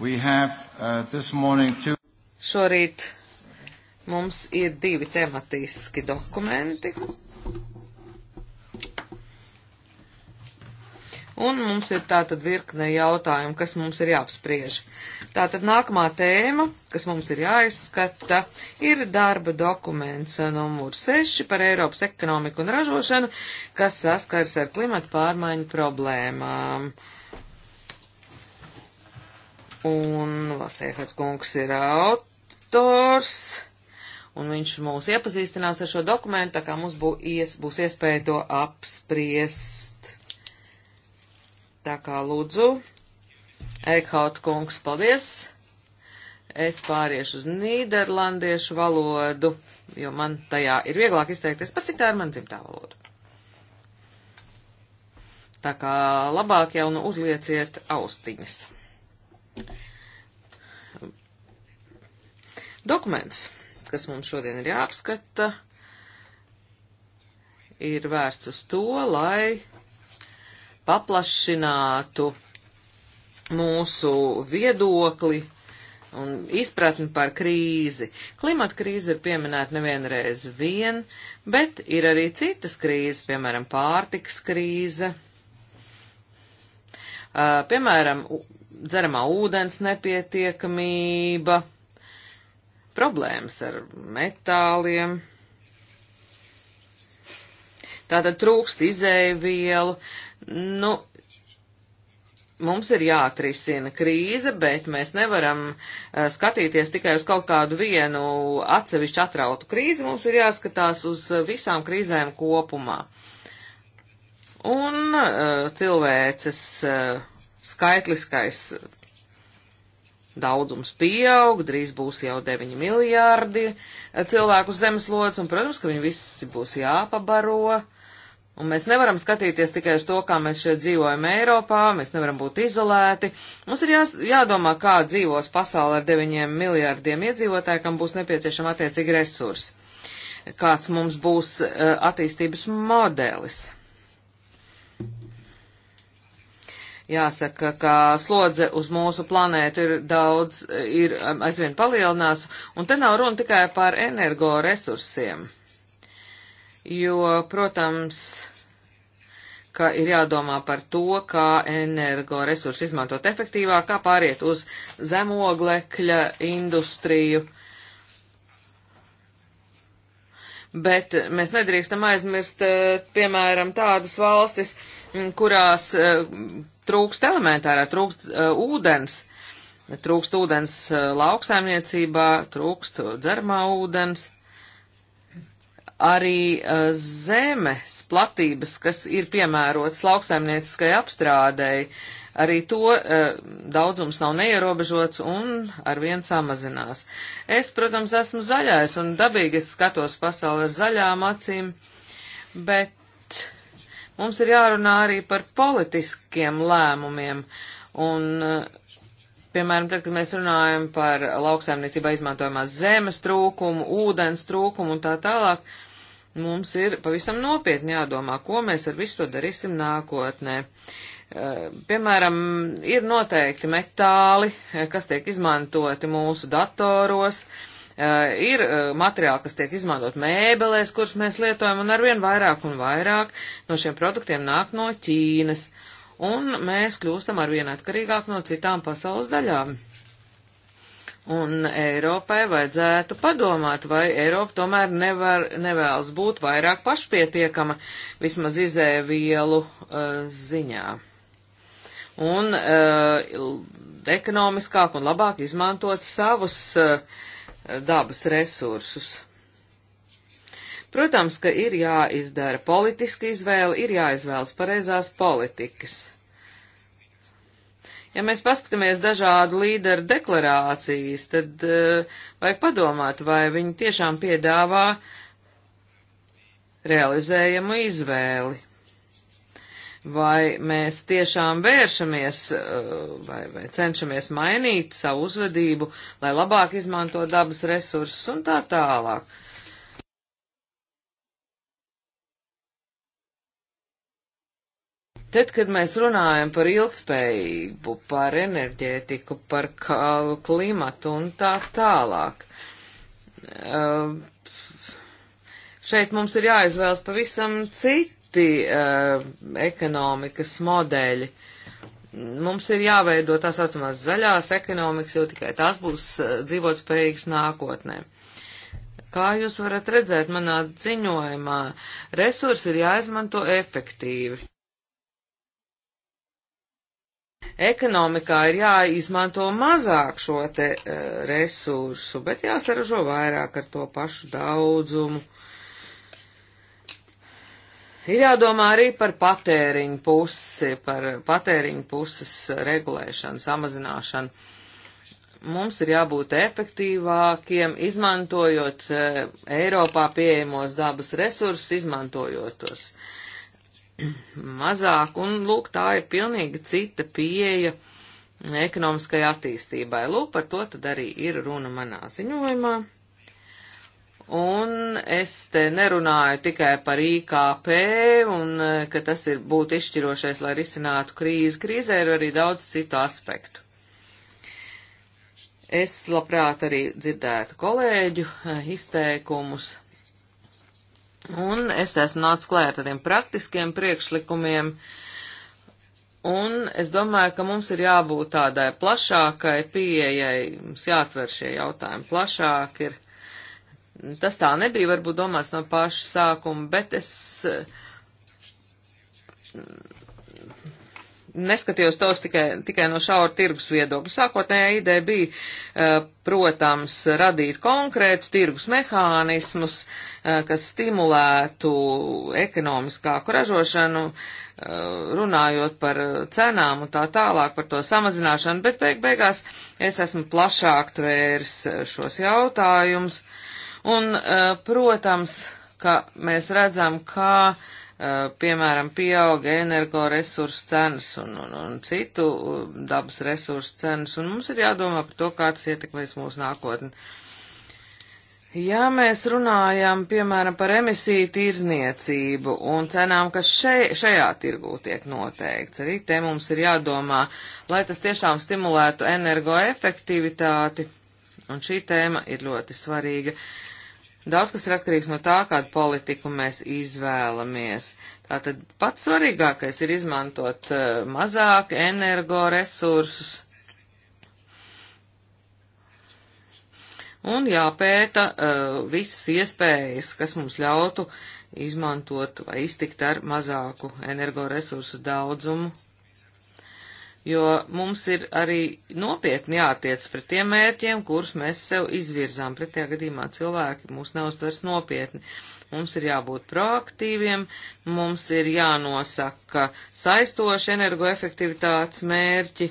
Have, uh, two... Šorīt mums ir divi tematiski dokumenti. Un mums ir tātad virkne jautājumu, kas mums ir jāapspriež. Tātad nākamā tēma, kas mums ir jāizskata, ir darba dokuments numur 6 par Eiropas ekonomiku un ražošanu, kas saskars ar klimatu pārmaiņu problēmām. Uh, Un Lasēhats kungs ir autors, un viņš mūs iepazīstinās ar šo dokumentu, tā kā mums bū, ies, būs iespēja to apspriest. Tā kā lūdzu, Eikhaut kungs, paldies! Es pāriešu uz nīderlandiešu valodu, jo man tajā ir vieglāk izteikties, par cik tā ir man dzimtā valoda. Tā kā labāk jau nu uzlieciet austiņas. Dokuments, kas mums šodien ir jāapskata, ir vērsts uz to, lai paplašinātu mūsu viedokli un izpratni par krīzi. Klimata krīze ir pieminēta nevienreiz vien, bet ir arī citas krīzes, piemēram, pārtiks krīze, uh, piemēram, dzeramā ūdens nepietiekamība, problēmas ar metāliem. Tātad trūkst izēvielu. Nu, mums ir jāatrisina krīze, bet mēs nevaram eh, skatīties tikai uz kaut kādu vienu atsevišķu atrautu krīzi, mums ir jāskatās uz visām krīzēm kopumā. Un eh, cilvēces uh, skaitliskais daudzums pieaug, drīz būs jau 9 miljārdi cilvēku zemeslodes, un, protams, ka viņi visi būs jāpabaro. Un mēs nevaram skatīties tikai uz to, kā mēs šeit dzīvojam Eiropā, mēs nevaram būt izolēti. Mums ir jā, jādomā, kā dzīvos pasaulē ar 9 miljārdiem iedzīvotāju, kam būs nepieciešama attiecīgi resursi. Kāds mums būs uh, attīstības modelis? Jāsaka, ka slodze uz mūsu planētu ir daudz, ir um, aizvien palielinās, un te nav runa tikai par energoresursiem. Jo, protams, ka ir jādomā par to, kā energoresursu izmantot efektīvāk, kā pāriet uz zemoglekļa industriju. Bet mēs nedrīkstam aizmirst, eh, piemēram, tādas valstis, kurās eh, trūkst elementārā, trūkst uh, ūdens, trūkst ūdens uh, lauksaimniecībā, trūkst dzermā ūdens. Arī uh, zemes platības, kas ir piemērotas lauksaimnieciskai apstrādēji, arī to uh, daudzums nav neierobežots un arvien samazinās. Es, protams, esmu zaļais un dabīgi es skatos pasauli ar zaļām acīm, bet Mums ir jārunā arī par politiskiem lēmumiem. Un, piemēram, tad, kad mēs runājam par lauksaimniecībā izmantojamās zemes trūkumu, ūdens trūkumu un tā tālāk, mums ir pavisam nopietni jādomā, ko mēs ar visu to darīsim nākotnē. Eh, piemēram, ir noteikti metāli, eh, kas tiek izmantoti mūsu datoros, uh, Eh, ir eh, materiāli, kas tiek izmantot mēbelēs, kurus mēs lietojam, un arvien vairāk un vairāk no šiem produktiem nāk no Ķīnas, un mēs kļūstam arvien atkarīgāk no citām pasaules daļām. Un Eiropai vajadzētu padomāt, vai Eiropa tomēr nevar, nevēlas būt vairāk pašpietiekama, vismaz izēvielu uh, ziņā. Un uh, ekonomiskāk un labāk izmantot savus uh, dabas resursus. Protams, ka ir jāizdara politiska izvēle, ir jāizvēlas pareizās politikas. Ja mēs paskatāmies dažādu līderu deklarācijas, tad uh, vajag padomāt, vai viņi tiešām piedāvā realizējumu izvēli vai mēs tiešām vēršamies eh, vai, vai cenšamies mainīt savu uzvedību, lai labāk izmanto dabas resursus un tā tālāk. Tad, kad mēs runājam par ilgspējību, par enerģētiku, par klimatu un tā tālāk, eh, šeit mums ir jāizvēlas pavisam citi citi uh, ekonomikas modeļi. Mums ir jāveido tā saucamās zaļās ekonomikas, jo tikai tās būs uh, dzīvotspējīgas nākotnē. Kā jūs varat redzēt manā ziņojumā, resursi ir jāizmanto efektīvi. Ekonomikā ir jāizmanto mazāk šo te uh, resursu, bet jāsaražo vairāk ar to pašu daudzumu. Uh, Ir jādomā arī par patēriņu pusi, par patēriņu puses regulēšanu, samazināšanu. Mums ir jābūt efektīvākiem, izmantojot eh, Eiropā pieejamos dabas resursus, izmantojot tos mazāk, un lūk, tā ir pilnīgi cita pieeja ekonomiskai attīstībai. Lūk, par to tad arī ir runa manā ziņojumā. Un es te nerunāju tikai par IKP un e, ka tas ir būt izšķirošais, lai risinātu krīzi. Krīzē ir arī daudz citu aspektu. Es labprāt arī dzirdētu kolēģu e, izteikumus. Un es esmu nācis klāt ar tādiem praktiskiem priekšlikumiem. Un es domāju, ka mums ir jābūt tādai plašākai pieejai, mums jāatver šie jautājumi plašāk. Ir tas tā nebija varbūt domāts no paša sākuma, bet es eh, neskatījos tos tikai, tikai no šaura tirgus viedokļa. Sākotnējā ideja bija, eh, protams, radīt konkrētus tirgus mehānismus, eh, kas stimulētu ekonomiskāku ražošanu, runājot par cenām un tā tālāk, par to samazināšanu, bet beig beigās es esmu plašāk tvērs šos jautājumus Un, eh, protams, ka mēs redzam, kā, eh, piemēram, pieauga energoresursu cenas un, un, un citu eh, dabas resursu cenas, un mums ir jādomā par to, kā tas ietekmēs mūsu nākotni. Ja mēs runājam, piemēram, par emisiju tirzniecību un cenām, kas še, šajā tirgū tiek noteikts, arī te mums ir jādomā, lai tas tiešām stimulētu energoefektivitāti, un šī tēma ir ļoti svarīga. Uh, Daudz kas ir atkarīgs no tā, kādu politiku mēs izvēlamies. Tātad pats svarīgākais ir izmantot eh, mazāk energoresursus un jāpēta eh, visas iespējas, kas mums ļautu izmantot vai iztikt ar mazāku energoresursu daudzumu jo mums ir arī nopietni jātiec pret tiem mērķiem, kurus mēs sev izvirzām. Pretējā gadījumā cilvēki mūs neuztvers nopietni. Mums ir jābūt proaktīviem, mums ir jānosaka saistoši energoefektivitātes mērķi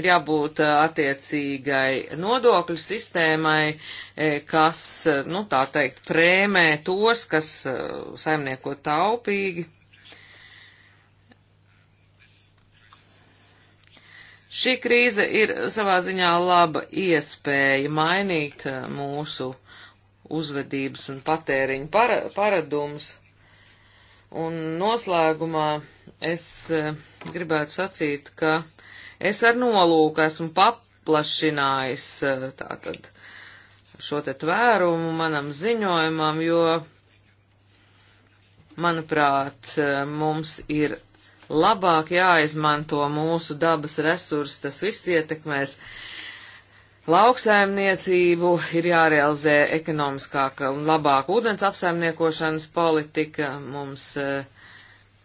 ir jābūt attiecīgai nodokļu sistēmai, kas, nu tā teikt, prēmē tos, kas saimnieko taupīgi. Šī krīze ir savā ziņā laba iespēja mainīt eh, mūsu uzvedības un patēriņu para, paradumus. Un noslēgumā es eh, gribētu sacīt, ka es ar nolūku esmu paplašinājis eh, tātad šo te tvērumu manam ziņojumam, jo, manuprāt, mums ir labāk jāizmanto mūsu dabas resursi, tas viss ietekmēs. Lauksaimniecību ir jārealizē ekonomiskāka un labāka ūdens apsaimniekošanas politika. Mums eh,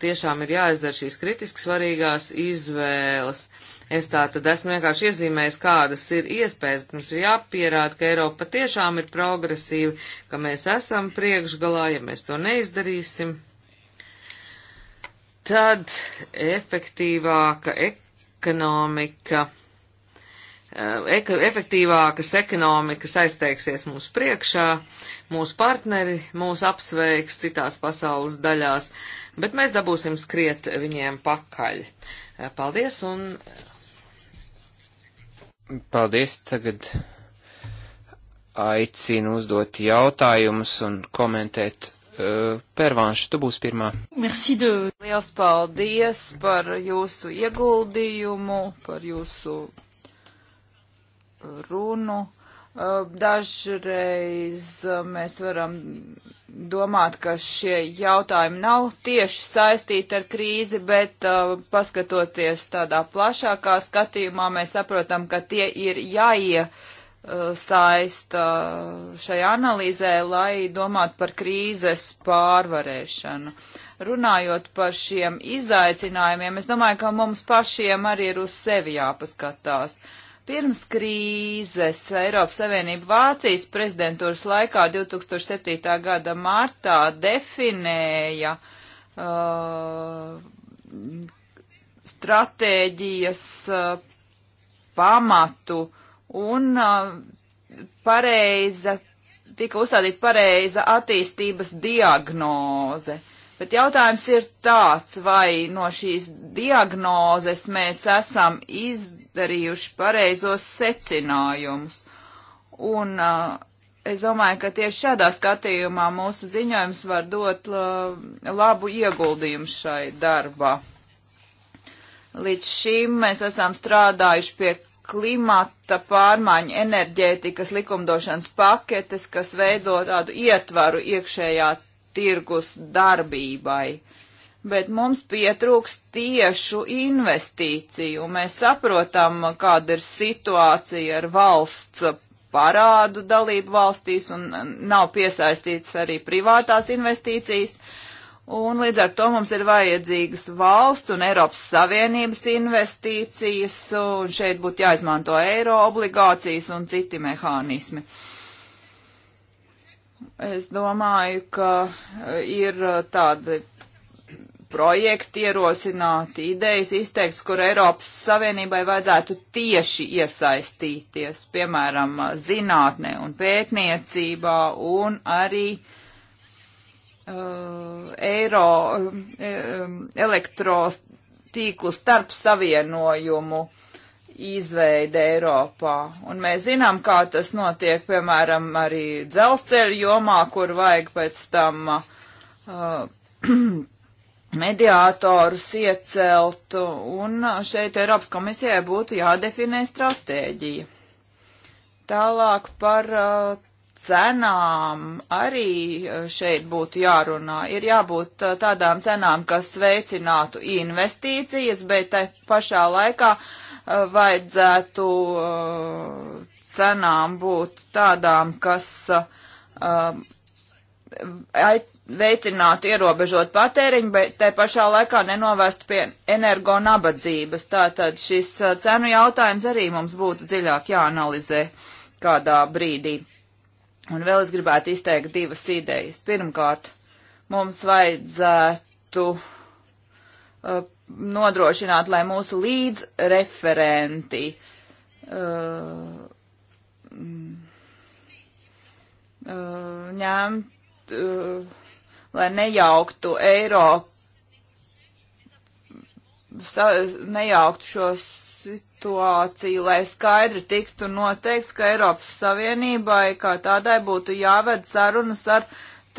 tiešām ir jāizdara šīs kritiski svarīgās izvēles. Es tā tad esmu vienkārši iezīmējis, kādas ir iespējas, bet mums ir jāpierāda, ka Eiropa tiešām ir progresīva, ka mēs esam priekšgalā, ja mēs to neizdarīsim tad efektīvāka ekonomika, eh, eka, efektīvākas ekonomikas aizteiksies mūsu priekšā, mūsu partneri mūs apsveiks citās pasaules daļās, bet mēs dabūsim skriet viņiem pakaļ. Eh, paldies un. Eh, paldies tagad. Aicinu uzdot jautājumus un komentēt Eh, Pērvānša, tu būsi pirmā. Merci de. Liels paldies par jūsu ieguldījumu, par jūsu eh, runu. Eh, dažreiz mēs varam domāt, ka šie jautājumi nav tieši saistīti ar krīzi, bet uh, paskatoties tādā plašākā skatījumā, mēs saprotam, ka tie ir jāie. Ja saista šajā analīzē, lai domātu par krīzes pārvarēšanu. Runājot par šiem izaicinājumiem, es domāju, ka mums pašiem arī ir uz sevi jāpaskatās. Pirms krīzes Eiropas Savienība Vācijas prezidentūras laikā 2007. gada martā definēja uh, stratēģijas uh, pamatu uh, un pareiza, tika uzstādīta pareiza attīstības diagnoze. Bet jautājums ir tāds, vai no šīs diagnozes mēs esam izdarījuši pareizos secinājumus. Un uh, es domāju, ka tieši šādā skatījumā mūsu ziņojums var dot uh, labu ieguldījumu šai darbā. Līdz šim mēs esam strādājuši pie klimata pārmaiņu enerģētikas likumdošanas paketes, kas veido tādu ietvaru iekšējā tirgus darbībai. Bet mums pietrūks tiešu investīciju. Mēs saprotam, kāda ir situācija ar valsts parādu dalību valstīs un nav piesaistīts arī privātās investīcijas. Uh, Un līdz ar to mums ir vajadzīgas valsts un Eiropas Savienības investīcijas, un šeit būtu jāizmanto eiro obligācijas un citi mehānismi. Es domāju, ka ir uh, tādi projekti ierosināti, idejas izteikts, kur Eiropas Savienībai vajadzētu tieši iesaistīties, piemēram, zinātnē un pētniecībā un arī uh, Uh, eiro um, um, elektrotīklu starp savienojumu izveide Eiropā. Un mēs zinām, kā tas notiek, piemēram, arī dzelzceļa jomā, kur vajag pēc tam uh, mediātorus iecelt, un šeit Eiropas komisijai būtu jādefinē stratēģija. Tālāk par uh, cenām arī e, šeit būtu jārunā. Ir jābūt e, tādām cenām, kas veicinātu investīcijas, bet tai pašā laikā e, vajadzētu cenām būt tādām, kas veicinātu ierobežot patēriņu, bet tai pašā laikā nenovest pie energo nabadzības. Tātad šis cenu jautājums arī mums būtu dziļāk jāanalizē kādā brīdī. Un vēl es gribētu izteikt divas idejas. Pirmkārt, mums vajadzētu uh, nodrošināt, lai mūsu līdzreferenti uh, mm, uh, ņemt, uh, lai nejauktu Eiropu, nejauktu šos situāciju, lai skaidri tiktu noteikts, ka Eiropas Savienībai kā tādai būtu jāved sarunas ar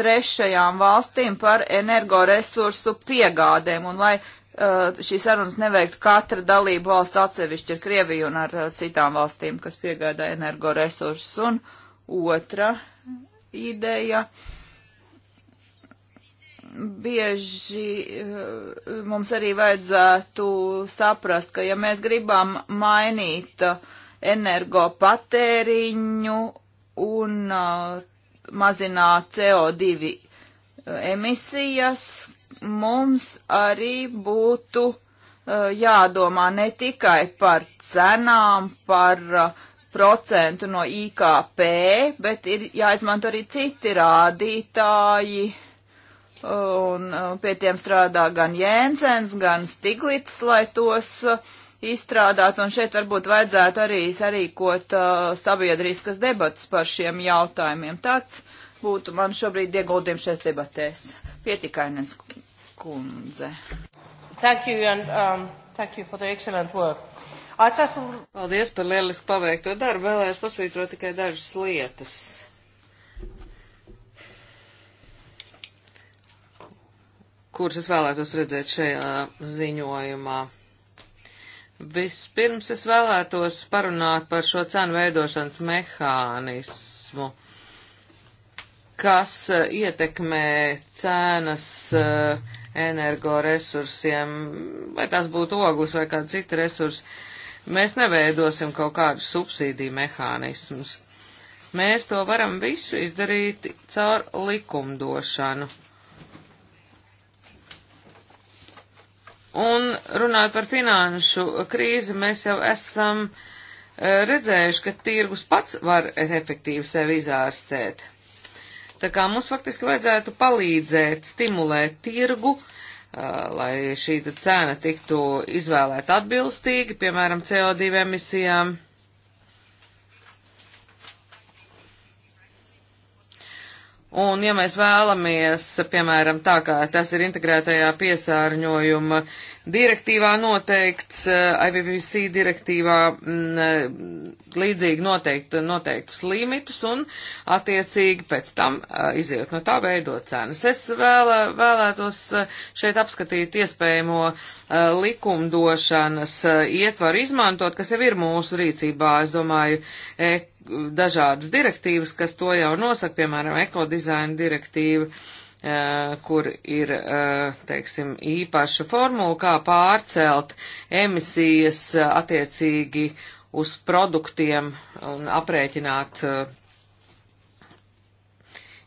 trešajām valstīm par energoresursu piegādēm un lai uh, šīs sarunas neveiktu katra dalība valsts atsevišķi ar Krieviju un ar uh, citām valstīm, kas piegādā energoresursus. Un otra ideja. Uh, bieži eh, mums arī vajadzētu saprast, ka ja mēs gribam mainīt eh, energopatēriņu un eh, mazināt CO2 emisijas, mums arī būtu jādomā ne tikai par cenām, par procentu no IKP, bet ir jāizmanto arī citi rādītāji un uh, pie tiem strādā gan Jēnsens, gan Stiglits, lai tos uh, izstrādāt, un šeit varbūt vajadzētu arī sarīkot uh, sabiedriskas debatas par šiem jautājumiem. Tāds būtu man šobrīd ieguldījums šajās debatēs. Pietikainens kundze. Thank you and um, thank you for the excellent work. Atsastu... Paldies par lielisku paveikto darbu. Vēlējos pasvītrot tikai dažas lietas. kurus es vēlētos redzēt šajā ziņojumā. Vispirms es vēlētos parunāt par šo cenu veidošanas mehānismu, kas eh, ietekmē cenas eh, energoresursiem, vai tas būtu oglis vai kāda cita resursa. Mēs neveidosim kaut kādus subsīdiju mehānismus. Mēs to varam visu izdarīt caur likumdošanu Un runājot par finanšu krīzi, mēs jau esam e, redzējuši, ka tirgus pats var efektīvi sevi izārstēt. Tā kā mums faktiski vajadzētu palīdzēt, stimulēt tirgu, e, lai šī cena tiktu izvēlēta atbilstīgi, piemēram, CO2 emisijām. Un ja mēs vēlamies, piemēram, tā kā tas ir integrētajā piesārņojuma direktīvā noteikts, eh, IBBC direktīvā m, mm, eh, līdzīgi noteikt, noteiktus limitus un attiecīgi pēc tam eh, iziet no tā veidot cenas. Es vēl, vēlētos šeit apskatīt iespējamo likumdošanas ietvaru izmantot, kas jau ir mūsu rīcībā, es domāju, ek dažādas direktīvas, kas to jau nosaka, piemēram, ekodizaina direktīva, eh, kur ir, eh, teiksim, īpaša formula, kā pārcelt emisijas eh, attiecīgi uz produktiem un aprēķināt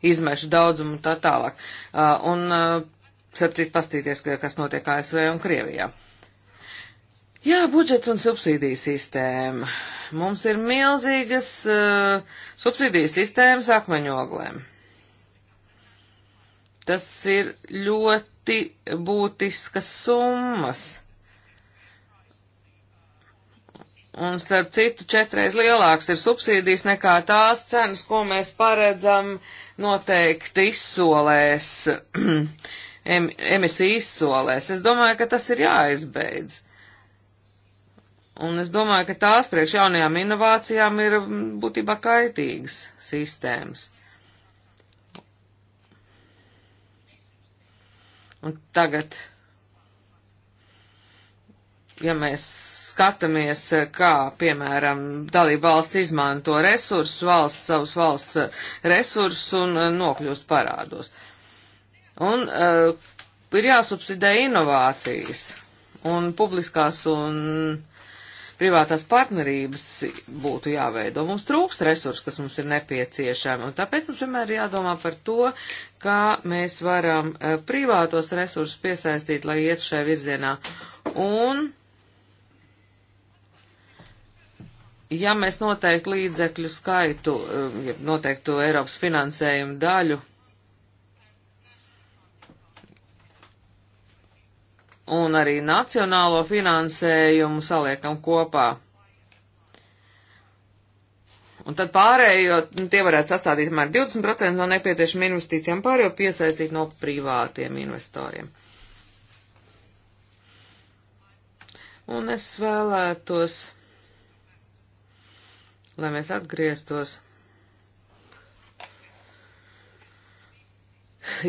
izmešu daudzumu un tā tālāk. Un, starp citu, pastīties, kas notiek ASV un Krievijā. Jā, budžets un subsīdija sistēma. Mums ir milzīgas uh, eh, subsīdija sistēmas akmeņoglēm. Tas ir ļoti būtiskas summas. Un starp citu, četreiz lielāks ir subsīdijas nekā tās cenas, ko mēs paredzam noteikti izsolēs, em, emisijas izsolēs. Es domāju, ka tas ir jāizbeidz. Un es domāju, ka tās priekš jaunajām inovācijām ir mm, būtībā kaitīgas sistēmas. Un tagad, ja mēs skatāmies, kā, piemēram, dalība valsts izmanto resursus, valsts savus valsts eh, resursus un eh, nokļūst parādos. Un uh, ir jāsubsidē inovācijas un publiskās un uh, privātās partnerības būtu jāveido. Mums trūkst resursi, kas mums ir nepieciešami, un tāpēc mums vienmēr ir jādomā par to, kā mēs varam eh, privātos resursus piesaistīt, lai iet šai virzienā. Un, ja mēs noteiktu līdzekļu skaitu, eh, ja noteiktu Eiropas finansējumu daļu, un arī nacionālo finansējumu saliekam kopā. Un tad pārējo, tie varētu sastādīt apmēram 20% no nepieciešamiem investīcijām, pārējo piesaistīt no privātiem investoriem. Un es vēlētos, lai mēs atgrieztos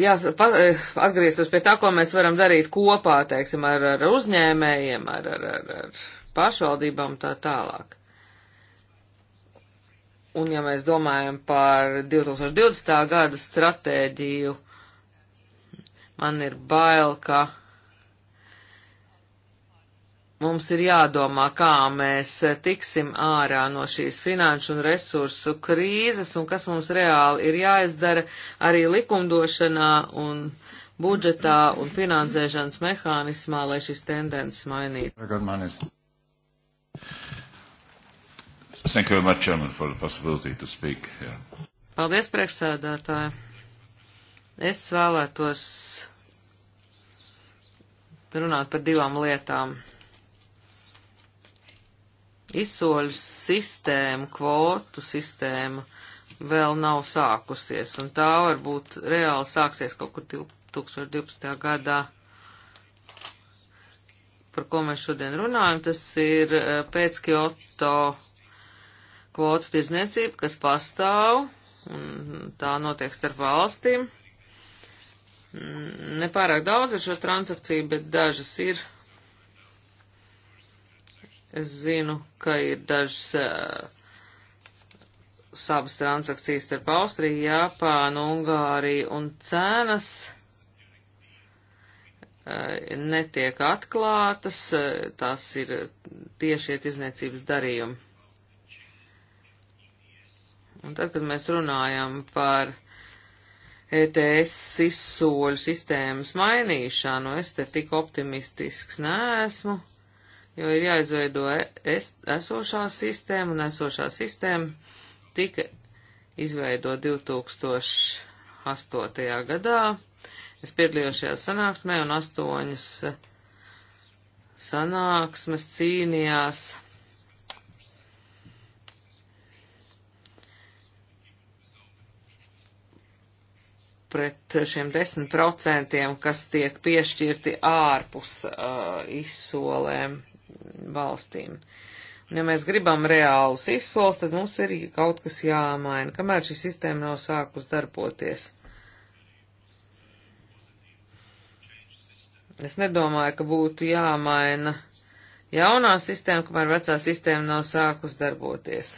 Jā, pa, eh, atgrieztos pie tā, ko mēs varam darīt kopā, teiksim, ar, ar uzņēmējiem, ar, ar, ar, ar pašvaldībām tā tālāk. Un ja mēs domājam par 2020. gada stratēģiju, man ir bail, ka mums ir jādomā, kā mēs tiksim ārā no šīs finanšu un resursu krīzes un kas mums reāli ir jāizdara arī likumdošanā un budžetā un finansēšanas mehānismā, lai šis tendences mainītu. Thank you very much, Chairman, for the possibility to speak here. Yeah. Paldies, priekšsēdētāji. Es vēlētos runāt par divām lietām izsoļu sistēma, kvotu sistēma vēl nav sākusies, un tā varbūt reāli sāksies kaut kur 2012. gadā, par ko mēs šodien runājam, tas ir eh, pēc Kyoto kvotu tirzniecība, kas pastāv, un tā notiek starp valstīm. Nepārāk daudz ir šo transakciju, bet dažas ir Es zinu, ka ir dažas uh, savas transakcijas starp Austriju, Japānu, Ungāriju un cenas uh, netiek atklātas, uh, eh, tās ir tiešie izniecības darījumi. Un tad, kad mēs runājam par ETS izsoļu sistēmas mainīšanu, es te tik optimistisks neesmu jo ir jāizveido e, es, esošā sistēma, un esošā sistēma tika izveido 2008. gadā. Es piedalījos šajā sanāksmē, un astoņas sanāksmes cīnījās. pret šiem 10%, kas tiek piešķirti ārpus uh, izsolēm valstīm. Un, ja mēs gribam reālus izsoles, tad mums ir kaut kas jāmaina, kamēr šī sistēma nav sākus darboties. Es nedomāju, ka būtu jāmaina jaunā sistēma, kamēr vecā sistēma nav sākus darboties.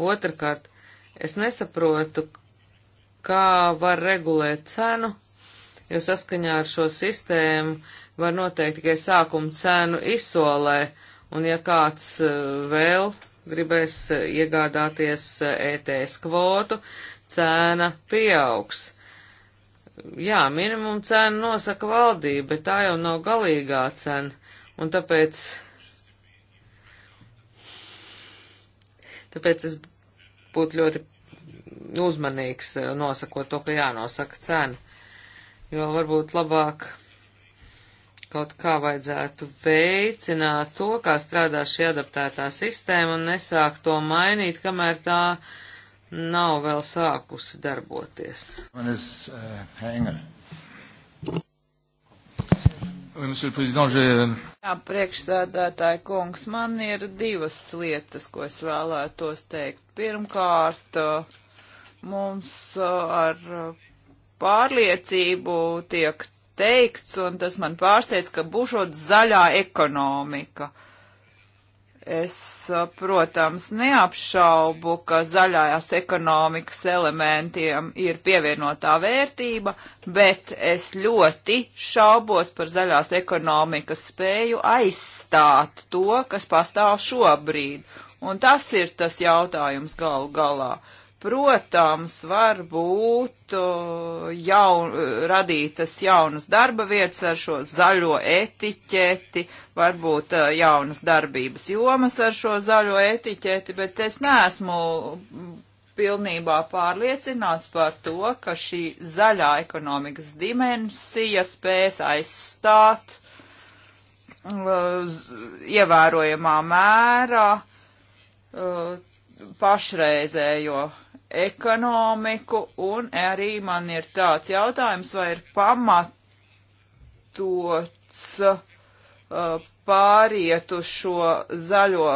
Otrakārt, es nesaprotu, kā var regulēt cenu, jo saskaņā ar šo sistēmu var noteikt tikai sākuma cenu izsolē, un ja kāds eh, vēl gribēs eh, iegādāties ETS eh, e kvotu, cena pieaugs. Jā, minimumu cenu nosaka valdība, bet tā jau nav galīgā cena, un tāpēc, tāpēc es būtu ļoti uzmanīgs nosakot to, ka jānosaka cena, jo varbūt labāk kaut kā vajadzētu veicināt to, kā strādā šī adaptētā sistēma un nesākt to mainīt, kamēr tā nav vēl sākusi darboties. Un es, uh, Monsieur le Président, j'ai... Euh, Jā, priekšsēdētāji kungs, man ir divas lietas, ko es vēlētos teikt. Pirmkārt, mums eh, ar eh, pārliecību tiek teikts, un tas man pārsteidz, ka būšot zaļā ekonomika. Es, protams, neapšaubu, ka zaļās ekonomikas elementiem ir pievienotā vērtība, bet es ļoti šaubos par zaļās ekonomikas spēju aizstāt to, kas pastāv šobrīd. Un tas ir tas jautājums galu galā. Uh, Protams, var būt uh, jaun, radītas jaunas darba vietas ar šo zaļo etiķeti, varbūt uh, jaunas darbības jomas ar šo zaļo etiķeti, bet es neesmu pilnībā pārliecināts par to, ka šī zaļā ekonomikas dimensija spēs aizstāt uh, ievērojamā mērā pašreizējo ekonomiku, un arī man ir tāds jautājums, vai ir pamatots uh, pāriet uz šo zaļo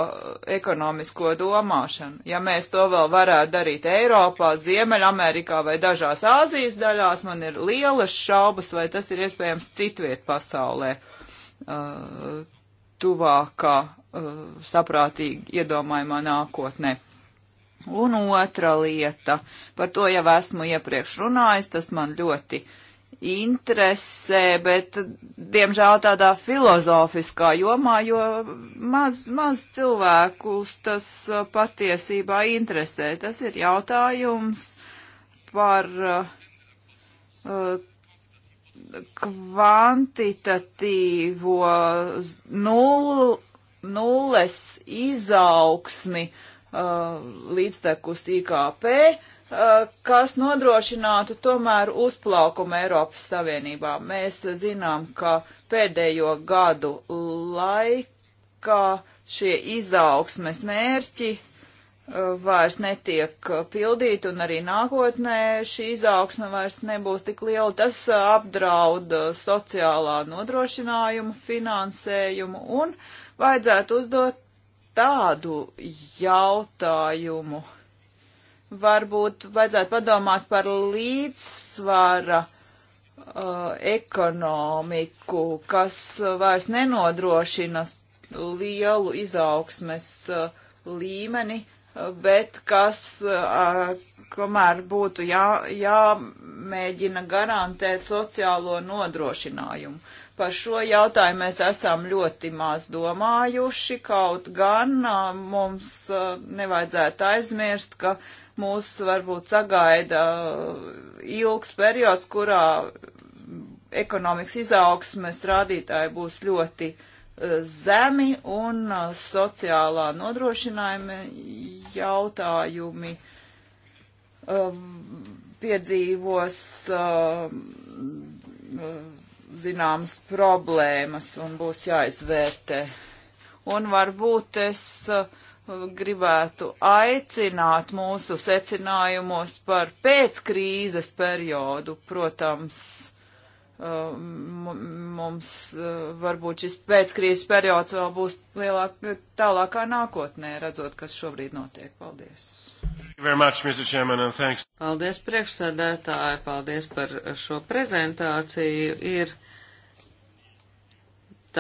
ekonomisko domāšanu. Ja mēs to vēl varētu darīt Eiropā, Ziemeļamerikā vai dažās Āzijas daļās, man ir lielas šaubas, vai tas ir iespējams citviet pasaulē uh, tuvākā, uh, saprātīgi iedomājumā nākotnē. Un otra lieta, par to jau esmu iepriekš runājis, tas man ļoti interesē, bet diemžēl tādā filozofiskā jomā, jo maz, maz cilvēkus tas uh, patiesībā interesē. Tas ir jautājums par uh, uh kvantitatīvo nul, nulles izaugsmi uh, Uh, līdztekus IKP, uh, kas nodrošinātu tomēr uzplaukumu Eiropas Savienībā. Mēs zinām, ka pēdējo gadu laikā šie izaugsmes mērķi uh, vairs netiek pildīti un arī nākotnē šī izaugsme vairs nebūs tik liela. Tas apdraud sociālā nodrošinājuma finansējumu un vajadzētu uzdot tādu jautājumu varbūt vajadzētu padomāt par līdzsvara uh, ekonomiku, kas vairs nenodrošina lielu izaugsmes uh, līmeni, bet kas, uh, kamēr būtu jā, jāmēģina garantēt sociālo nodrošinājumu. Par šo jautājumu mēs esam ļoti maz domājuši, kaut gan mums nevajadzētu aizmirst, ka mūs varbūt sagaida ilgs periods, kurā ekonomikas izaugsmes rādītāji būs ļoti zemi un sociālā nodrošinājuma jautājumi piedzīvos zināmas problēmas un būs jāizvērtē. Un varbūt es uh, gribētu aicināt mūsu secinājumos par pēckrīzes periodu, protams, Uh, mums uh, varbūt šis pēckrīzes periods vēl būs lielāk, tālākā nākotnē, redzot, kas šobrīd notiek. Paldies! Much, Chairman, paldies priekšsēdētāji, paldies par šo prezentāciju. Ir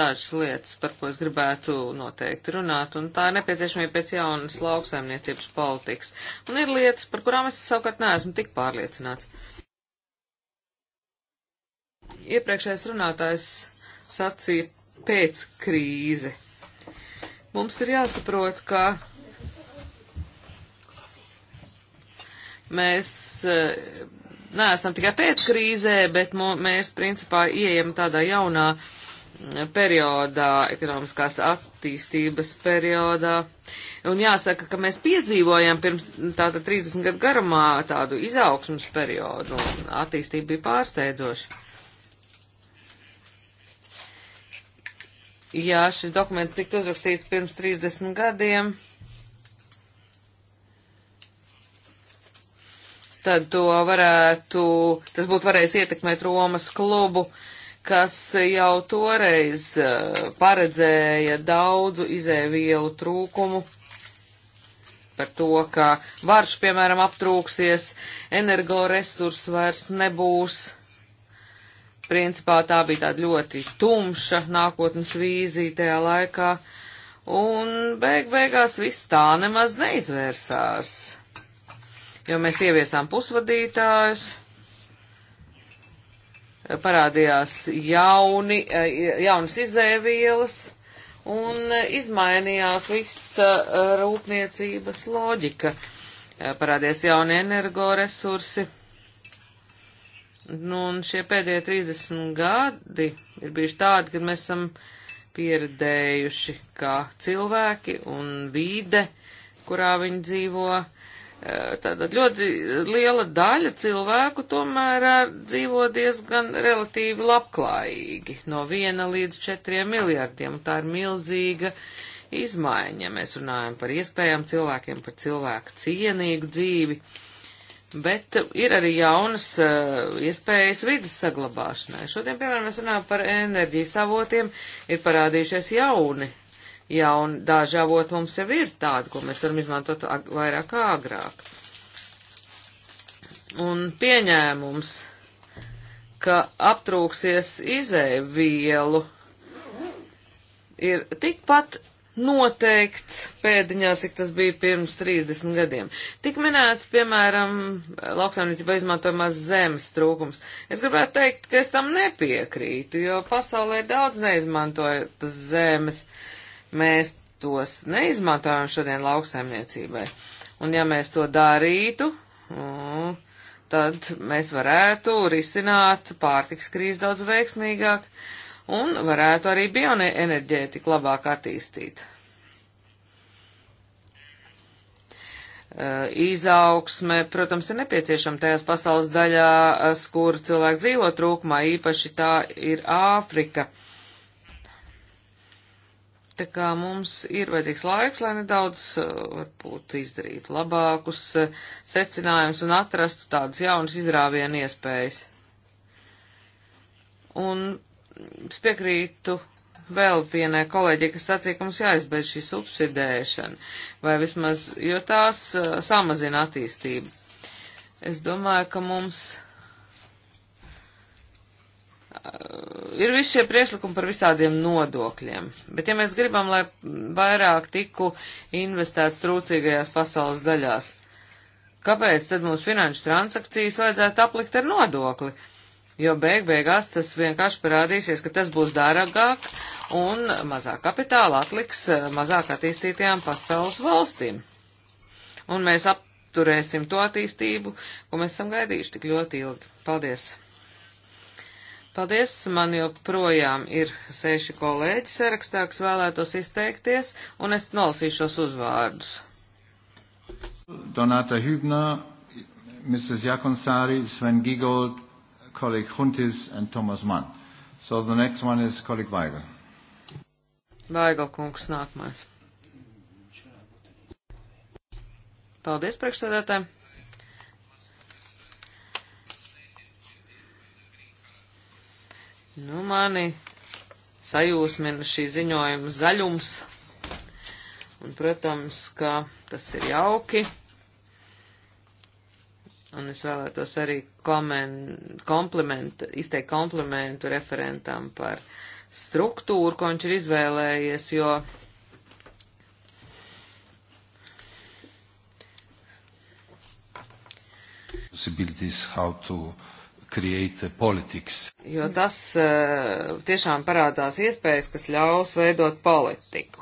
dažas lietas, par ko es gribētu noteikti runāt, un tā ir nepieciešamība pēc jaunas lauksaimniecības politikas. Un ir lietas, par kurām es savukārt neesmu tik pārliecināts. Uh, Iepriekšējais runātājs sacīja pēc krīze. Mums ir jāsaprot, ka mēs e, neesam tikai pēc krīzē, bet mēs principā ieejam tādā jaunā e, periodā, ekonomiskās attīstības periodā. Un jāsaka, ka mēs piedzīvojam pirms tāda 30 gadu garumā tādu izaugsmas periodu, un attīstība bija pārsteidzoša. ja šis dokuments tiktu uzrakstīts pirms 30 gadiem, tad to varētu, tas būtu varējis ietekmēt Romas klubu, kas jau toreiz eh, paredzēja daudzu izēvielu trūkumu par to, ka varš, piemēram, aptrūksies, energoresursu vairs nebūs principā tā bija tāda ļoti tumša nākotnes vīzija tajā laikā, un beig beigās viss tā nemaz neizvērsās, jo mēs ieviesām pusvadītājus, parādījās jauni, eh, jaunas izēvielas, un eh, izmainījās visa eh, rūpniecības loģika, parādījās jauni energoresursi Nu, un šie pēdējie 30 gadi ir bijuši tādi, kad mēs esam pieredzējuši, kā cilvēki un vīde, kurā viņi dzīvo. Eh, tātad ļoti liela daļa cilvēku tomēr eh, dzīvo diezgan relatīvi labklājīgi, no viena līdz četriem miljardiem, un tā ir milzīga izmaiņa, ja mēs runājam par iespējām cilvēkiem, par cilvēku cienīgu dzīvi. Uh, Bet ir arī jaunas uh, iespējas vidas saglabāšanai. Šodien, piemēram, mēs runājam par enerģijas avotiem, ir parādījušies jauni. Jauni daži avoti mums jau ir tādi, ko mēs varam izmantot ag vairāk kā agrāk. Un pieņēmums, ka aptrūksies izēvielu, ir tikpat noteikts pēdiņā, cik tas bija pirms 30 gadiem. Tik minēts, piemēram, lauksaimniecībā izmantojamās zemes trūkums. Es gribētu teikt, ka es tam nepiekrītu, jo pasaulē ir daudz neizmantotas zemes. Mēs tos neizmantojam šodien lauksaimniecībai. Un ja mēs to darītu, mm, tad mēs varētu risināt pārtiks krīzi daudz veiksmīgāk un varētu arī bioenerģētiku labāk attīstīt. Eh, izaugsme, protams, ir nepieciešama tajās pasaules daļās, eh, kur cilvēki dzīvo trūkumā, īpaši tā ir Āfrika. Tā kā mums ir vajadzīgs laiks, lai nedaudz, eh, varbūt, izdarītu labākus secinājumus un atrastu tādas jaunas izrāvienu iespējas. Un mm, es piekrītu vēl vienai kolēģi, kas sacīja, ka mums jāizbeidz šī subsidēšana, vai vismaz, jo tās uh, samazina attīstību. Es domāju, ka mums uh, ir visi šie priešlikumi par visādiem nodokļiem, bet ja mēs gribam, lai vairāk tiku investēts trūcīgajās pasaules daļās, kāpēc tad mūsu finanšu transakcijas vajadzētu aplikt ar nodokli? Uh, jo beig beigās tas vienkārši parādīsies, ka tas būs dārgāk un mazāk kapitāla atliks eh, mazāk attīstītajām pasaules valstīm. Un mēs apturēsim to attīstību, ko mēs esam gaidījuši tik ļoti ilgi. Paldies! Paldies, man joprojām ir seši kolēģi sarakstā, kas vēlētos izteikties, un es nolasīšos uzvārdus. Donāta Hübner, Mrs. Jakonsāri, Sven Gigold, colleague Huntis and Thomas Mann. So the next one is colleague Weigel. Weigel kungs nākamais. Paldies, priekšsēdētāji. Nu, mani sajūsmina šī ziņojuma zaļums. Un, protams, ka tas ir jauki un es vēlētos arī komen, kompliment, izteikt komplimentu referentam par struktūru, ko viņš ir izvēlējies, jo Jo tas uh, tiešām parādās iespējas, kas ļaus veidot politiku.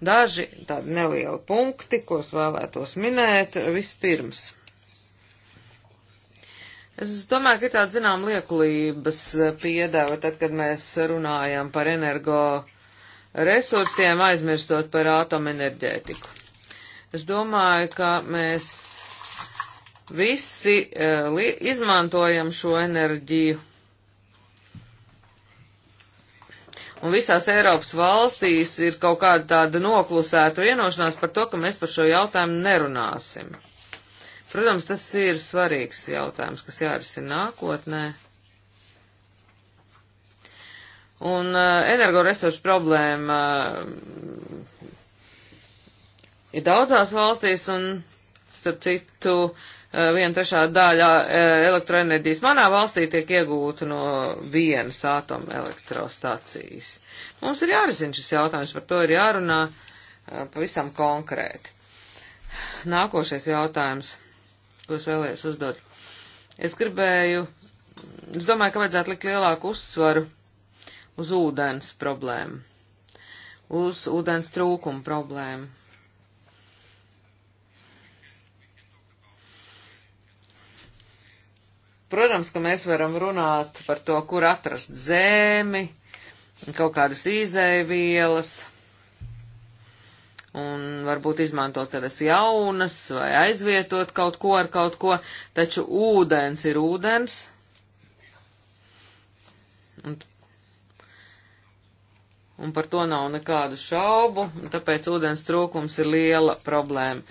Daži tādi nelieli punkti, ko es vēlētos minēt vispirms. Es domāju, ka ir tāda zinām liekulības eh, piedeva, tad, kad mēs runājam par energo resursiem, aizmirstot par atomenerģētiku. Es domāju, ka mēs visi uh, izmantojam šo enerģiju. Un visās Eiropas valstīs ir kaut kāda tāda noklusēta vienošanās par to, ka mēs par šo jautājumu nerunāsim. Protams, tas ir svarīgs jautājums, kas jārisina nākotnē. Un uh, energoresursu problēma uh, ir daudzās valstīs, un starp citu, uh, viena trešā daļa uh, elektroenerģijas manā valstī tiek iegūta no vienas atomelektrostācijas. Mums ir jārisina šis jautājums, par to ir jārunā uh, pavisam konkrēti. Nākošais jautājums ko es vēlējos uzdot. Es gribēju, es domāju, ka vajadzētu likt lielāku uzsvaru uz ūdens problēmu, uz ūdens trūkumu problēmu. Protams, ka mēs varam runāt par to, kur atrast zemi, kaut kādas izēvielas. vielas un varbūt izmantot kādas jaunas vai aizvietot kaut ko ar kaut ko, taču ūdens ir ūdens. Un, un par to nav nekādu šaubu, un tāpēc ūdens trūkums ir liela problēma.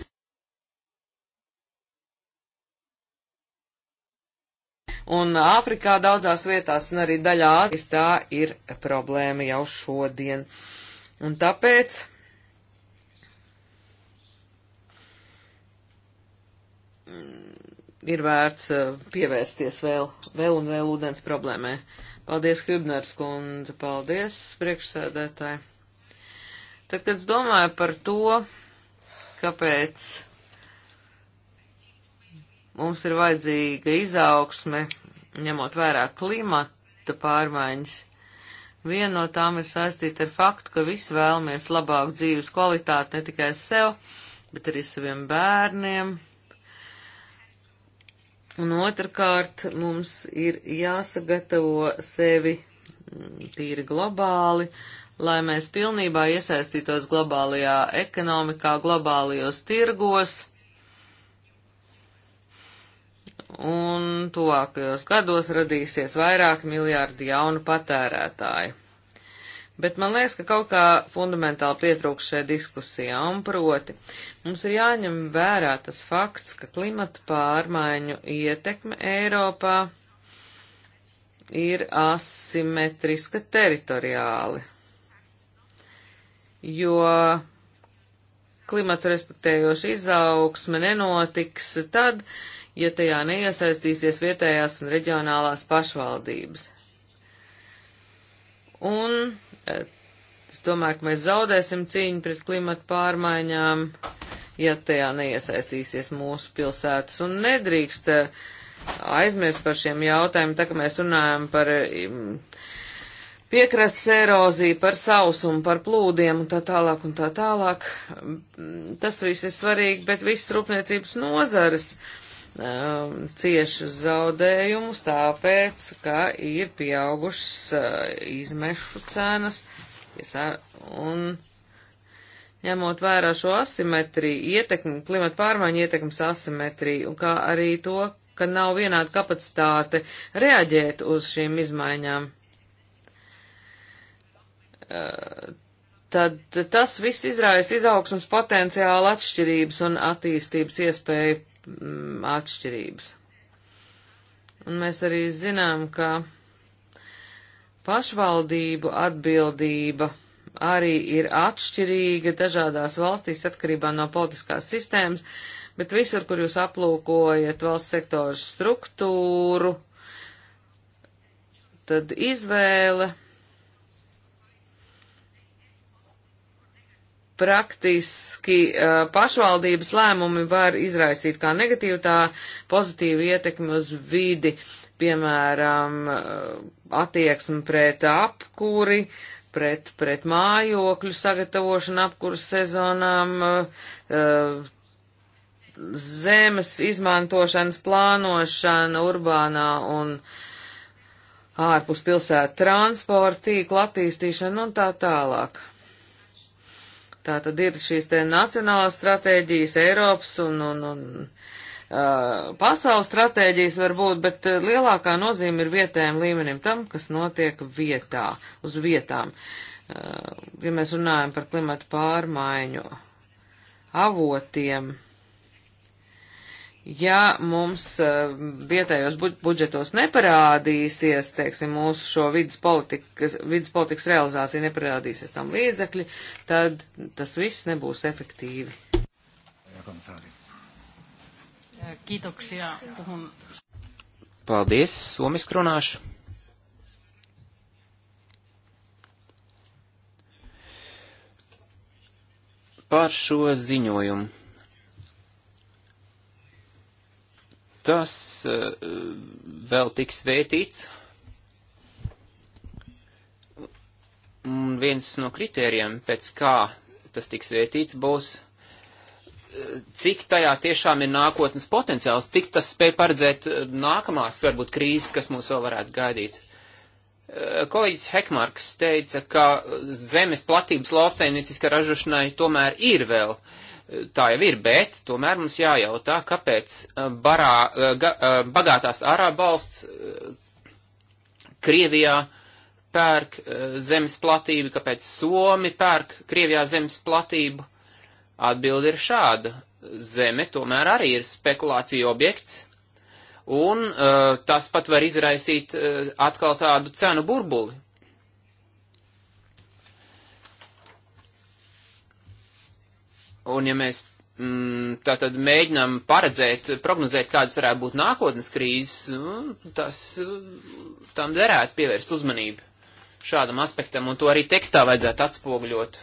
Un Āfrikā daudzās vietās, un arī daļā Āzijas tā ir problēma jau šodien. Un tāpēc ir vērts eh, pievērsties vēl, vēl un vēl ūdens problēmai. Paldies, Hübners kundze, paldies, priekšsēdētāji. Tad, kad es domāju par to, kāpēc mums ir vajadzīga izaugsme, ņemot vērā klimata pārmaiņas, viena no tām ir saistīta ar faktu, ka visi vēlamies labāku dzīves kvalitāti ne tikai sev, bet arī saviem bērniem Un otrkārt, mums ir jāsagatavo sevi mm, tīri globāli, lai mēs pilnībā iesaistītos globālajā ekonomikā, globālajos tirgos. Un tuvākajos gados radīsies vairāk miljārdi jaunu patērētāju. Bet man liekas, ka kaut kā fundamentāli pietrūkst šajā diskusijā, un proti, mums ir jāņem vērā tas fakts, ka klimata pārmaiņu ietekme Eiropā ir asimetriska teritoriāli, jo klimatu respektējoša izaugsme nenotiks tad, ja tajā neiesaistīsies vietējās un reģionālās pašvaldības. Un Es domāju, ka mēs zaudēsim cīņu pret klimatu pārmaiņām, ja tajā neiesaistīsies mūsu pilsētas. Un nedrīkst eh, aizmirst par šiem jautājumiem, tā kā mēs runājam par mm, piekrastes eroziju, par sausumu, par plūdiem un tā tālāk un tā tālāk. Mm, tas viss ir svarīgi, bet visas rūpniecības nozares. Uh, um, cieši zaudējumus, tāpēc, ka ir pieaugušas uh, izmešu cenas, un ņemot vērā šo asimetriju, ietekmi, klimata pārmaiņu ietekmes asimetriju, un kā arī to, ka nav vienāda kapacitāte reaģēt uz šīm izmaiņām. Uh, tad tas viss izraisa izaugsmas potenciāla atšķirības un attīstības iespēju Mm, atšķirības. Un mēs arī zinām, ka pašvaldību atbildība arī ir atšķirīga dažādās valstīs atkarībā no politiskās sistēmas, bet visur, kur jūs aplūkojat valsts sektoru struktūru, tad izvēle praktiski pašvaldības lēmumi var izraisīt kā negatīvu, tā pozitīvu ietekmi uz vidi, piemēram, attieksmi pret apkuri, pret, pret mājokļu sagatavošanu apkuras sezonām, zemes izmantošanas plānošana urbānā un ārpus pilsētu transporta tīkla attīstīšana un tā tālāk. Tā tad ir šīs te nacionālās stratēģijas, Eiropas un, un, un uh, pasaules stratēģijas varbūt, bet lielākā nozīme ir vietējiem līmenim tam, kas notiek vietā, uz vietām. Uh, ja mēs runājam par klimatu pārmaiņu avotiem ja mums eh, vietējos budžetos neparādīsies, teiksim, mūsu šo vidas politikas, vidas politikas realizācija neparādīsies tam līdzekļi, tad tas viss nebūs efektīvi. Paldies, Somisk runāšu. Par šo ziņojumu tas eh, vēl tiks vētīts. Un viens no kritērijiem, pēc kā tas tiks vētīts, būs, eh, cik tajā tiešām ir nākotnes potenciāls, cik tas spēj paredzēt eh, nākamās, varbūt, krīzes, kas mūs vēl varētu gaidīt. Kolēģis Hekmarks teica, ka zemes platības lauksaimnieciska ražošanai tomēr ir vēl uh, tā jau ir, bet tomēr mums jājautā, kāpēc eh, barā, eh, ga, eh, bagātās ārābalsts Krievijā pērk zemes platību, kāpēc Somi pērk Krievijā zemes platību. Atbildi ir šāda. Zeme tomēr arī ir spekulācija objekts, un uh, tas pat var izraisīt uh, atkal tādu cenu burbuli, Un ja mēs mm, tā tad mēģinām paredzēt, prognozēt, kādas varētu būt nākotnes krīzes, nu, tas mm, tam derētu pievērst uzmanību šādam aspektam, un to arī tekstā vajadzētu atspoguļot.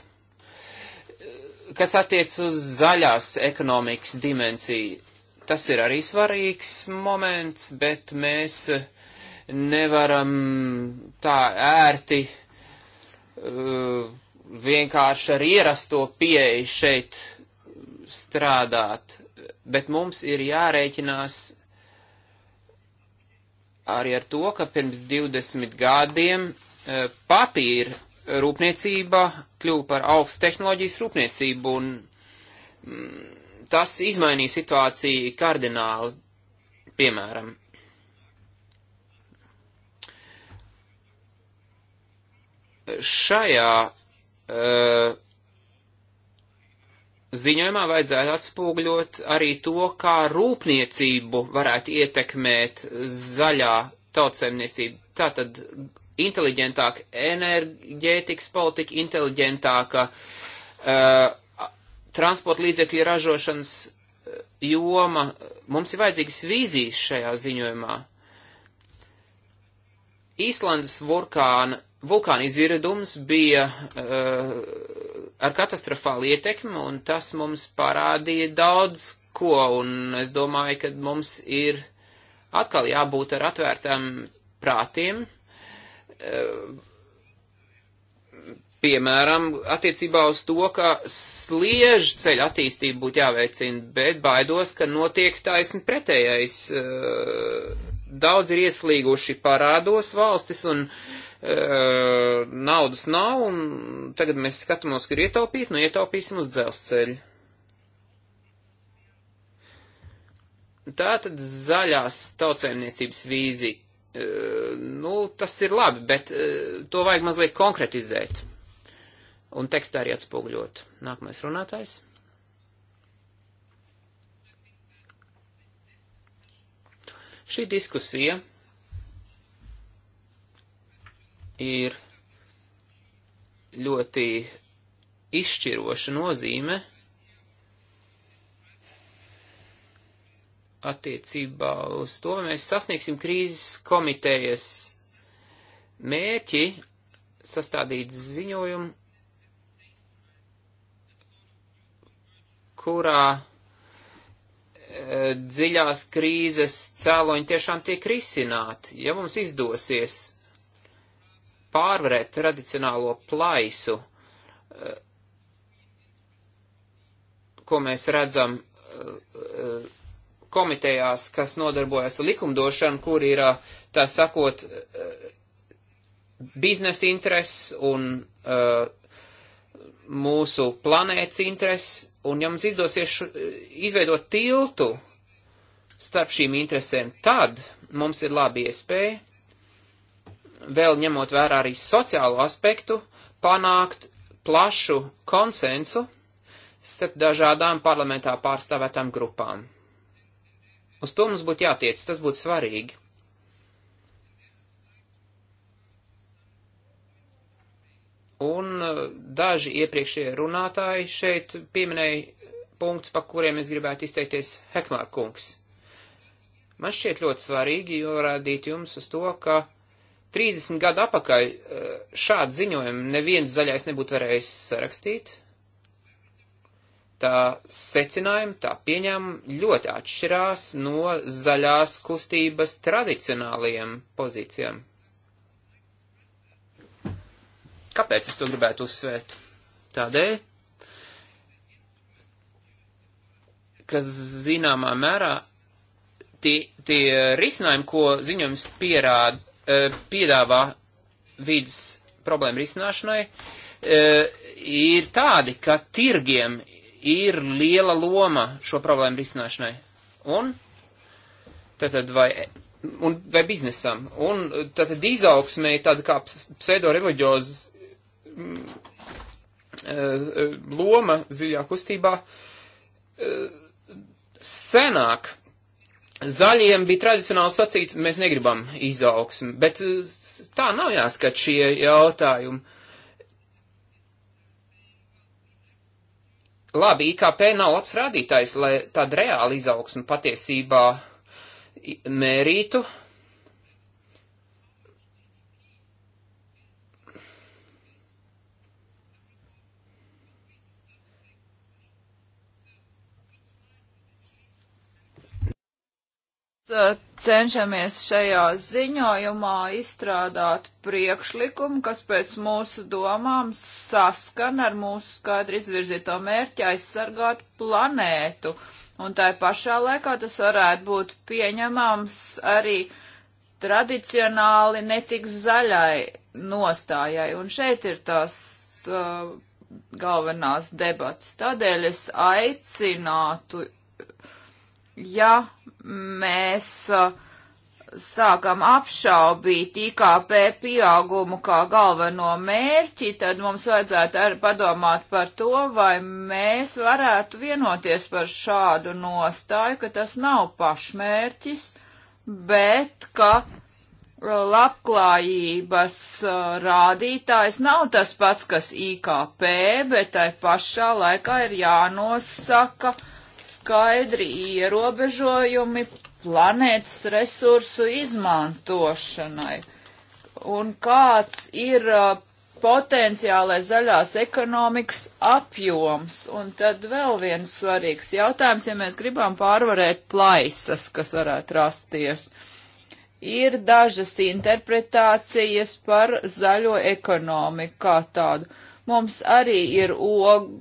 Kas attiec uz zaļās ekonomikas dimensiju, tas ir arī svarīgs moments, bet mēs nevaram tā ērti uh, vienkārši ar ierasto pieeju šeit uh, strādāt, bet mums ir jārēķinās arī ar to, ka pirms 20 gadiem eh, papīra rūpniecība kļuva par augstu tehnoloģijas rūpniecību, un mm, tas izmainīja situāciju kardināli, piemēram. Šajā uh, ziņojumā vajadzētu atspūgļot arī to, kā rūpniecību varētu ietekmēt zaļā tautsemniecība. Tātad inteliģentāka enerģētikas politika, inteliģentāka uh, transporta līdzekļu ražošanas uh, joma. Mums ir vajadzīgas vīzijas šajā ziņojumā. Īslandes vulkāna, vulkāna izvirdums bija uh, ar katastrofālu ietekmi, un tas mums parādīja daudz ko, un es domāju, ka mums ir atkal jābūt ar atvērtām prātiem, piemēram, attiecībā uz to, ka sliežu ceļu attīstību būtu jāveicina, bet baidos, ka notiek taisni pretējais. Daudz ir ieslīguši parādos valstis, un naudas nav, un tagad mēs skatāmies, kur ietaupīt, nu ietaupīsim uz dzelzceļu. Tā tad zaļās tautsēmniecības vīzija. Nu, tas ir labi, bet to vajag mazliet konkretizēt. Un tekstā arī atspoguļot. Nākamais runātājs. Šī diskusija ir ļoti izšķiroša nozīme attiecībā uz to, vai mēs sasniegsim krīzes komitejas mērķi sastādīt ziņojumu, kurā e, dziļās krīzes cēloņi tiešām tiek risināti. Ja mums izdosies pārvarēt tradicionālo plaisu, eh, ko mēs redzam eh, komitejās, kas nodarbojas likumdošanu, kur ir, eh, tā sakot, biznesa intereses un mūsu planētas intereses, un ja mums izdosies izveidot tiltu starp šīm interesēm, tad mums ir laba iespēja vēl ņemot vērā arī sociālo aspektu, panākt plašu konsensu starp dažādām parlamentā pārstāvētām grupām. Uz to mums būtu jātiec, tas būtu svarīgi. Un uh, daži iepriekšējie runātāji šeit pieminēja punkts, pa kuriem es gribētu izteikties Hekmār kungs. Man šķiet ļoti svarīgi norādīt jums uz to, ka 30 gadu apakaļ eh, šādu ziņojumu neviens zaļais nebūtu varējis sarakstīt. Tā secinājuma, tā pieņēmuma ļoti atšķirās no zaļās kustības tradicionālajiem pozīcijām. Kāpēc es to gribētu uzsvērt? Tādēļ, ka zināmā mērā tie, tie risinājumi, ko ziņojums pierāda, Eh, piedāvā vidas problēmu risināšanai, eh, ir tādi, ka tirgiem ir liela loma šo problēmu risināšanai. Un, tātad, vai, un, vai biznesam. Un tātad izaugsmē ir tāda kā pseidoreliģioza mm, eh, loma ziļā kustībā senāk Zaļiem bija tradicionāli sacīt, mēs negribam izaugsmu, bet eh, tā nav jāskat šie jautājumi. Labi, IKP nav labs rādītājs, lai tāda reāla izaugsma patiesībā mērītu, Eh, cenšamies šajā ziņojumā izstrādāt priekšlikumu, kas pēc mūsu domām saskan ar mūsu skaidri izvirzīto mērķi aizsargāt planētu. Un tai pašā laikā tas varētu būt pieņemams arī tradicionāli netik zaļai nostājai. Un šeit ir tās uh, galvenās debatas. Tādēļ es aicinātu ja mēs uh, sākam apšaubīt IKP pieaugumu kā galveno mērķi, tad mums vajadzētu arī padomāt par to, vai mēs varētu vienoties par šādu nostāju, ka tas nav pašmērķis, bet ka labklājības uh, rādītājs nav tas pats, kas IKP, bet tai pašā laikā ir jānosaka, uh, skaidri ierobežojumi planētas resursu izmantošanai. Un kāds ir uh, potenciālais zaļās ekonomikas apjoms? Un tad vēl viens svarīgs jautājums, ja mēs gribam pārvarēt plaisas, kas varētu rasties. Ir dažas interpretācijas par zaļo ekonomiku kā tādu. Mums arī ir og,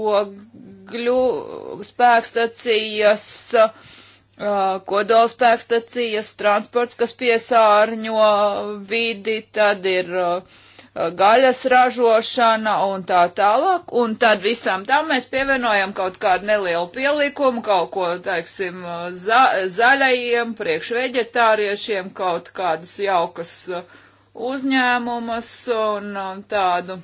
og ogļu spēkstacijas, uh, kodolspēkstacijas, transports, kas piesārņo vidi, tad ir uh, gaļas ražošana un tā tālāk. Un tad visam tam mēs pievienojam kaut kādu nelielu pielikumu, kaut ko, teiksim, uh, za zaļajiem, priekšveģetāriešiem, kaut kādas jaukas uzņēmumas un tādu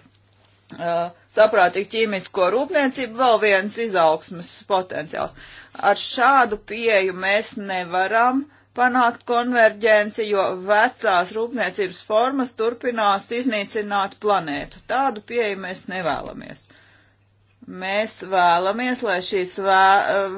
Eh, saprātīgu ķīmisko rūpniecību, vēl viens izaugsmas potenciāls. Ar šādu pieju mēs nevaram panākt konverģenci, jo vecās rūpniecības formas turpinās iznīcināt planētu. Tādu pieju mēs nevēlamies. Mēs vēlamies, lai šīs vē, eh,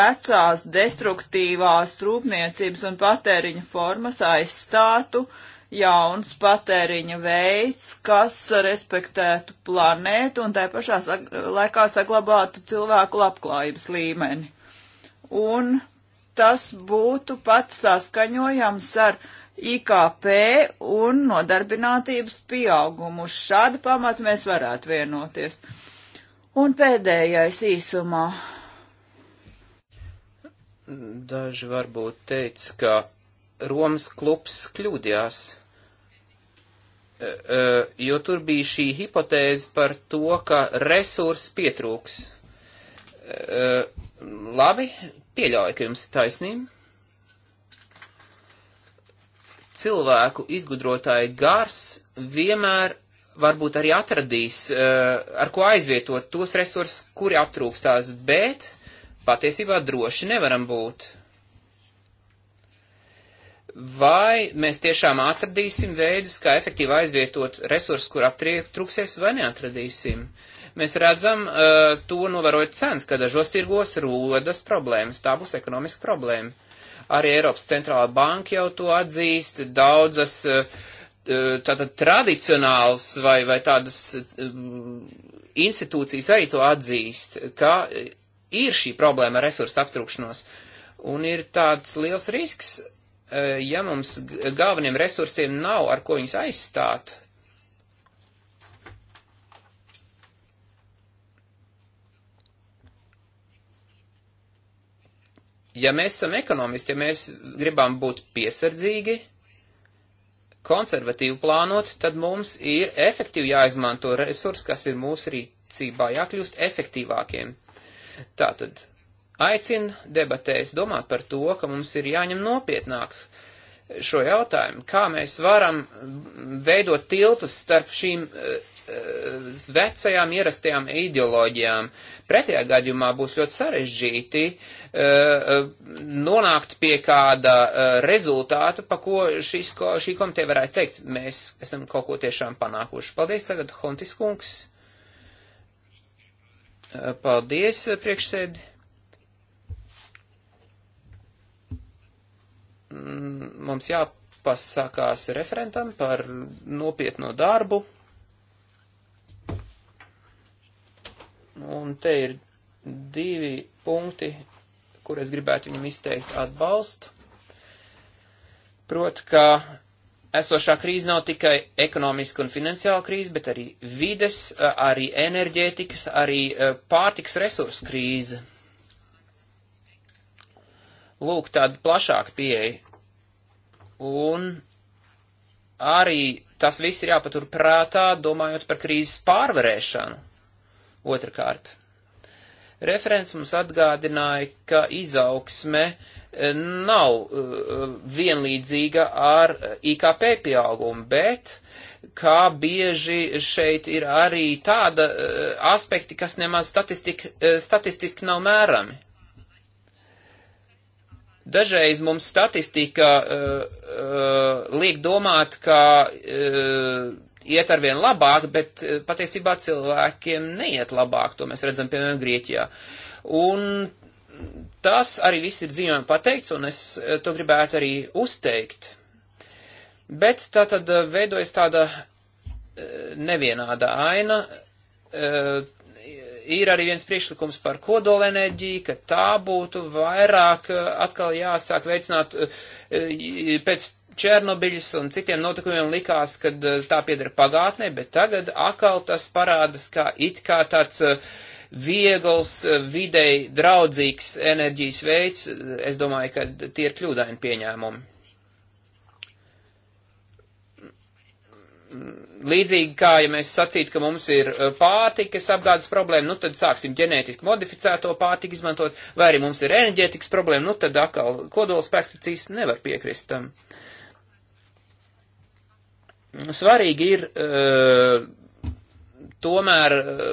vecās destruktīvās rūpniecības un patēriņa formas aizstātu uh, jauns patēriņa veids, kas respektētu planētu un tai pašā sag laikā saglabātu cilvēku labklājības līmeni. Un tas būtu pats saskaņojams ar IKP un nodarbinātības pieaugumu. Uz šādu pamatu mēs varētu vienoties. Un pēdējais īsumā. Daži varbūt teica, ka Romas klubs kļūdījās Eh, eh, jo tur bija šī hipotēze par to, ka resursi pietrūks. Eh, labi, pieļauju, ka jums ir taisnība. Cilvēku izgudrotāja gars vienmēr varbūt arī atradīs, ar ko aizvietot tos resursus, kuri aptrūkstās, bet patiesībā droši nevaram būt vai mēs tiešām atradīsim veidus, kā efektīvi aizvietot resursus, kur aptrūksies vai neatradīsim. Mēs redzam, uh, to novērojot cenas, ka dažos tirgos rodas problēmas, tā būs ekonomiska problēma. Arī Eiropas centrālā banka jau to atzīst, daudzas uh, tātad tradicionāls vai, vai tādas uh, institūcijas arī to atzīst, ka ir šī problēma ar resursu aptrūkšanos. Un ir tāds liels risks E, ja mums galveniem resursiem nav ar ko viņus aizstāt, ja mēs esam ekonomisti, ja mēs gribam būt piesardzīgi, konservatīvi plānot, tad mums ir efektīvi jāizmanto resursi, kas ir mūsu rīcībā, jākļūst efektīvākiem. Tātad aicina debatēs domāt par to, ka mums ir jāņem nopietnāk šo jautājumu, kā mēs varam veidot tiltus starp šīm eh, vecajām ierastajām ideoloģijām. Pretējā gadījumā būs ļoti sarežģīti eh, nonākt pie kāda eh, rezultāta, pa ko šis, šī komiteja varētu teikt, mēs esam kaut ko tiešām panākuši. Paldies tagad, Hontis kungs. Paldies, priekšsēdi. Mm, mums jāpasakās referentam par nopietno darbu. Un te ir divi punkti, kur es gribētu viņam izteikt atbalstu. Prot, ka esošā krīze nav tikai ekonomiska un finansiāla krīze, bet arī vides, arī enerģētikas, arī pārtiks resursu krīze. Lūk, tāda plašāka pieeja Un arī tas viss ir jāpatur prātā, domājot par krīzes pārvarēšanu. Otrakārt, referents mums atgādināja, ka izaugsme eh, nav eh, vienlīdzīga ar eh, IKP pieaugumu, bet kā bieži šeit ir arī tāda aspekti, kas nemaz statistik, statistiski nav mērami. Dažreiz mums statistika uh, uh, liek domāt, ka uh, iet ar vien labāk, bet uh, patiesībā cilvēkiem neiet labāk. To mēs redzam, piemēram, Grieķijā. Un tas arī viss ir ziņojumi pateikts, un es to gribētu arī uzteikt. Bet tā tad veidojas tāda nevienāda aina. Uh, ir arī viens priekšlikums par kodolenerģiju, ka tā būtu vairāk eh, atkal jāsāk veicināt eh, pēc Černobiļas un citiem notikumiem likās, ka eh, tā piedara pagātnē, bet tagad atkal tas parādas kā it kā tāds viegls, videi draudzīgs enerģijas veids. Es domāju, ka tie ir kļūdaini pieņēmumi. Mm, līdzīgi kā, ja mēs sacītu, ka mums ir uh, pārtikas apgādes problēma, nu tad sāksim ģenētiski modificēto pārtiku izmantot, vai arī mums ir enerģētikas problēma, nu tad atkal kodolspēks cīs nevar piekrist tam. Svarīgi ir uh, tomēr uh,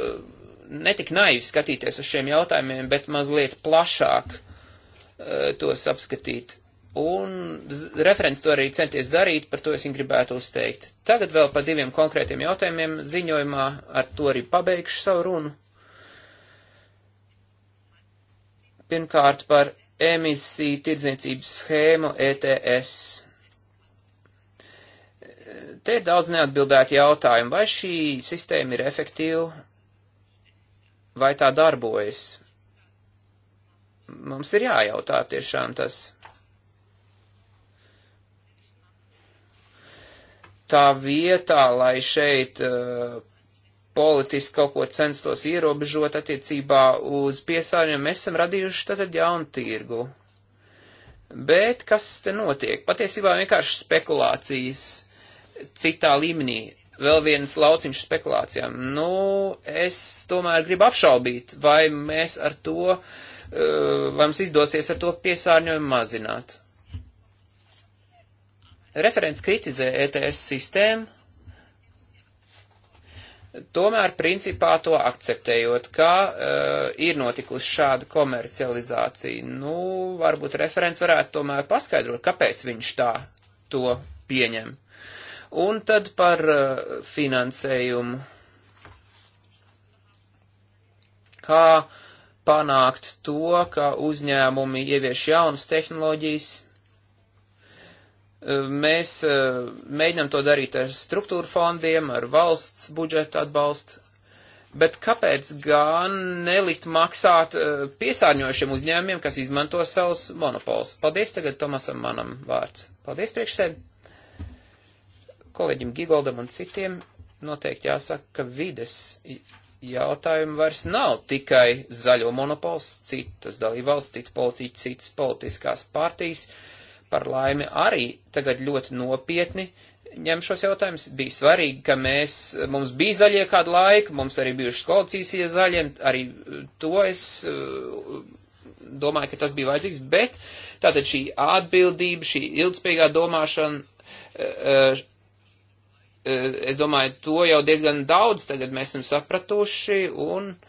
netik naivi skatīties uz šiem jautājumiem, bet mazliet plašāk uh, tos apskatīt. Un referents to arī centies darīt, par to es viņu gribētu uzteikt. Tagad vēl par diviem konkrētiem jautājumiem ziņojumā, ar to arī pabeigšu savu runu. Pirmkārt par emisiju tirdzniecības schēmu ETS. Te ir daudz neatbildētu jautājumu, vai šī sistēma ir efektīva, vai tā darbojas. Mums ir jājautā tiešām tas. tā vietā, lai šeit uh, politiski kaut ko censtos ierobežot attiecībā uz piesārņojumu, mēs esam radījuši tātad jaunu tirgu. Bet kas te notiek? Patiesībā vienkārši spekulācijas citā līmenī. Vēl viens lauciņš spekulācijām. Nu, es tomēr gribu apšaubīt, vai mēs ar to, uh, vai mums izdosies ar to piesārņojumu mazināt. Referents kritizē ETS sistēmu, tomēr principā to akceptējot, ka uh, ir notikusi šāda komercializācija. Nu, varbūt referents varētu tomēr paskaidrot, kāpēc viņš tā to pieņem. Un tad par uh, finansējumu. Kā panākt to, ka uzņēmumi ievieš jaunas tehnoloģijas, Mēs eh, mēģinam to darīt ar struktūru fondiem, ar valsts budžeta atbalstu, bet kāpēc gan nelikt maksāt eh, piesārņojušiem uzņēmumiem, kas izmanto savus monopols? Paldies tagad Tomasam manam vārds. Paldies priekšsēd kolēģim Gigoldam un citiem. Noteikti jāsaka, ka vides jautājumu vairs nav tikai zaļo monopols, citas dalībvalsts, citu politiķu, citas politiskās partijas. Uh, par laimi arī tagad ļoti nopietni ņem šos jautājumus. Bija svarīgi, ka mēs, mums bija zaļie kādu laiku, mums arī bijušas koalīcijas zaļie, arī to es uh, domāju, ka tas bija vajadzīgs, bet tātad šī atbildība, šī ilgspējīgā domāšana, uh, uh, es domāju, to jau diezgan daudz tagad mēs esam sapratuši un. Uh,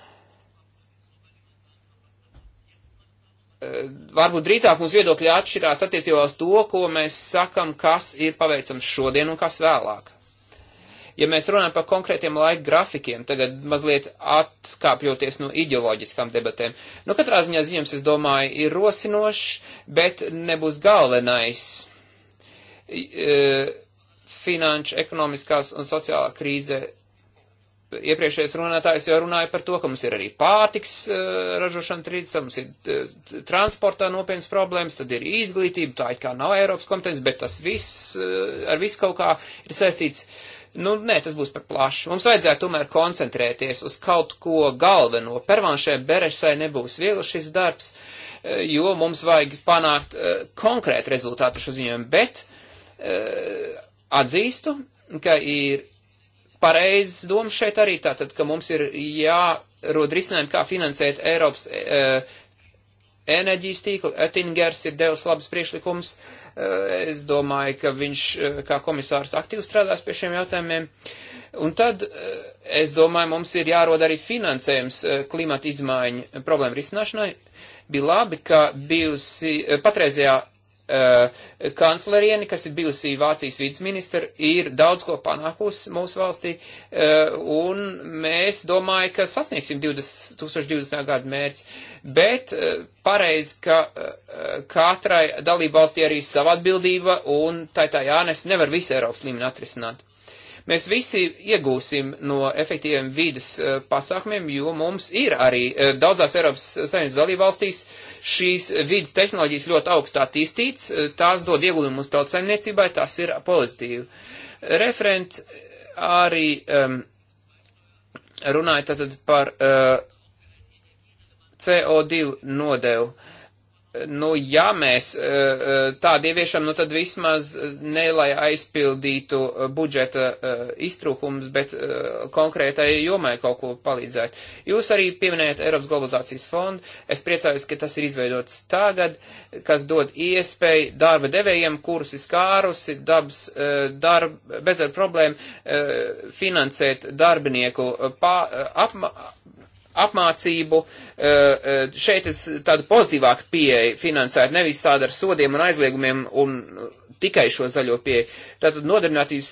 Eh, varbūt drīzāk mūsu viedokļi atšķirās attiecībā uz to, ko mēs sakam, kas ir paveicams šodien un kas vēlāk. Ja mēs runājam par konkrētiem laika grafikiem, tagad mazliet atkāpjoties no ideoloģiskām debatēm, nu katrā ziņā ziņas, es domāju, ir rosinošs, bet nebūs galvenais. E, finanšu, ekonomiskās un sociālā krīze Iepriekšējais runātājs jau runāja par to, ka mums ir arī pārtiks uh, ražošana trīcā, mums ir uh, transportā nopietnas problēmas, tad ir izglītība, tā it kā nav Eiropas kompetence, bet tas viss uh, ar visu kaut kā ir saistīts. Nu, nē, tas būs par plašu. Mums vajadzētu tomēr koncentrēties uz kaut ko galveno. Pervanšē Berešai nebūs viegli šis darbs, jo mums vajag panākt konkrētu rezultātu šo ziņojumu, bet atzīstu, ka ir pareizs doma šeit arī tātad, ka mums ir jārod risinājumi, kā finansēt Eiropas uh, enerģijas tīklu. Ettingers ir devis labus priekšlikumus. Uh, es domāju, ka viņš uh, kā komisārs aktīvi strādās pie šiem jautājumiem. Un tad, uh, es domāju, mums ir jārod arī finansējums uh, klimata izmaiņu problēmu risināšanai. Bija labi, ka bijusi uh, patreizējā Eh, kanclerieni, kas ir bijusi Vācijas vidas ministra, ir daudz ko panākusi mūsu valstī, eh, un mēs domāju, ka sasniegsim 20, 2020. gadu mērķi. Bet eh, pareizi, ka katrai dalību valstī arī sava atbildība, un tā tā jānes nevar visu Eiropas līmeni atrisināt. Mēs visi iegūsim no efektīviem vīdes eh, pasākumiem, jo mums ir arī eh, daudzās Eiropas Savienības dalībvalstīs šīs vīdes tehnoloģijas ļoti augstā attīstīts, eh, tās dod ieguldījumu mūsu tautsaimniecībai, tas ir pozitīvi. Referents arī um, runāja tātad par uh, CO2 nodevu. Uh, nu, ja mēs e, e, tādu ieviešam, nu tad vismaz ne lai aizpildītu e, budžeta iztrūkums, bet konkrētai jomai kaut ko palīdzētu. Jūs arī pieminējat Eiropas globalizācijas fondu. Es priecājos, ka tas ir izveidots tagad, kas dod iespēju darba devējiem, kurus ir skārusi dabas darba, bezdarba problēma, finansēt darbinieku apmācību apmācību, eh, eh, šeit es tādu pozitīvāku pieeju finansētu, nevis tādu ar sodiem un aizliegumiem un eh, tikai šo zaļo pieeju. Tātad nodarbinātības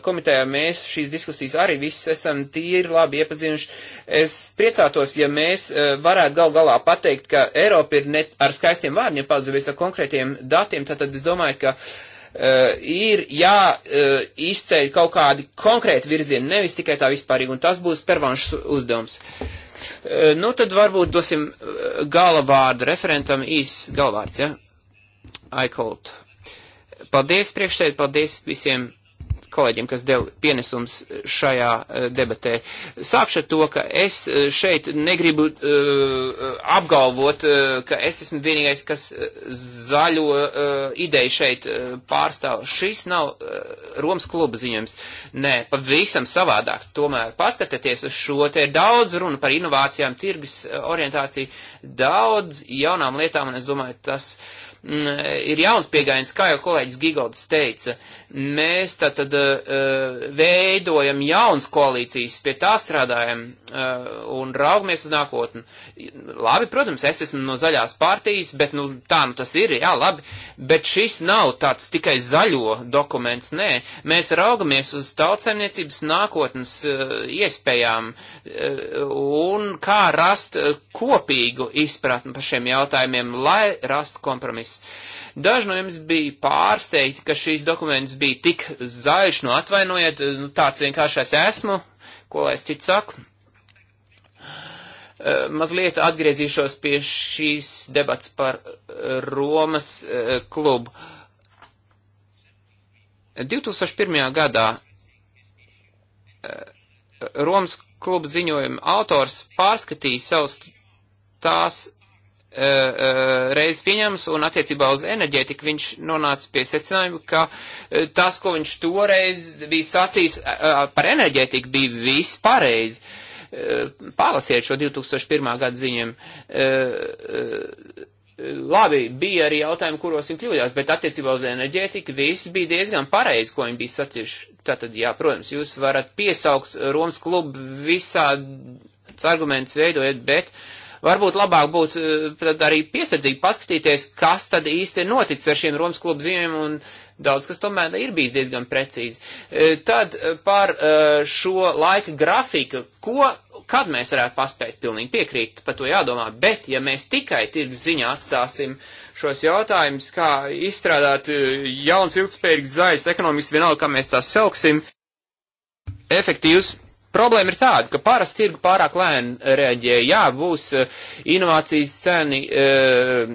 komitejā mēs šīs diskusijas arī viss esam tīri labi iepazinuši. Es priecātos, ja mēs varētu gal galā pateikt, ka Eiropa ir ne ar skaistiem vārdiem paudzuvies ar konkrētiem datiem, tātad es domāju, ka uh, Eh, ir jāizceļ eh, kaut kādi konkrēti virzieni, nevis tikai tā vispārīgi, un tas būs pervanšs uzdevums. Eh, nu, tad varbūt dosim galavārdu referentam īs galvārds, ja? Aikolt. Paldies priekšsēd, paldies visiem kolēģiem, kas dev pienesums šajā eh, debatē. Sākšu ar to, ka es eh, šeit negribu uh, apgalvot, uh, ka es esmu vienīgais, kas zaļo uh, ideju šeit uh, pārstāv. Šis nav uh, Romas kluba ziņojums. Nē, pavisam savādāk. Tomēr paskatieties uz šo. Te ir daudz runa par inovācijām, tirgus orientāciju, daudz jaunām lietām, un es domāju, tas mm, ir jauns pieejams, kā jau kolēģis Gigolds teica. Uh, Mēs tātad uh, eh, veidojam jauns koalīcijas, pie tā strādājam uh, un raugamies uz nākotni. Labi, protams, es esmu no zaļās partijas, bet nu, tā nu tas ir, jā, labi, bet šis nav tāds tikai zaļo dokuments, nē. Mēs raugamies uz tautsēmniecības nākotnes uh, iespējām uh, un kā rast uh, kopīgu izpratni par šiem jautājumiem, lai rastu kompromisu. Uh, Daži no jums bija pārsteigti, ka šīs dokumentas bija tik zaļš, nu atvainojiet, nu, tāds vienkāršais esmu, ko lai es citu saku. Eh, mazliet atgriezīšos pie šīs debats par eh, Romas eh, klubu. 2001. gadā Romas kluba ziņojuma autors pārskatīja savus tās E, e, reiz pieņems, un attiecībā uz enerģētiku viņš nonāca pie secinājuma, ka e, tas, ko viņš toreiz bija sacījis par enerģētiku, bija viss pareizi. Palasiet šo 2001. gadu ziņiem. Labi, bija arī jautājumi, kuros viņi kļūdās, bet attiecībā uz enerģētiku viss bija diezgan pareizi, ko viņi bija sacījuši. Tātad, jā, protams, jūs varat piesaukt Romas klubu visā arguments veidojot, bet uh, Varbūt labāk būtu eh, tad arī piesardzīgi paskatīties, kas tad īsti ir noticis ar šiem Romas klubu zīmēm un daudz kas tomēr ir bijis diezgan precīzi. Eh, tad eh, par šo laika grafiku, ko, kad mēs varētu paspēt, pilnīgi piekrīt, par to jādomā, bet ja mēs tikai tirgus ziņā atstāsim šos jautājumus, kā izstrādāt jauns ilgspējīgs zaļas ekonomikas, vienalga, kā mēs tās sauksim, efektīvs Problēma ir tāda, ka parasti tirgu pārāk lēni eh, reaģē. Jā, būs eh, inovācijas ceni eh,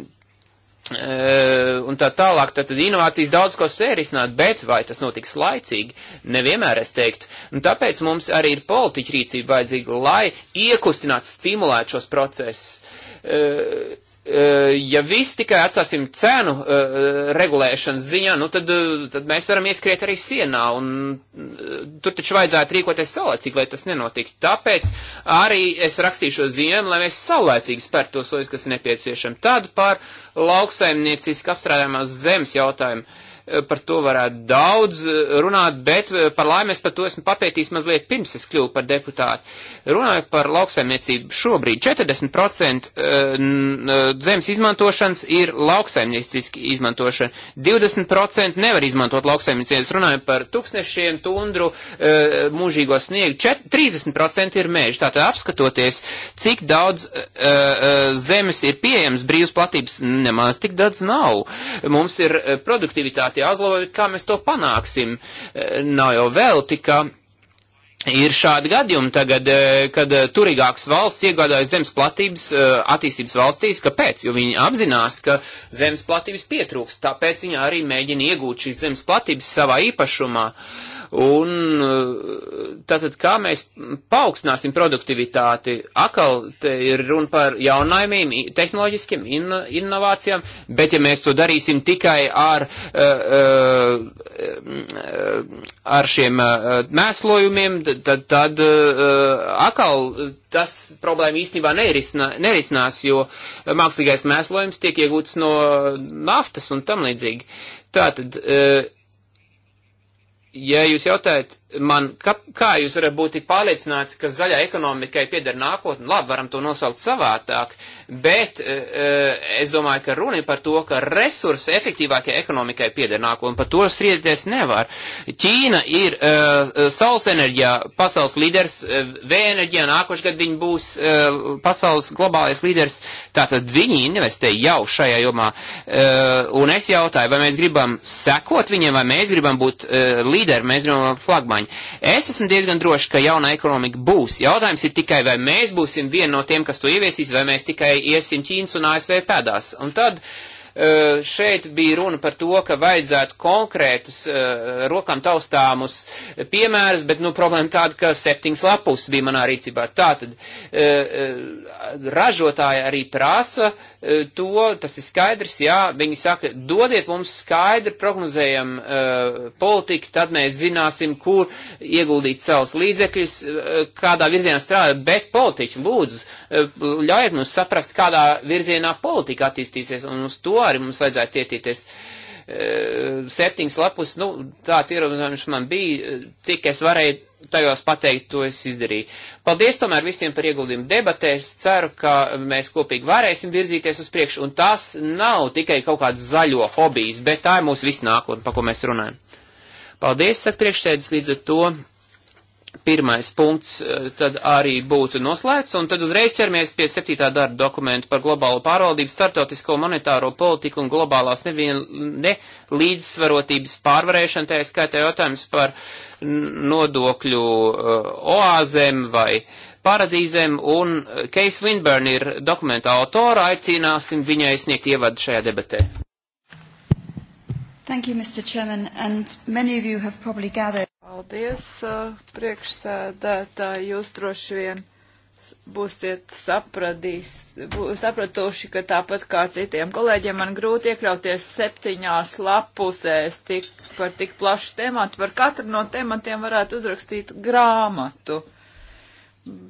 un tā tālāk, tad inovācijas daudz ko spēj risināt, bet vai tas notiks laicīgi, nevienmēr es teiktu. Un tāpēc mums arī ir politiķa rīcība vajadzīga, lai iekustinātu, stimulētu šos procesus. Eh, ja viss tikai atstāsim cenu uh, regulēšanas ziņā, nu tad, eh, tad mēs varam ieskriet arī sienā, un uh, tur taču vajadzētu rīkoties saulēcīgi, lai tas nenotiktu. Tāpēc arī es rakstīšu šo ziņojumu, lai mēs saulēcīgi spērtu tos soļus, kas nepieciešami. Tad par lauksaimnieciski apstrādājumās zemes jautājumu. Uh, par to varētu daudz eh, runāt, bet eh, par laimi es par to esmu papētījis mazliet pirms es kļuvu par deputātu. Runājot par lauksaimniecību, šobrīd 40% eh, zemes izmantošanas ir lauksaimnieciski izmantošana, 20% nevar izmantot lauksaimniecības, runājot par tūkstnešiem, tundru, mūžīgo sniegu, 30% ir mēži. Tātad apskatoties, cik daudz zemes ir pieejams brīvs platības, nemaz tik daudz nav. Mums ir produktivitāte obligāti jāuzlabo, bet kā mēs to panāksim? E, nav jau vēl tikai. Ir šādi gadījumi tagad, e, kad turīgākas valsts iegādājas zemes platības e, attīstības valstīs, kāpēc? Jo viņi apzinās, ka zemes platības pietrūks, tāpēc viņi arī mēģina iegūt šīs zemes platības savā īpašumā. Uh, Un e, tātad, kā mēs paaugstināsim produktivitāti, akal te ir runa par jaunājumiem, tehnoloģiskiem in, inovācijām, bet ja mēs to darīsim tikai ar, uh, uh, ar šiem uh, mēslojumiem, tad, tad akal tas problēma īstenībā nerisinā, nerisinās, jo mākslīgais mēslojums tiek iegūts no naftas un tam līdzīgi. Tātad, Ja jūs jautājat man, ka, kā jūs varat būt tik pārliecināts, ka zaļā ekonomikai pieder nākotne, labi, varam to nosaukt savātāk, bet uh, es domāju, ka runa ir par to, ka resursi efektīvākajai ekonomikai pieder nākotne, par to strīdēties nevar. Ķīna ir uh, saules enerģijā pasaules līderis, uh, vēja enerģijā nākošgad viņi būs uh, pasaules globālais līderis, tātad viņi investē jau šajā jomā. Uh, un es jautāju, vai mēs gribam sekot viņiem, vai mēs gribam būt uh, līderi līderi, mēs zinām uh, flagmaņu. Es esmu diezgan drošs, ka jauna ekonomika būs. Jautājums ir tikai, vai mēs būsim viena no tiem, kas to ieviesīs, vai mēs tikai iesim Ķīnas un ASV pēdās. Un tad uh, šeit bija runa par to, ka vajadzētu konkrētus uh, rokām taustāmus piemērus, bet nu, problēma tāda, ka septiņas lapus bija manā rīcībā. Tātad ražotāji arī prasa to, tas ir skaidrs, jā, viņi saka, dodiet mums skaidri prognozējam uh, politiku, tad mēs zināsim, kur ieguldīt savus līdzekļus, uh, kādā virzienā strādāt, bet politiķi, lūdzu, uh, ļaujiet mums saprast, kādā virzienā politika attīstīsies, un uz to arī mums vajadzētu tietīties. Uh, septiņas lapus, nu, tāds ierobežojums man bija, cik es varēju tajos pateikt, to es izdarīju. Paldies tomēr visiem par ieguldījumu debatēs. Ceru, ka mēs kopīgi varēsim virzīties uz priekšu. Un tas nav tikai kaut kāds zaļo hobijs, bet tā ir mūsu visnākotne, pa ko mēs runājam. Paldies, saka priekšsēdis, līdz ar to pirmais punkts eh, tad arī būtu noslēgts, un tad uzreiz ķermies pie septītā darba dokumentu par globālo pārvaldību, startautisko monetāro politiku un globālās nelīdzsvarotības ne pārvarēšanu, tā skaitā jautājums par nodokļu uh, oāzēm vai paradīzēm, un Keis Winburn ir dokumenta autora, aicināsim viņai sniegt ievadu šajā debatē. Thank you, Mr. Chairman, and many of you have probably gathered. Paldies, uh, priekšsēdētāji, jūs droši vien būsiet sapradīs, bū, sapratuši, ka tāpat kā citiem kolēģiem man grūti iekļauties septiņās lapusēs tik, par tik plašu tematu. Par katru no tematiem varētu uzrakstīt grāmatu.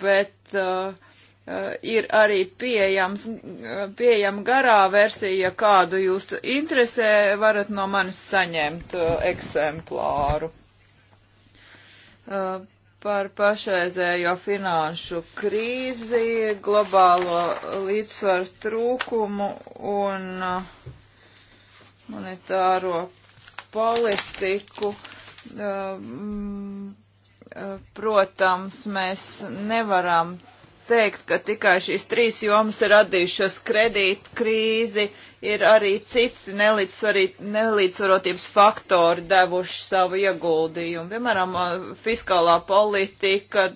Bet uh, Eh, ir arī pieejams, eh, pieejama garā versija, kādu jūs interesē, varat no manis saņemt eh, eksemplāru. Par pašreizējo finanšu krīzi, globālo līdzsvaru trūkumu un monetāro politiku. Protams, mēs nevaram teikt, ka tikai šīs trīs jomas ir radījušas kredīt krīzi, ir arī citi nelīdzsvarotības faktori devuši savu ieguldījumu. Piemēram, fiskālā politika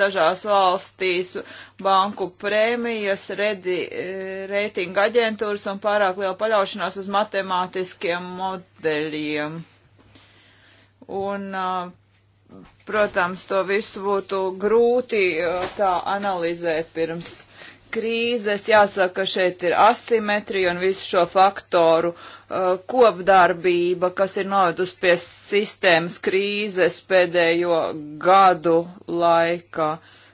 dažās valstīs, banku prēmijas, redi, reitinga aģentūras un pārāk liela paļaušanās uz matemātiskiem modeļiem. Un uh, Protams, to visu būtu grūti uh, tā analizēt pirms krīzes. Jāsaka, šeit ir asimetrija un visu šo faktoru uh, kopdarbība, kas ir novedus pie sistēmas krīzes pēdējo gadu laikā.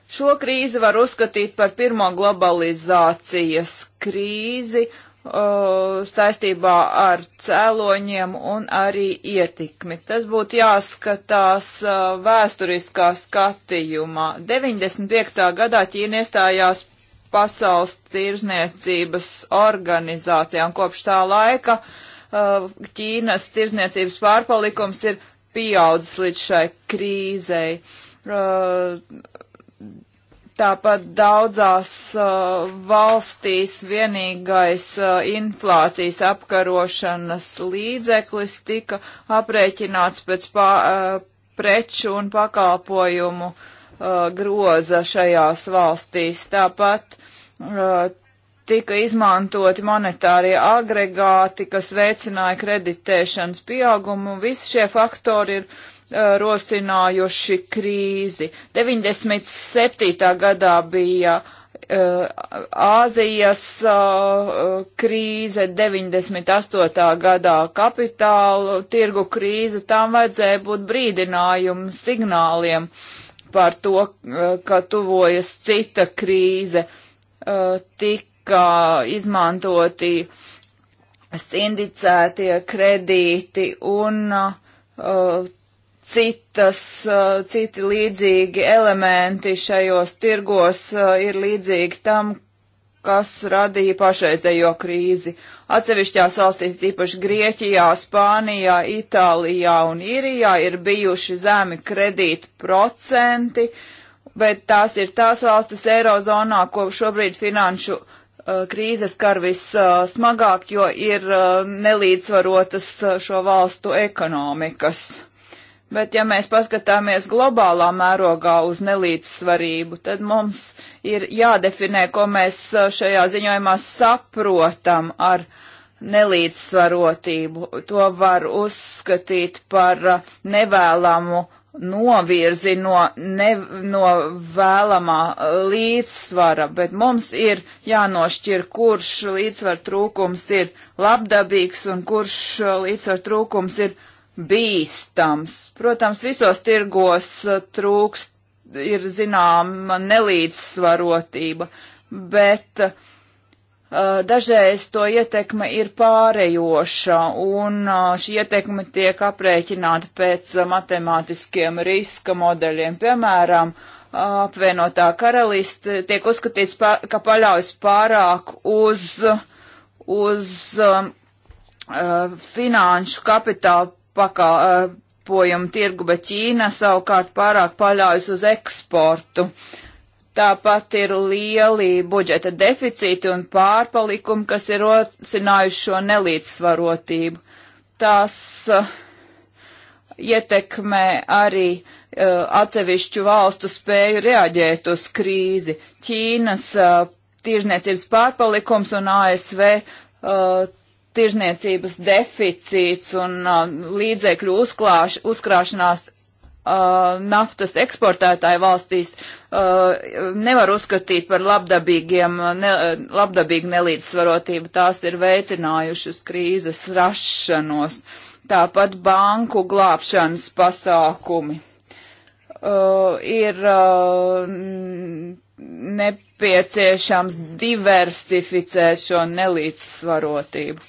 Šo krīzi var uzskatīt par pirmo globalizācijas krīzi, uh, Uh, saistībā ar cēloņiem un arī ietekmi. Tas būtu jāskatās uh, vēsturiskā skatījumā. 95. gadā Ķīna iestājās Pasaules tirzniecības organizācijā, un kopš tā laika uh, Ķīnas tirzniecības pārpalikums ir pieaudzis līdz šai krīzei. Tāpat daudzās uh, valstīs vienīgais uh, inflācijas apkarošanas līdzeklis tika aprēķināts pēc pā, uh, preču un pakalpojumu uh, groza šajās valstīs. Tāpat uh, tika izmantoti monetārie agregāti, kas veicināja kreditēšanas pieaugumu. Visi šie faktori ir rosinājuši krīzi. 97. gadā bija eh, Āzijas eh, krīze, 98. gadā kapitāla tirgu krīze, tām vajadzēja būt brīdinājumu signāliem par to, eh, ka tuvojas cita krīze, tika izmantoti sindicētie kredīti un uh, citas, eh, citi līdzīgi elementi šajos tirgos eh, ir līdzīgi tam, kas radīja pašreizējo krīzi. Atsevišķās valstīs, tīpaši Grieķijā, Spānijā, Itālijā un Irijā, ir bijuši zemi kredītu procenti, bet tās ir tās valstis Eirozonā, ko šobrīd finanšu eh, krīzes kar vissmagāk, jo ir nelīdzvarotas šo valstu ekonomikas. Bet ja mēs paskatāmies globālā mērogā uz nelīdzsvarību, tad mums ir jādefinē, ko mēs uh, šajā ziņojumā saprotam ar nelīdzsvarotību. To var uzskatīt par uh, nevēlamu novirzi no, ne, no vēlamā līdzsvara, bet mums ir jānošķir, kurš līdzsvar trūkums ir labdabīgs un kurš uh, līdzsvar trūkums ir bīstams. Protams, visos tirgos uh, trūkst, ir zināma nelīdzsvarotība, bet uh, dažreiz to ietekme ir pārējoša, un uh, šī ietekme tiek aprēķināta pēc uh, matemātiskiem riska modeļiem. Piemēram, apvienotā karaliste tiek uzskatīts, pa, ka paļaujas pārāk uz, uz um, uh, finanšu kapitālu pakalpojumu tirgu, bet Ķīna savukārt pārāk paļaujas uz eksportu. Tāpat ir lieli budžeta deficīti un pārpalikumi, kas ir rosinājuši šo nelīdzsvarotību. Tas uh, ietekmē arī uh, atsevišķu valstu spēju reaģēt uz krīzi. Ķīnas uh, tirzniecības pārpalikums un ASV uh, tirzniecības deficīts un uh, līdzekļu uzklāš, uzkrāšanās uh, naftas eksportētāju valstīs uh, nevar uzskatīt par labdabīgiem, uh, ne, uh, labdabīgu nelīdzsvarotību. Tās ir veicinājušas krīzes rašanos, tāpat banku glābšanas pasākumi. Uh, ir uh, nepieciešams diversificēt šo nelīdzsvarotību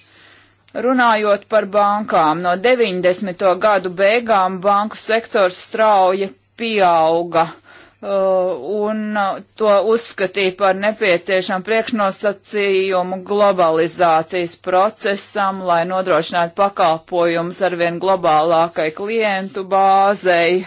Runājot par bankām, no 90. gadu beigām banku sektors strauji pieauga uh, un uh, to uzskatīja par nepieciešamu priekšnosacījumu globalizācijas procesam, lai nodrošinātu pakalpojumus arvien globālākai klientu bāzei.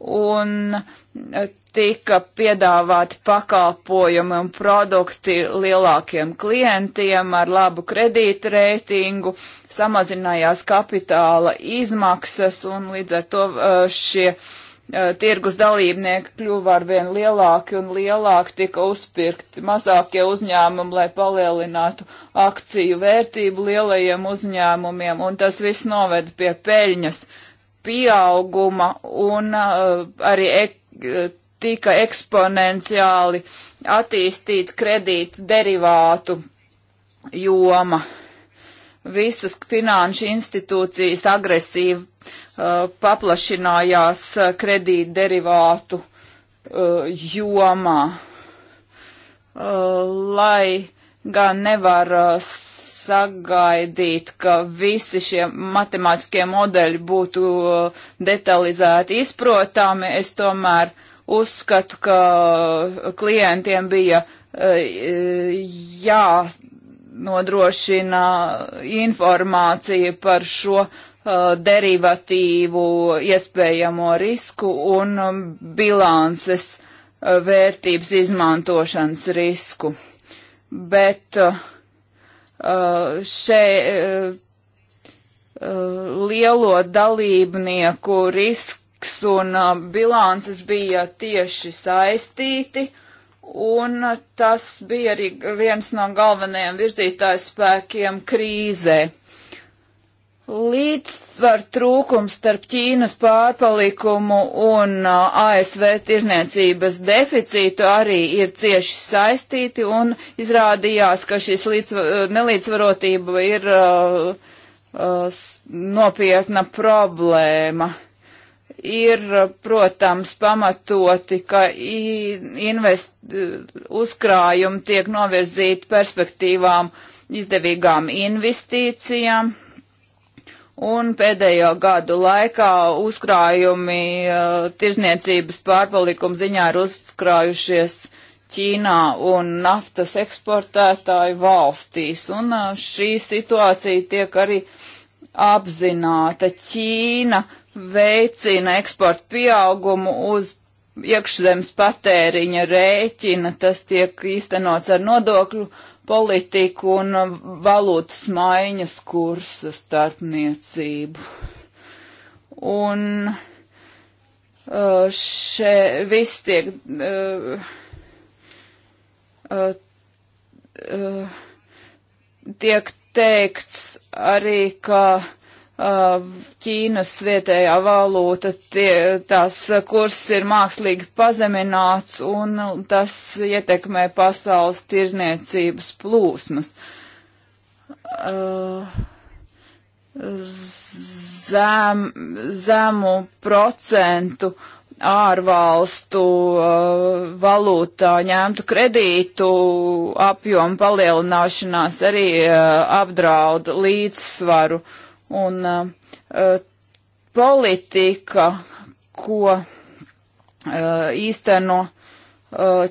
Un uh, tika piedāvāti pakalpojumi un produkti lielākiem klientiem ar labu kredītreitingu, samazinājās kapitāla izmaksas un līdz ar to uh, šie uh, tirgus dalībnieki kļuva arvien lielāki un lielāki, tika uzpirkti mazākie uzņēmumi, lai palielinātu akciju vērtību lielajiem uzņēmumiem, un tas viss noveda pie peļņas pieauguma un uh, arī ek tika eksponenciāli attīstīta kredītu derivātu joma. Visas finanšu institūcijas agresīvi uh, paplašinājās uh, kredītu derivātu uh, jomā. Uh, lai gan nevar uh, sagaidīt, ka visi šie matemātiskie modeļi būtu uh, detalizēti izprotami, es tomēr Uzskatu, ka uh, klientiem bija uh, jānodrošina informācija par šo uh, derivatīvu iespējamo risku un um, bilances vērtības izmantošanas risku. Bet šeit lielo dalībnieku risk bankas un uh, bilances bija tieši saistīti, un uh, tas bija arī viens no galvenajiem virzītājspēkiem krīzē. Līdzsvar trūkums starp Ķīnas pārpalikumu un uh, ASV tirzniecības deficītu arī ir cieši saistīti un izrādījās, ka šis līdzsvar, nelīdzvarotība ir uh, uh, nopietna problēma. Uh, ir, protams, pamatoti, ka invest, uzkrājumi tiek novirzīti perspektīvām izdevīgām investīcijām. Un pēdējo gadu laikā uzkrājumi tirzniecības pārpalikuma ziņā ir uzkrājušies Ķīnā un naftas eksportētāju valstīs. Un šī situācija tiek arī apzināta. Ķīna veicina eksporta pieaugumu uz iekšzemes patēriņa rēķina, tas tiek īstenots ar nodokļu politiku un valūtas maiņas kursa starpniecību. Un uh, še viss tiek. Uh, uh, uh, tiek teikts arī, ka Uh, Ķīnas vietējā valūta, tie, tās kurs ir mākslīgi pazemināts un tas ietekmē pasaules tirzniecības plūsmas. Uh, zem, zemu procentu ārvalstu uh, valūtā ņemtu kredītu apjomu palielināšanās arī apdraud līdzsvaru uh, un uh, uh, politika, ko uh, īsteno uh,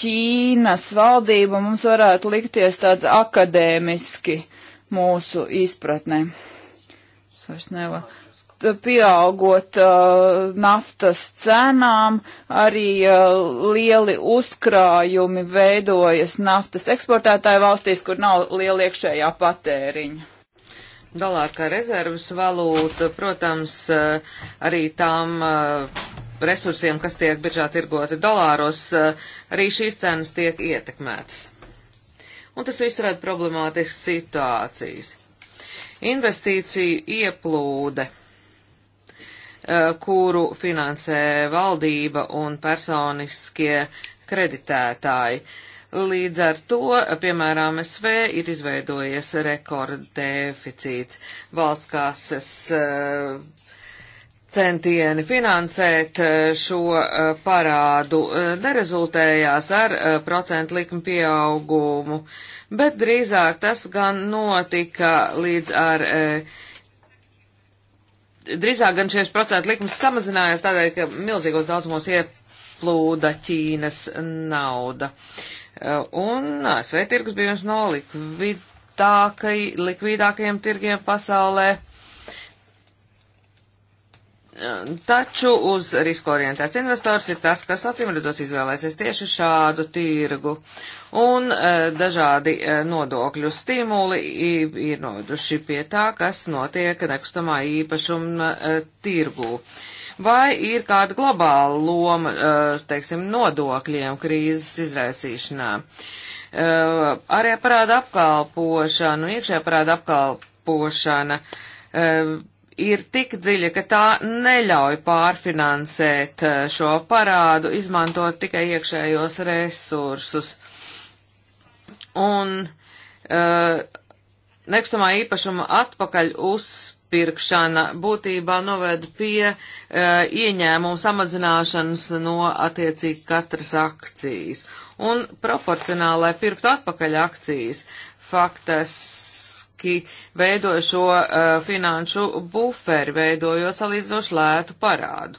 Ķīnas valdība, mums varētu likties tāds akadēmiski mūsu izpratnē. Es vairs nevaru pieaugot uh, naftas cenām, arī uh, lieli uzkrājumi veidojas naftas eksportētāju valstīs, kur nav liela iekšējā patēriņa dolāru kā rezervas valūtu, protams, eh, arī tām eh, resursiem, kas tiek biržā tirgoti dolāros, eh, arī šīs cenas tiek ietekmētas. Un tas viss rada problemātiskas situācijas. Investīciju ieplūde, kuru finansē valdība un personiskie kreditētāji. Uh, Līdz ar to, piemēram, SV ir izveidojies rekorddeficīts. Valsts kāses eh, centieni finansēt eh, šo eh, parādu nerezultējās ar procentu likmu pieaugumu, bet drīzāk tas gan notika līdz ar drīzāk gan 6% likmes samazinājās tādēļ, ka milzīgos daudzumos ieplūda Ķīnas nauda. Uh, Uh, un ASV tirgus bija viens no likvidākai, likvidākajiem tirgiem pasaulē. Uh, taču uz risku orientēts investors ir tas, kas acīmredzot izvēlēsies tieši šādu tirgu. Un uh, dažādi nodokļu stimuli ir noveduši pie tā, kas notiek nekustamā īpašuma tirgū. Vai ir kāda globāla loma, eh, teiksim, nodokļiem krīzes izraisīšanā? Eh, arī parāda apkalpošana un iekšējā parāda apkalpošana eh, ir tik dziļa, ka tā neļauj pārfinansēt šo parādu, izmantot tikai iekšējos resursus. Un uh, nekustamā īpašuma atpakaļ uz izpirkšana būtībā noved pie e, ieņēmumu samazināšanas no attiecīgi katras akcijas. Un proporcionāli, lai pirktu atpakaļ akcijas, faktiski veido šo e, finanšu buferi, veidojot salīdzinoši lētu parādu.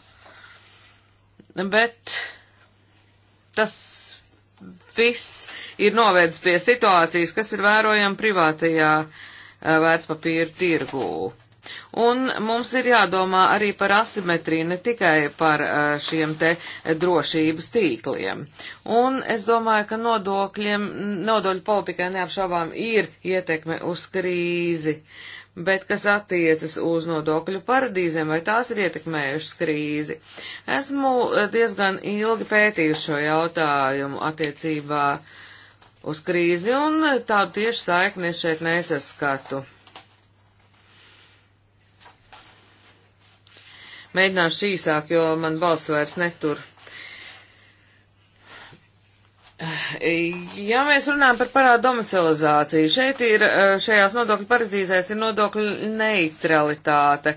Bet tas viss ir novēdz pie situācijas, kas ir vērojama privātajā e, vērtspapīra tirgū. Un mums ir jādomā arī par asimetriju, ne tikai par eh, šiem te drošības tīkliem. Un es domāju, ka nodokļiem, nodokļu politikai neapšaubām ir ietekme uz krīzi. Bet kas attiecas uz nodokļu paradīzēm, vai tās ir ietekmējušas krīzi? Esmu eh, diezgan ilgi pētījusi šo jautājumu attiecībā uz krīzi, un eh, tādu tieši saikni es šeit nesaskatu. Mēģināšu īsāk, jo man balss vairs netur. Ja mēs runājam par parādu domicilizāciju, šeit ir, eh, šajās nodokļu paradīzēs ir nodokļu neutralitāte.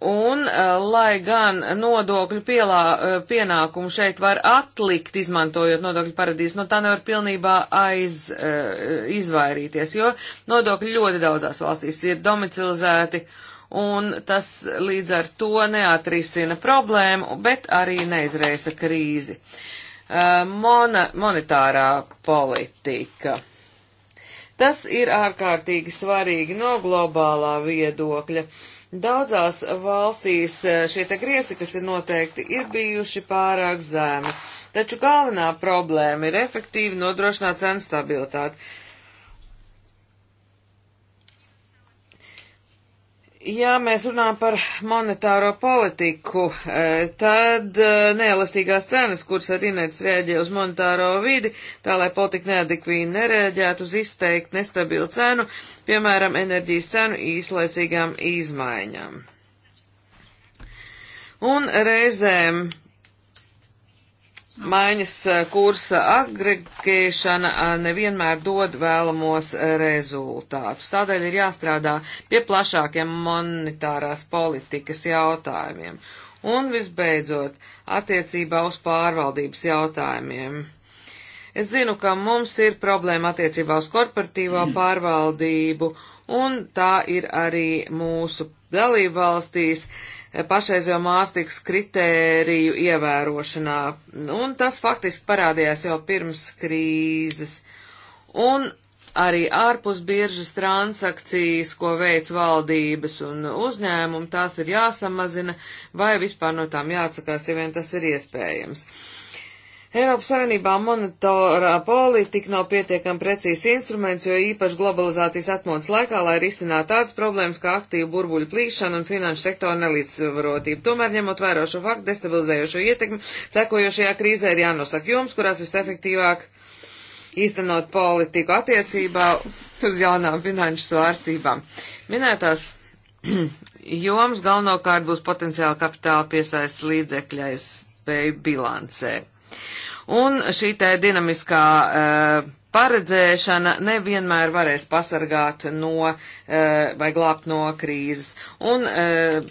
Un, eh, lai gan nodokļu pielā, eh, pienākumu šeit var atlikt, izmantojot nodokļu paradīzes, no nu, tā nevar pilnībā aiz, izvairīties, jo nodokļi ļoti daudzās valstīs ir domicilizēti. Uh, un tas līdz ar to neatrisina problēmu, bet arī neizrēsa krīzi. Uh, mona, monetārā politika. Tas ir ārkārtīgi svarīgi no globālā viedokļa. Daudzās valstīs uh, šie te griezti, kas ir noteikti, ir bijuši pārāk zēmi. Taču galvenā problēma ir efektīvi nodrošināt cenu stabilitāti. Ja mēs runājam par monetāro politiku, e, tad e, neelastīgās cenas, kuras arī nec rēģē uz monetāro vidi, tā lai politika neadekvīni nerēģētu uz izteikt nestabilu cenu, piemēram, enerģijas cenu īslaicīgām izmaiņām. Un reizēm Maiņas eh, kursa agregēšana eh, nevienmēr dod vēlamos eh, rezultātus. Tādēļ ir jāstrādā pie plašākiem monetārās politikas jautājumiem. Un visbeidzot, attiecībā uz pārvaldības jautājumiem. Es zinu, ka mums ir problēma attiecībā uz korporatīvo mm. pārvaldību, un tā ir arī mūsu dalībvalstīs eh, pašreizējo māstikas kritēriju ievērošanā, un tas faktiski parādījās jau pirms krīzes. Un arī ārpus biržas transakcijas, ko veic valdības un uzņēmumi, tās ir jāsamazina vai vispār no tām jāatsakās, ja vien tas ir iespējams. Uh, Eiropas Savienībā monetārā politika nav pietiekami precīzs instruments, jo īpaši globalizācijas atmodas laikā, lai risinātu tādas problēmas kā aktīvu burbuļu plīšana un finanšu sektora nelīdzsvarotība. Tomēr, ņemot vērā šo faktu destabilizējošo ietekmi, sekojošajā krīzē ir jānosaka jums, kurās visefektīvāk īstenot politiku attiecībā uz jaunām finanšu svārstībām. Minētās joms galvenokārt būs potenciāli kapitāla piesaists līdzekļais spēju bilancē. Un šī te dinamiskā uh, paredzēšana nevienmēr varēs pasargāt no eh, vai glābt no krīzes. Un, eh,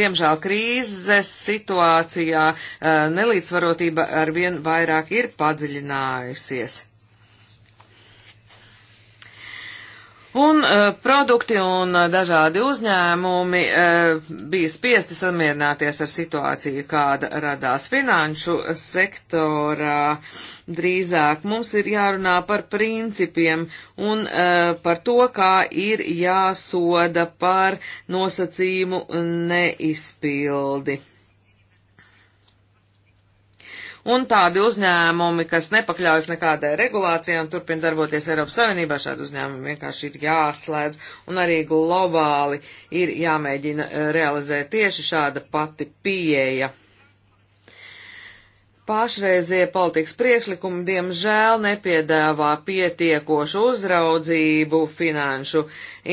diemžēl, krīzes situācijā nelīdzvarotība arvien vairāk ir padziļinājusies. Un uh, produkti un uh, dažādi uzņēmumi uh, bija spiesti samierināties ar situāciju, kāda radās finanšu sektorā. Drīzāk mums ir jārunā par principiem un uh, par to, kā ir jāsoda par nosacījumu neizpildi. Un tādi uzņēmumi, kas nepakļaujas nekādai regulācijai un turpina darboties Eiropas Savienībā, šādi uzņēmumi vienkārši ir jāslēdz un arī globāli ir jāmēģina eh, realizēt tieši šāda pati pieeja. Pašreizie politikas priekšlikumi, diemžēl, nepiedāvā pietiekošu uzraudzību finanšu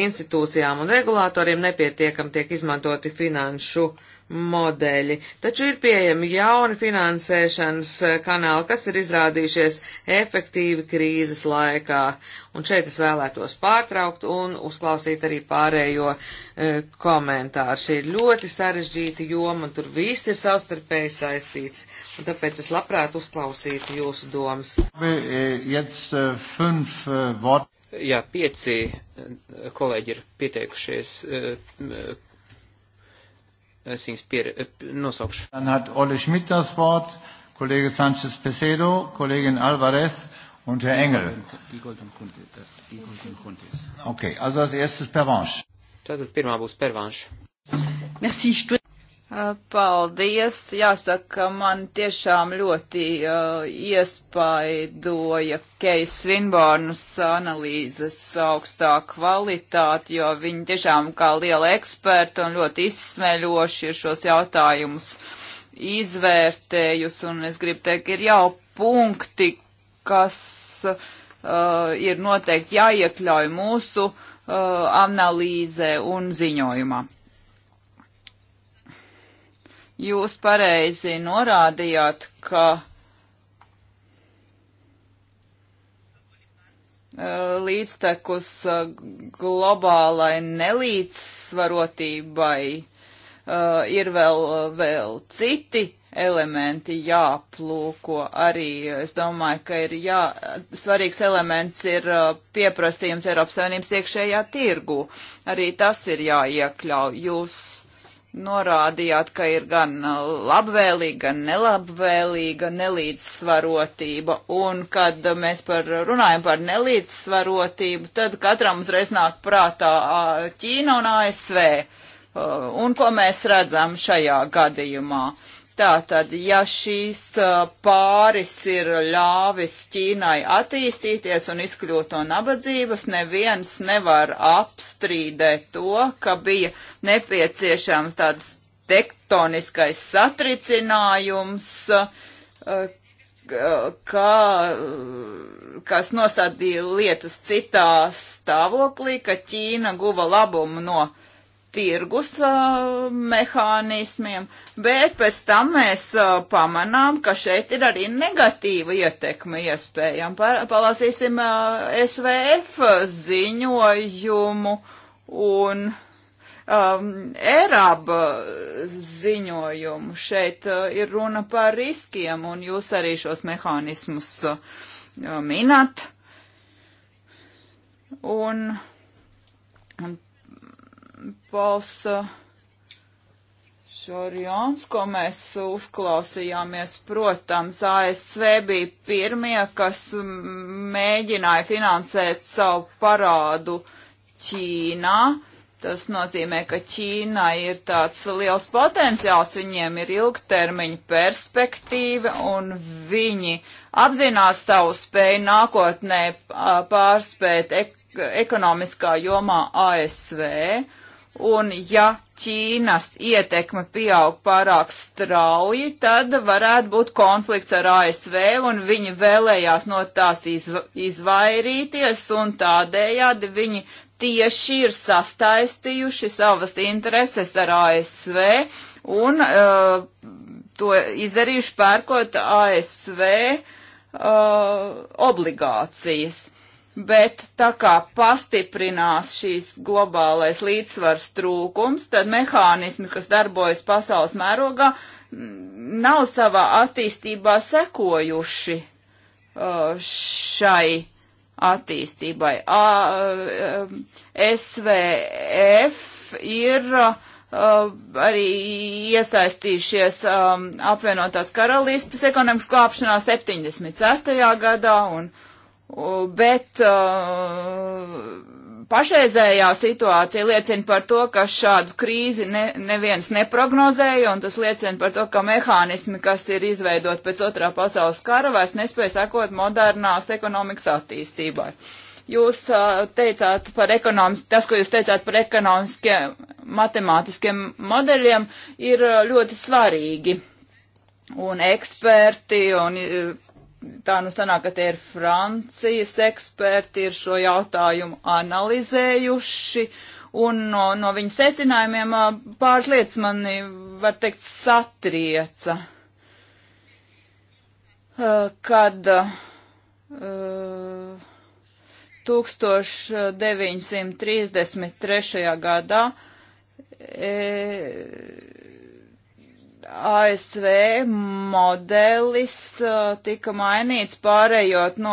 institūcijām un regulātoriem, nepietiekam tiek izmantoti finanšu uh, modeļi. Taču ir pieejami jauni finansēšanas eh, kanāli, kas ir izrādījušies efektīvi krīzes laikā. Un šeit es vēlētos pārtraukt un uzklausīt arī pārējo e, komentāru. Šī ir ļoti sarežģīta joma, un tur viss ir savstarpēji saistīts. Un tāpēc es labprāt uzklausītu jūsu domas. Eh, Jā, pieci kolēģi ir pieteikušies Es viņus pier, eh, nosaukšu. Dann hat Olle Schmidt das Wort, Kollege Sanchez Pesedo, Kollegin Alvarez und Herr Engel. Okay, also als erstes Pervanche. Tātad pirmā būs Pervanche. Merci, Uh, paldies! Jāsaka, man tiešām ļoti uh, iespaidoja Keijas Svinbornas analīzes augstā kvalitāte, jo viņi tiešām kā liela eksperta un ļoti izsmeļoši ir šos jautājumus izvērtējusi, un es gribu teikt, ir jau punkti, kas uh, ir noteikti jāiekļauj mūsu uh, analīzē un ziņojumā. Jūs pareizi norādījāt, ka e, līdztekus e, globālai nelīdzsvarotībai uh, ir vēl, vēl citi elementi jāplūko arī. Es domāju, ka ir jā, svarīgs elements ir pieprasījums Eiropas Savienības iekšējā tirgu. Arī tas ir jāiekļauj. Jūs norādījāt, ka ir gan uh, labvēlīga, gan nelabvēlīga nelīdzsvarotība, un kad uh, mēs par, runājam par nelīdzsvarotību, tad katram uzreiz nāk prātā uh, Ķīna un ASV, un ko mēs redzam šajā gadījumā. Uh, Tātad, ja šīs uh, pāris ir ļāvis Ķīnai attīstīties un izkļūt no nabadzības, neviens nevar apstrīdēt to, ka bija nepieciešams tāds tektoniskais satricinājums, uh, kā, kas nostādīja lietas citā stāvoklī, ka Ķīna guva labumu no nabadzības tirgus uh, mehānismiem, bet pēc tam mēs uh, pamanām, ka šeit ir arī negatīva ietekme iespējām. Palasīsim uh, SVF ziņojumu un um, Eraba ziņojumu. Šeit uh, ir runa par riskiem, un jūs arī šos mehānismus uh, minat. Un, un Pols eh, Šorjons, ko mēs uzklausījāmies, protams, ASV bija pirmie, kas mēģināja finansēt savu parādu Ķīnā. Tas nozīmē, ka Ķīnā ir tāds liels potenciāls, viņiem ir ilgtermiņa perspektīva un viņi apzinās savu spēju nākotnē pārspēt ek ekonomiskā jomā ASV Un ja Ķīnas ietekme pieaug pārāk strauji, tad varētu būt konflikts ar ASV, un viņi vēlējās no tās izv izvairīties, un tādējādi viņi tieši ir sastaistījuši savas intereses ar ASV, un uh, to izdarījuši pērkot ASV uh, obligācijas bet tā kā pastiprinās šīs globālais līdzsvars trūkums, tad mehānismi, kas darbojas pasaules mērogā, mm, nav savā attīstībā sekojuši uh, šai attīstībai. Um, SVF ir uh, arī iesaistījušies um, apvienotās karalistas ekonomikas klāpšanā 76. gadā un bet uh, pašreizējā situācija liecina par to, ka šādu krīzi ne, neviens neprognozēja, un tas liecina par to, ka mehānismi, kas ir izveidot pēc otrā pasaules kara, vairs nespēja sekot modernās ekonomikas attīstībai. Jūs uh, teicāt par ekonomiskiem, tas, ko jūs teicāt par ekonomiskiem matemātiskiem modeļiem, ir uh, ļoti svarīgi. Un eksperti un uh, tā nu sanāk, ka tie ir Francijas eksperti, ir šo jautājumu analizējuši, un no, no viņu secinājumiem pāris lietas mani, var teikt, satrieca. Kad uh, 1933. gadā e, ASV modelis uh, tika mainīts pārējot no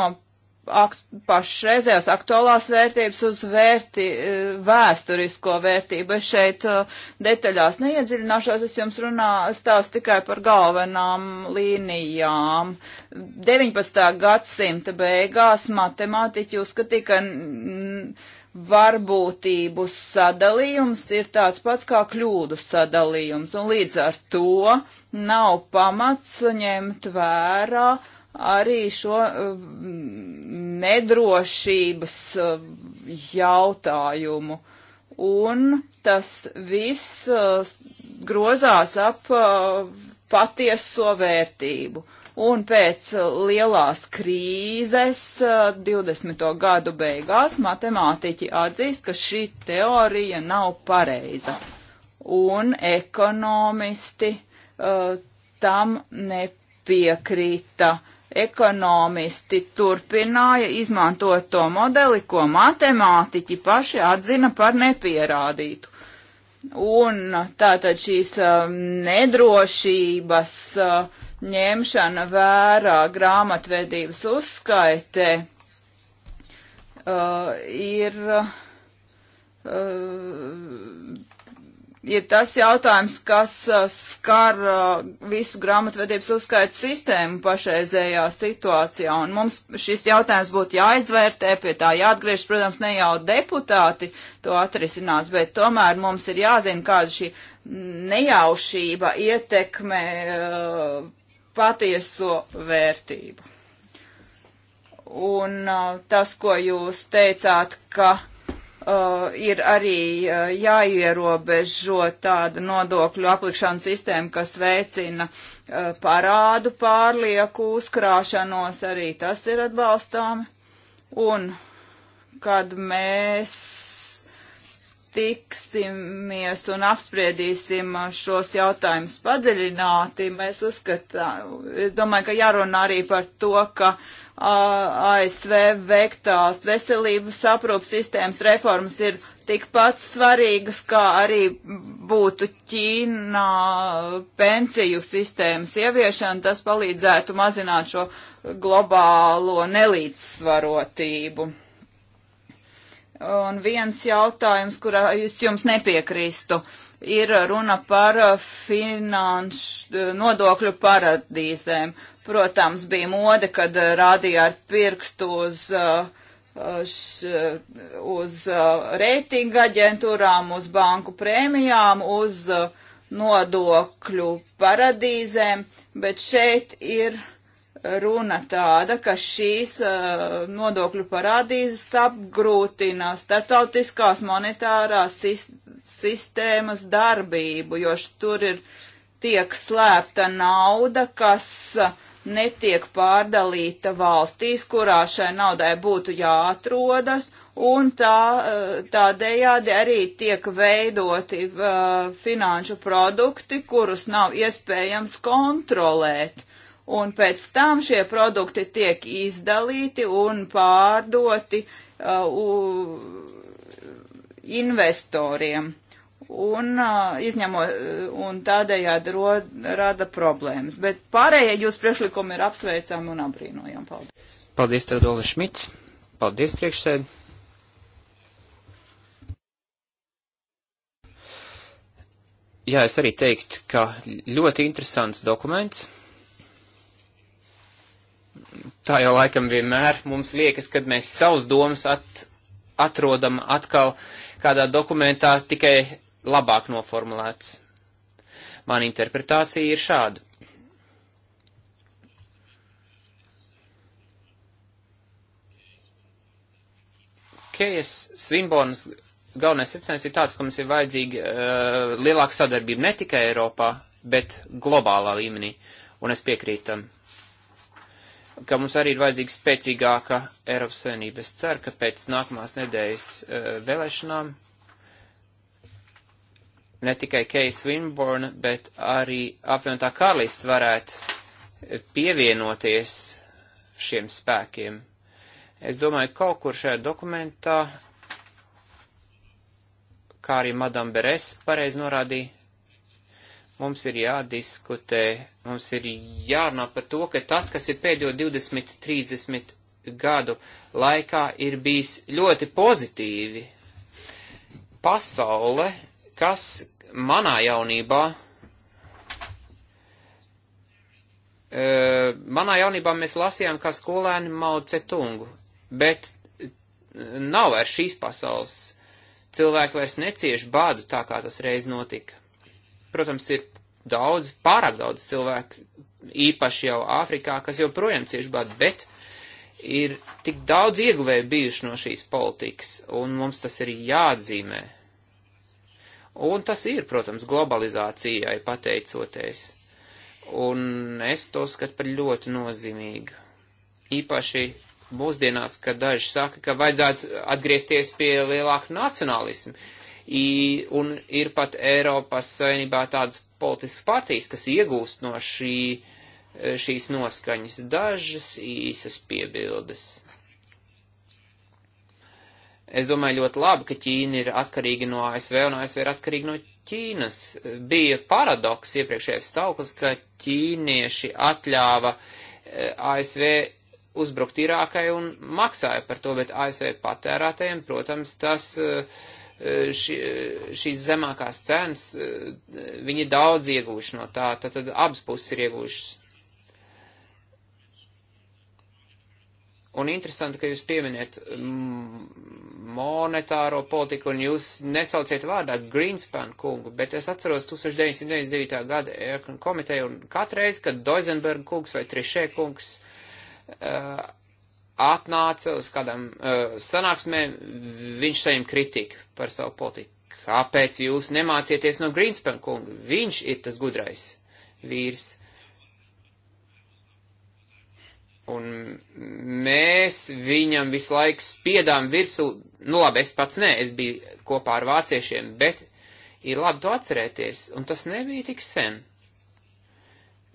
akt, pašreizējās aktuālās vērtības uz vērti, uh, vēsturisko vērtību. Es šeit uh, detaļās neiedziļināšos, es jums runā, stāstu tikai par galvenām līnijām. 19. gadsimta beigās matemātiķi uzskatīja, ka varbūtību sadalījums ir tāds pats kā kļūdu sadalījums, un līdz ar to nav pamats ņemt vērā arī šo mm, nedrošības mm, jautājumu. Un tas viss mm, grozās ap patieso vērtību un pēc uh, lielās krīzes 20. Uh, gadu beigās matemātiķi atzīst, ka šī teorija nav pareiza, un ekonomisti uh, tam nepiekrīta ekonomisti turpināja izmantot to modeli, ko matemātiķi paši atzina par nepierādītu. Un tātad šīs uh, nedrošības ņemšana vērā grāmatvedības uzskaitē uh, ir, uh, ir tas jautājums, kas uh, skar uh, visu grāmatvedības uzskaitu sistēmu pašreizējā situācijā. Un mums šis jautājums būtu jāizvērtē, pie tā jāatgriežas, protams, ne jau deputāti to atrisinās, bet tomēr mums ir jāzina, kāda šī nejaušība ietekmē. Uh, patieso vērtību. Un uh, tas, ko jūs teicāt, ka Uh, ir arī uh, jāierobežo tāda nodokļu aplikšana sistēma, kas veicina uh, parādu pārlieku uzkrāšanos, arī tas ir atbalstām. Un kad mēs tiksimies un apspriedīsim šos jautājumus padziļināti, mēs uzskatām, es domāju, ka jārunā arī par to, ka ASV veiktās veselības aprūpas sistēmas reformas ir tikpat svarīgas, kā arī būtu Ķīnā pensiju sistēmas ieviešana, tas palīdzētu mazināt šo globālo nelīdzsvarotību. Un viens jautājums, kurā es jums nepiekrīstu, ir runa par uh, finanšu uh, nodokļu paradīzēm. Protams, bija mode, kad uh, rādīja ar pirkstu uz uh, Š, uz uh, reitinga aģentūrām, uz banku prēmijām, uz uh, nodokļu paradīzēm, bet šeit ir runa tāda, ka šīs uh, nodokļu parādīzes apgrūtina startautiskās monetārās sistēmas darbību, jo tur ir tiek slēpta nauda, kas uh, netiek pārdalīta valstīs, kurā šai naudai būtu jāatrodas, un tā, eh, tādējādi arī tiek veidoti uh, finanšu produkti, kurus nav iespējams kontrolēt un pēc tam šie produkti tiek izdalīti un pārdoti uh, investoriem. Un, uh, izņemot, un tādējādi rod, rada problēmas. Bet pārējie jūs priekšlikumi ir apsveicami un apbrīnojami. Paldies. Paldies, tev, Dola Šmits. Paldies, priekšsēd. Jā, es arī teiktu, ka ļoti interesants dokuments tā jau laikam vienmēr mums liekas, kad mēs savus domas at, atrodam atkal kādā dokumentā tikai labāk noformulēts. Mana interpretācija ir šāda. Kejas Svimbonas galvenais secinājums ir tāds, ka mums ir vajadzīga uh, lielāka sadarbība ne tikai Eiropā, bet globālā līmenī, un es piekrītu tam. Um, ka mums arī ir vajadzīga spēcīgāka Eiropas Savienība. Es ceru, ka pēc nākamās nedēļas uh, vēlēšanām ne tikai Keis Winborn, bet arī apvienotā karalists varētu e, pievienoties šiem spēkiem. Es domāju, kaut kur šajā dokumentā, kā arī Madame Beres pareizi norādīja, Mums ir jādiskutē, mums ir jārunā par to, ka tas, kas ir pēdējo 20, 30 gadu laikā, ir bijis ļoti pozitīvi. Pasaule, kas manā jaunībā e, manā jaunībā mēs lasījām kā skolēni Mao Cetungu, bet e, nav vairs šīs pasaules. Cilvēki vairs necieš bādu tā, kā tas reiz notika. Protams, ir daudz, pārāk daudz cilvēku, īpaši jau Āfrikā, kas joprojām cieši badu, bet ir tik daudz ieguvēju bijuši no šīs politikas, un mums tas ir jāatzīmē. Un tas ir, protams, globalizācijai pateicoties. Un es to skatu par ļoti nozīmīgu. Īpaši mūsdienās, kad daži saka, ka vajadzētu atgriezties pie lielāka nacionālismu. Uh, I, un ir pat Eiropas Savienībā tādas politiskas partijas, kas iegūst no šī, e, šīs noskaņas dažas īsas piebildes. Es domāju ļoti labi, ka Ķīna ir atkarīga no ASV un ASV ir atkarīga no Ķīnas. Bija paradoks iepriekšējais stāvoklis, ka ķīnieši atļāva e, ASV uzbrukt Irākai un maksāja par to, bet ASV patērētājiem, protams, tas uh, ši, šīs zemākās cenas, viņi daudz iegūši no tā, tad, tad abas puses ir iegūšas. Un interesanti, ka jūs pieminiet monetāro politiku un jūs nesauciet vārdā Greenspan kungu, bet es atceros 1999. gada Erkan komiteju un katreiz, kad Doizenberg kungs vai Trišē kungs uh, atnāca uz kādam uh, sanāksmēm, viņš saņem kritiku par savu politiku. Kāpēc jūs nemācieties no Greenspan kunga? Viņš ir tas gudrais vīrs. Un mēs viņam visu laiku spiedām virsū, nu labi, es pats nē, es biju kopā ar vāciešiem, bet ir labi to atcerēties, un tas nebija tik sen.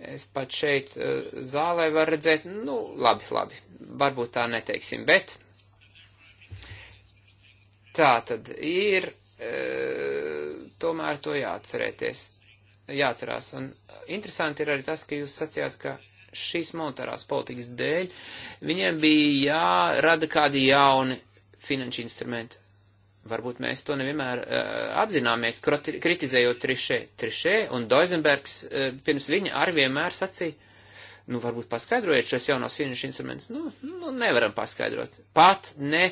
Es pat šeit uh, zālē varu redzēt, nu labi, labi, varbūt tā neteiksim, bet tā tad ir, e, tomēr to jāatcerēties, jāatcerās. Un interesanti ir arī tas, ka jūs sacījāt, ka šīs monetārās politikas dēļ viņiem bija jārada kādi jauni finanšu instrumenti. Varbūt mēs to nevienmēr uh, apzināmies, kritizējot Trišē. Trišē un Doizenbergs uh, pirms viņa arī vienmēr sacīja, Nu, varbūt paskaidrojiet šos jaunos finanšu instrumentus. Nu, nu, nevaram paskaidrot. Pat ne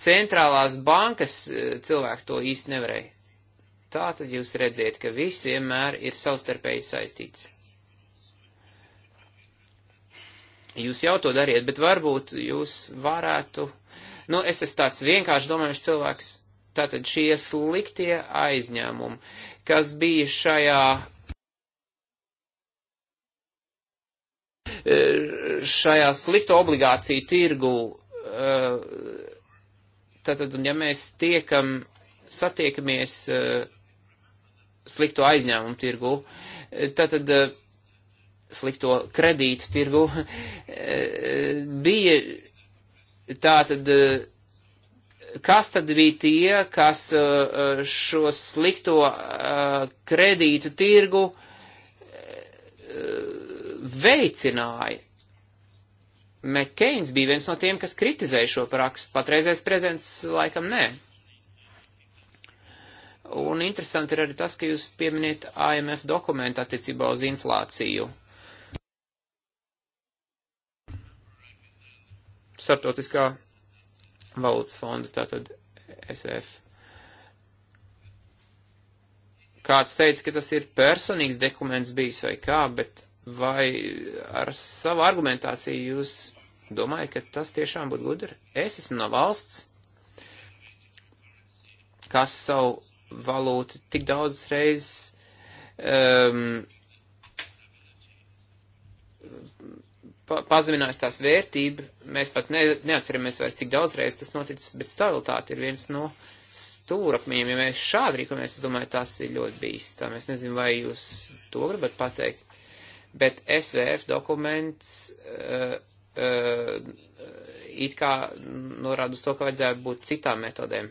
centrālās bankas e, cilvēki to īsti nevarēja. Tā tad jūs redziet, ka visi vienmēr ir savstarpēji saistīts. Jūs jau to dariet, bet varbūt jūs varētu. Nu, es esmu tāds vienkārši domājušs cilvēks. Tātad šie sliktie aizņēmumi, kas bija šajā E, šajā slikto obligāciju tirgu, e, tātad, ja mēs tiekam, satiekamies e, slikto aizņēmumu tirgu, tātad slikto kredītu tirgu, bija tātad, kas tad bija tie, kas šo slikto kredītu tirgu veicināja. McCains bija viens no tiem, kas kritizēja šo praksu, patreizais prezidents laikam nē. Un interesanti ir arī tas, ka jūs pieminiet IMF dokumentu attiecībā uz inflāciju. Startautiskā valūtas fonda, tātad SF. Kāds teica, ka tas ir personīgs dokuments bijis vai kā, bet vai ar savu argumentāciju jūs domājat, ka tas tiešām būtu gudri? Es esmu no valsts, kas savu valūtu tik daudz reizes um, pa, pazeminājis tās vērtību. Mēs pat ne, neatceramies vairs, cik daudz reizes tas noticis, bet stabilitāte ir viens no stūrakmeņiem. Ja mēs šādi rīkojamies, es domāju, tas ir ļoti bīstami. Es nezinu, vai jūs to gribat pateikt bet SVF dokuments uh, uh, it kā norāda uz to, ka vajadzētu būt citām metodēm.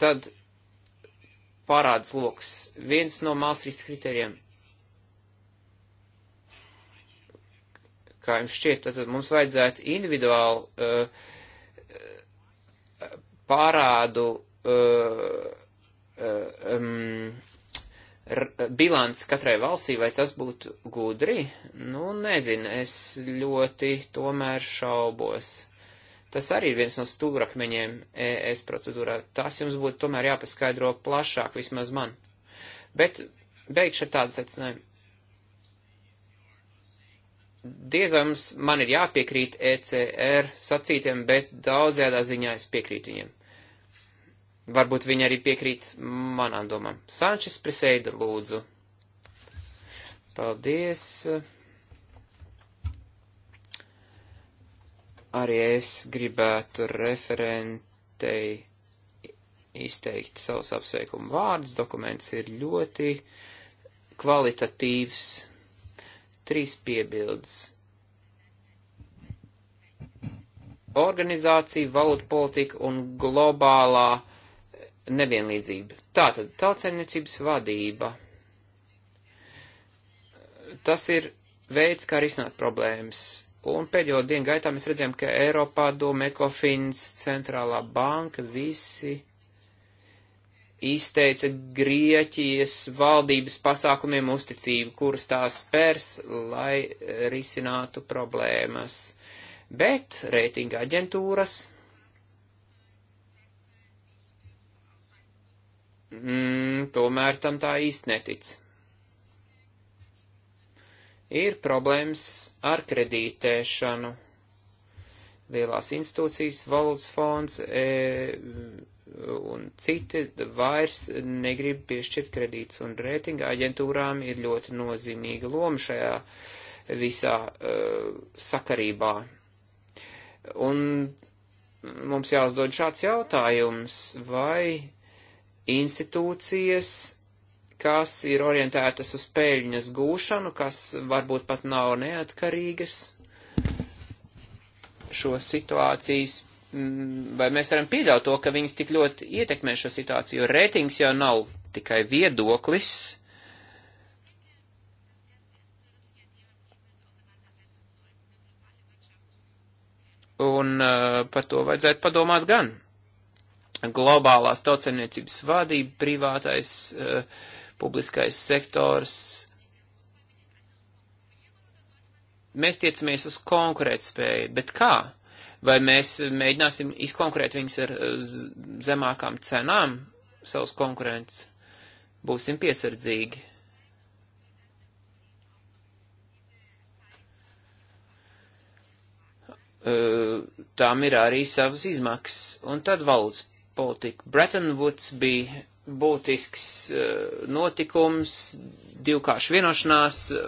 Tad parāds loks. Viens no Maastrichts kriterijiem. Kā jums šķiet, tad mums vajadzētu individuāli uh, parādu uh, um, bilants katrai valstī, vai tas būtu gudri? Nu, nezinu, es ļoti tomēr šaubos. Tas arī ir viens no stūrakmeņiem ES procedūrā. Tas jums būtu tomēr jāpaskaidro plašāk, vismaz man. Bet beigšu ar tādu secinājumu. Diez vai mums man ir jāpiekrīt ECR sacītiem, bet daudzējādā ziņā es piekrītu viņiem. Varbūt viņi arī piekrīt manām domām. Sančis Priseida lūdzu. Paldies. Arī es gribētu referentei izteikt savus apsveikumu vārdus. Dokuments ir ļoti kvalitatīvs. Trīs piebildes. Organizācija, valūta politika un globālā nevienlīdzība. Tātad tautsaimniecības vadība. Tas ir veids, kā risināt problēmas. Un pēdējo dienu gaitā mēs redzējām, ka Eiropā doma Ekofins, centrālā banka, visi izteica Grieķijas valdības pasākumiem uzticību, kurus tās spērs, lai risinātu problēmas. Bet reitinga aģentūras mm, tomēr tam tā īsti netic. Ir problēmas ar kredītēšanu. Lielās institūcijas, valūtas fonds e, un citi vairs negrib piešķirt kredītus, un reitinga aģentūrām ir ļoti nozīmīga loma šajā visā e, sakarībā. Un mums jāuzdod šāds jautājums, vai institūcijas, kas ir orientētas uz peļņas gūšanu, kas varbūt pat nav neatkarīgas šo situācijas, mm, vai mēs varam pieļaut to, ka viņas tik ļoti ietekmē šo situāciju, jo reitings jau nav tikai viedoklis, un uh, par to vajadzētu padomāt gan globālās tautsēmniecības vadība, privātais, eh, publiskais sektors. Mēs tiecamies uz konkurētspēju, bet kā? Vai mēs mēģināsim izkonkurēt viņus ar eh, zemākām cenām, savus konkurents? Būsim piesardzīgi. Eh, tām ir arī savas izmaksas, un tad valūtas politika. Bretton Woods bija būtisks eh, notikums, divkārši vienošanās, eh,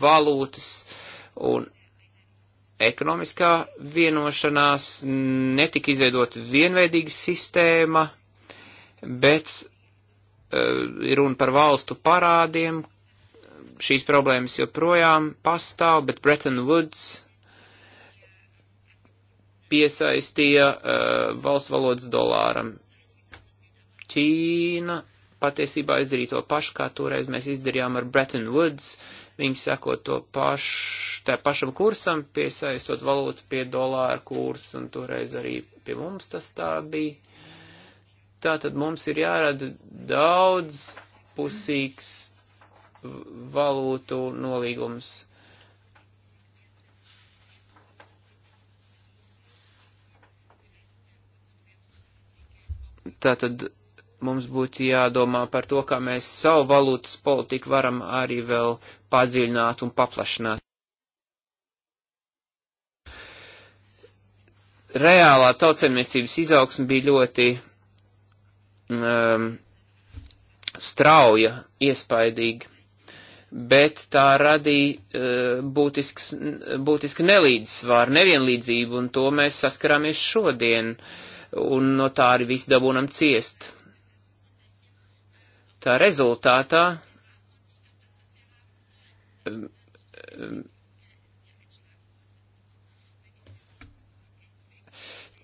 valūtas un ekonomiskā vienošanās, netika izveidot vienveidīga sistēma, bet eh, ir runa par valstu parādiem, šīs problēmas joprojām pastāv, bet Bretton Woods piesaistīja uh, valsts valodas dolāram. Ķīna patiesībā izdarīja to pašu, kā toreiz mēs izdarījām ar Bretton Woods. Viņi sako to pašu, tā pašam kursam, piesaistot valūtu pie dolāra kursa, un toreiz arī pie mums tas tā bija. Tātad mums ir jārada daudz pusīgs valūtu nolīgums Tātad mums būtu jādomā par to, kā mēs savu valūtas politiku varam arī vēl padziļināt un paplašināt. Reālā tautsemniecības izaugsme bija ļoti um, strauja, iespaidīga, bet tā radīja uh, būtisks, būtiski nelīdzsvaru, nevienlīdzību, un to mēs saskarāmies šodien. Uh, un no tā arī visi dabūnam ciest. Tā rezultātā um, um,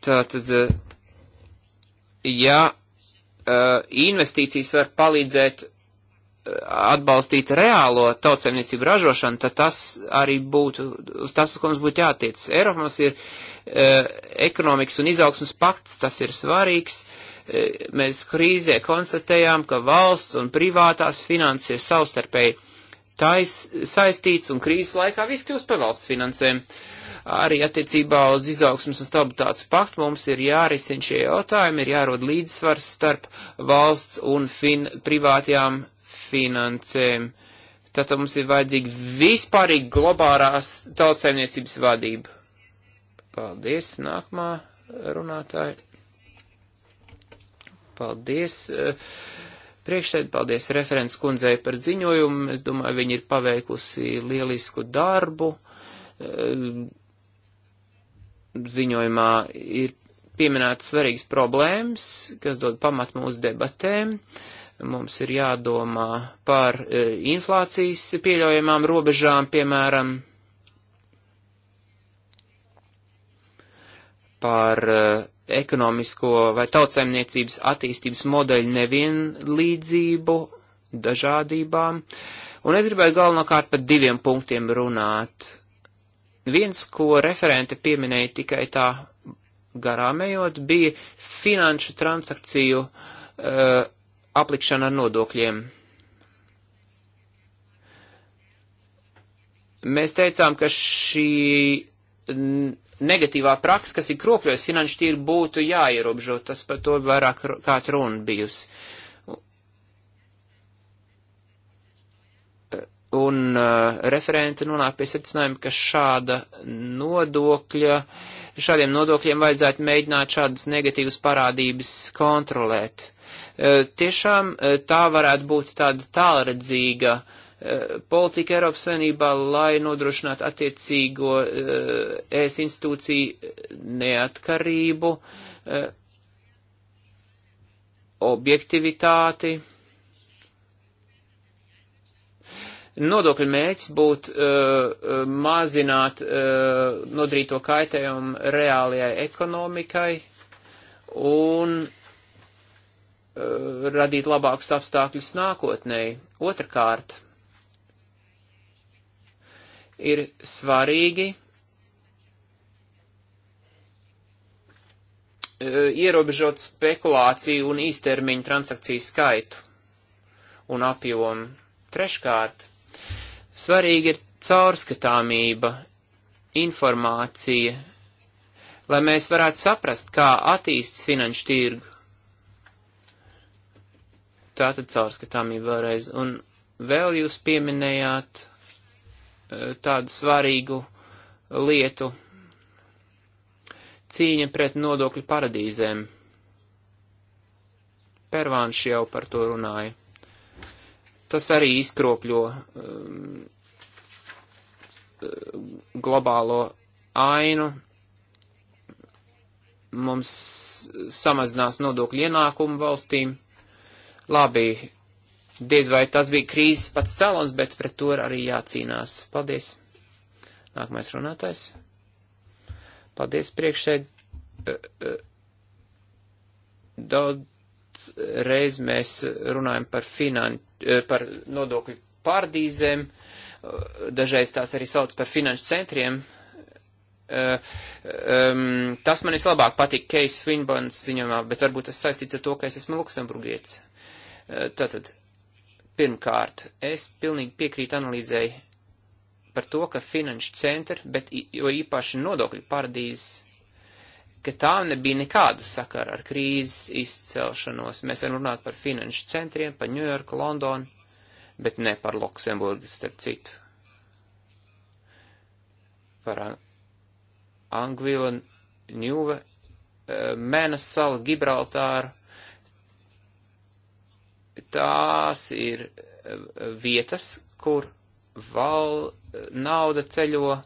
tātad, uh, ja uh, investīcijas var palīdzēt atbalstītu reālo tautsemniecību ražošanu, tad tas arī būtu, uz tas, uz ko mums būtu jātiec. Eiropa mums ir e, ekonomikas un izaugsmas pakts, tas ir svarīgs. E, mēs krīzē konstatējām, ka valsts un privātās finanses ir savstarpēji tais, saistīts un krīzes laikā viss kļūst par valsts finansēm. Arī attiecībā uz izaugsmas un stabilitātes paktu mums ir jārisina šie jautājumi, ir jārod līdzsvars starp valsts un fin privātajām finansēm. Tātad mums ir vajadzīga vispārīga globālās tautsēmniecības vadība. Paldies, nākamā runātāja. Paldies. Eh, priekšsēd, paldies referents kundzei par ziņojumu. Es domāju, viņa ir paveikusi lielisku darbu. Eh, ziņojumā ir pieminētas svarīgas problēmas, kas dod pamat mūsu debatēm. Uh, Mums ir jādomā par e, inflācijas pieļaujamām robežām, piemēram, par e, ekonomisko vai tautsēmniecības attīstības modeļu nevienlīdzību, dažādībām. Un es gribēju galvenokārt par diviem punktiem runāt. Viens, ko referente pieminēja tikai tā garām ejot, bija finanšu transakciju uh, aplikšana ar nodokļiem. Mēs teicām, ka šī negatīvā praksa, kas ir kropļojas finanšu tīri, būtu jāierobežo. Tas par to vairāk kā runa bijusi. Un uh, referenti nonāk pie secinājuma, ka šāda nodokļa, šādiem nodokļiem vajadzētu mēģināt šādas negatīvas parādības kontrolēt. Eh, tiešām eh, tā varētu būt tāda tālredzīga eh, politika Eiropas Savienībā, lai nodrošinātu attiecīgo ES institūciju neatkarību, objektivitāti. Nodokļu mērķis būtu uh, mazināt uh, nodarīto kaitējumu reālajai ekonomikai un uh, Eh, radīt labākus apstākļus nākotnēji. Otrakārt, ir svarīgi eh, ierobežot spekulāciju un īstermiņu transakciju skaitu un apjomu. Treškārt, svarīgi ir caurskatāmība, informācija, lai mēs varētu saprast, kā attīsts finanšu tirgu Tātad caurskatāmība vēlreiz. Un vēl jūs pieminējāt e, tādu svarīgu lietu - cīņa pret nodokļu paradīzēm. Pervāns jau par to runāja. Tas arī izkropļo um, globālo ainu. Mums samazinās nodokļu ienākumu valstīm Labi, diez vai tas bija krīzes pats cēlons, bet pret to arī jācīnās. Paldies. Nākamais runātājs. Paldies priekšēd. Eh, eh, daudz reiz mēs runājam par, finan... Eh, par nodokļu pārdīzēm, dažreiz tās arī sauc par finanšu centriem. Tas man vislabāk patīk Keis Svinbans ziņojumā, bet varbūt tas saistīts ar to, ka es esmu luksemburgietis Tātad, pirmkārt, es pilnīgi piekrītu analīzēji par to, ka finanšu centri, bet jo īpaši nodokļu paradīzes, ka tām nebija nekāda sakara ar krīzes izcelšanos. Mēs varam runāt par finanšu centriem, par Ņujorku, Londonu, bet ne par Luksemburgu, starp citu. Par Angvila, Ņuve, eh, Mēnes salu, Gibraltāru tās ir eh, vietas, kur val, nauda ceļo,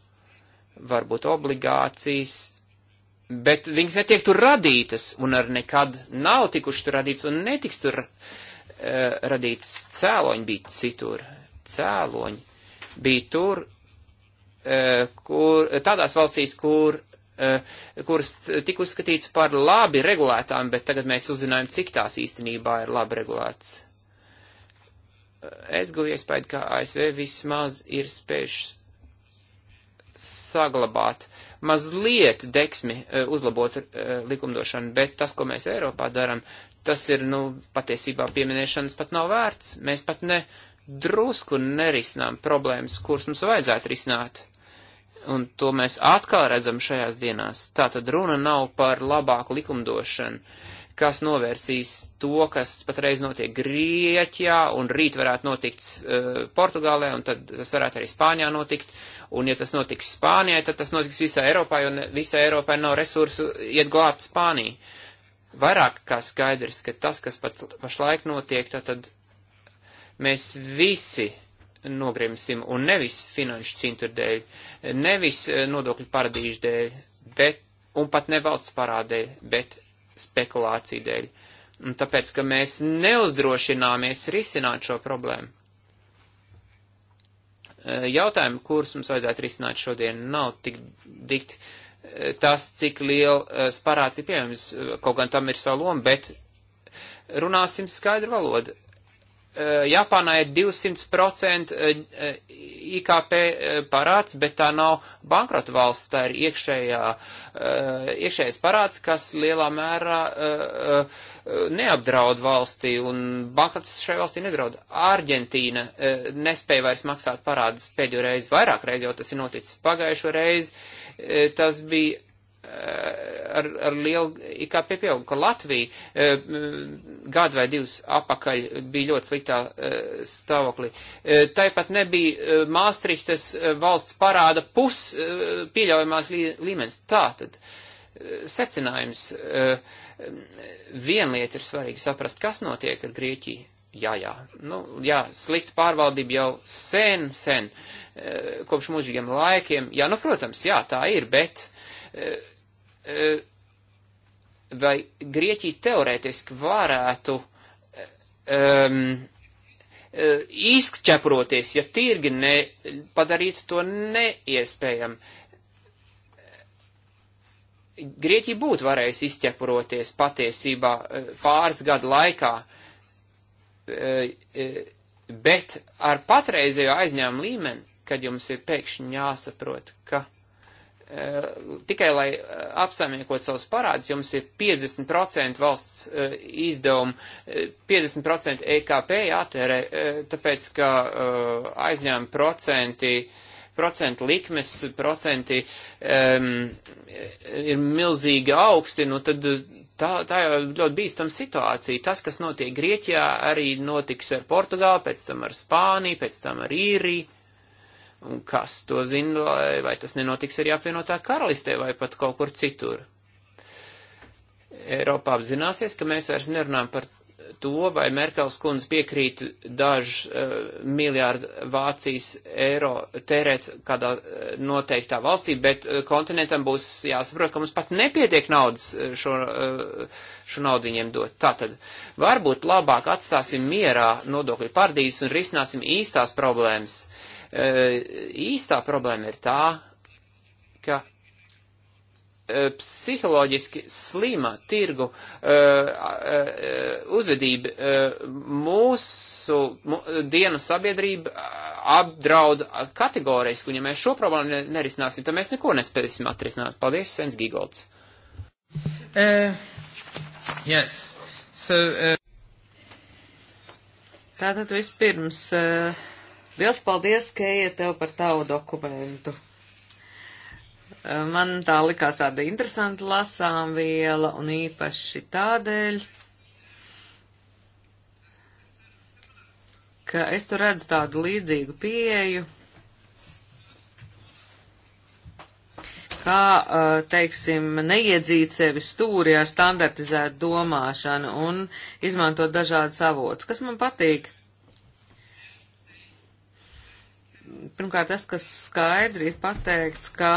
varbūt obligācijas, bet viņas netiek tur radītas un ar nekad nav tikuši tur radītas un netiks tur uh, radītas. Cēloņi bija citur, cēloņi bija tur, uh, kur, tādās valstīs, kur uh, kuras tika uzskatīts par labi regulētām, bet tagad mēs uzzinājām, cik tās īstenībā ir labi regulētas es guvu iespēju, ka ASV vismaz ir spējušas saglabāt mazliet deksmi, e, uzlabot e, likumdošanu, bet tas, ko mēs Eiropā darām, tas ir, nu, patiesībā pieminēšanas pat nav vērts. Mēs pat ne drusku nerisinām problēmas, kuras mums vajadzētu risināt. Un to mēs atkal redzam šajās dienās. Tā tad runa nav par labāku likumdošanu. Uh, kas novērsīs to, kas patreiz notiek Grieķijā, un rīt varētu notikt uh, Portugālē, un tad tas varētu arī Spānijā notikt. Un ja tas notiks Spānijai, tad tas notiks visā Eiropā, jo visā Eiropā nav resursu iet glābt Spāniju. Vairāk kā skaidrs, ka tas, kas pat pašlaik notiek, tad mēs visi nogrimsim, un nevis finanšu cinturu dēļ, nevis eh, nodokļu paradīžu dēļ, bet, un pat ne valsts parādē, bet spekulāciju dēļ. Un tāpēc, ka mēs neuzdrošināmies risināt šo problēmu. Eh, jautājumi, kurus mums vajadzētu risināt šodien, nav tik dikti eh, tas, cik liels eh, parāds ir pieejams, kaut gan tam ir savu lomu, bet runāsim skaidru valodu. Eh, Japānā ir 200% eh, eh, IKP parāds, bet tā nav bankrota valsts, tā ir iekšējā, iekšējais parāds, kas lielā mērā neapdraud valstī, un bankrots šai valstī nedraud. Argentīna nespēja vairs maksāt parādus pēdējo reizi, vairāk reizi jau tas ir noticis pagājušo reizi, tas bija Eh, ar, ar lielu IKP pieaugumu, ka Latvija eh, gadu vai divas apakaļ bija ļoti sliktā eh, stāvoklī. Tāpat nebija Māstrihtas valsts parāda pus pieļaujamās līmenis. Tātad secinājums. Viena lieta ir svarīgi saprast, kas notiek ar Grieķiju. Jā, jā, nu, jā, slikta pārvaldība jau sen, sen, kopš mūžīgiem laikiem. Jā, nu, protams, jā, tā ir, bet uh, Eh, vai Grieķija teorētiski varētu um, izķeproties, ja tirgi ne, padarītu to neiespējami. Grieķija būtu varējusi izķeproties patiesībā eh, pāris gadu laikā, bet ar patreizējo aizņēmumu līmeni, kad jums ir pēkšņi jāsaprot, ka Eh, tikai lai eh, apsaimniekot savus parādus, jums ir 50% valsts eh, izdevumu, 50% EKP jātērē, tāpēc ka aizņēma procenti, procentu likmes, procenti um, ir milzīgi augsti, nu tad tā, tā jau ļoti bīstama situācija. Tas, kas notiek Grieķijā, arī notiks ar Portugālu, pēc tam ar Spāniju, pēc tam ar Īriju Un kas to zina, vai, vai tas nenotiks arī apvienotā karalistē vai pat kaut kur citur. Eiropā apzināsies, ka mēs vairs nerunājam par to, vai Merkels kundze piekrīt dažu uh, eh, miljārdu Vācijas eiro tērēt kādā uh, noteiktā valstī, bet uh, kontinentam būs jāsaprot, ka mums pat nepietiek naudas šo, uh, šo naudu viņiem dot. Tātad varbūt labāk atstāsim mierā nodokļu pārdīzes un risināsim īstās problēmas. Uh, E, īstā problēma ir tā, ka e, psiholoģiski slima tirgu uh, uh, uzvedība uh, mūsu mu, dienu sabiedrība apdraud kategoriski, un ja mēs šo problēmu nerisināsim, tad mēs neko nespēsim atrisināt. Paldies, Svens Gigolds. Uh, yes. so, uh... Tātad vispirms. Uh Liels paldies, Keija, tev par tavu dokumentu. Man tā likās tāda interesanta lasām viela un īpaši tādēļ, ka es tur redzu tādu līdzīgu pieeju, kā, teiksim, neiedzīt sevi stūri ar standartizētu domāšanu un izmantot dažādas avots, kas man patīk. pirmkārt tas, kas skaidri ir pateikts, ka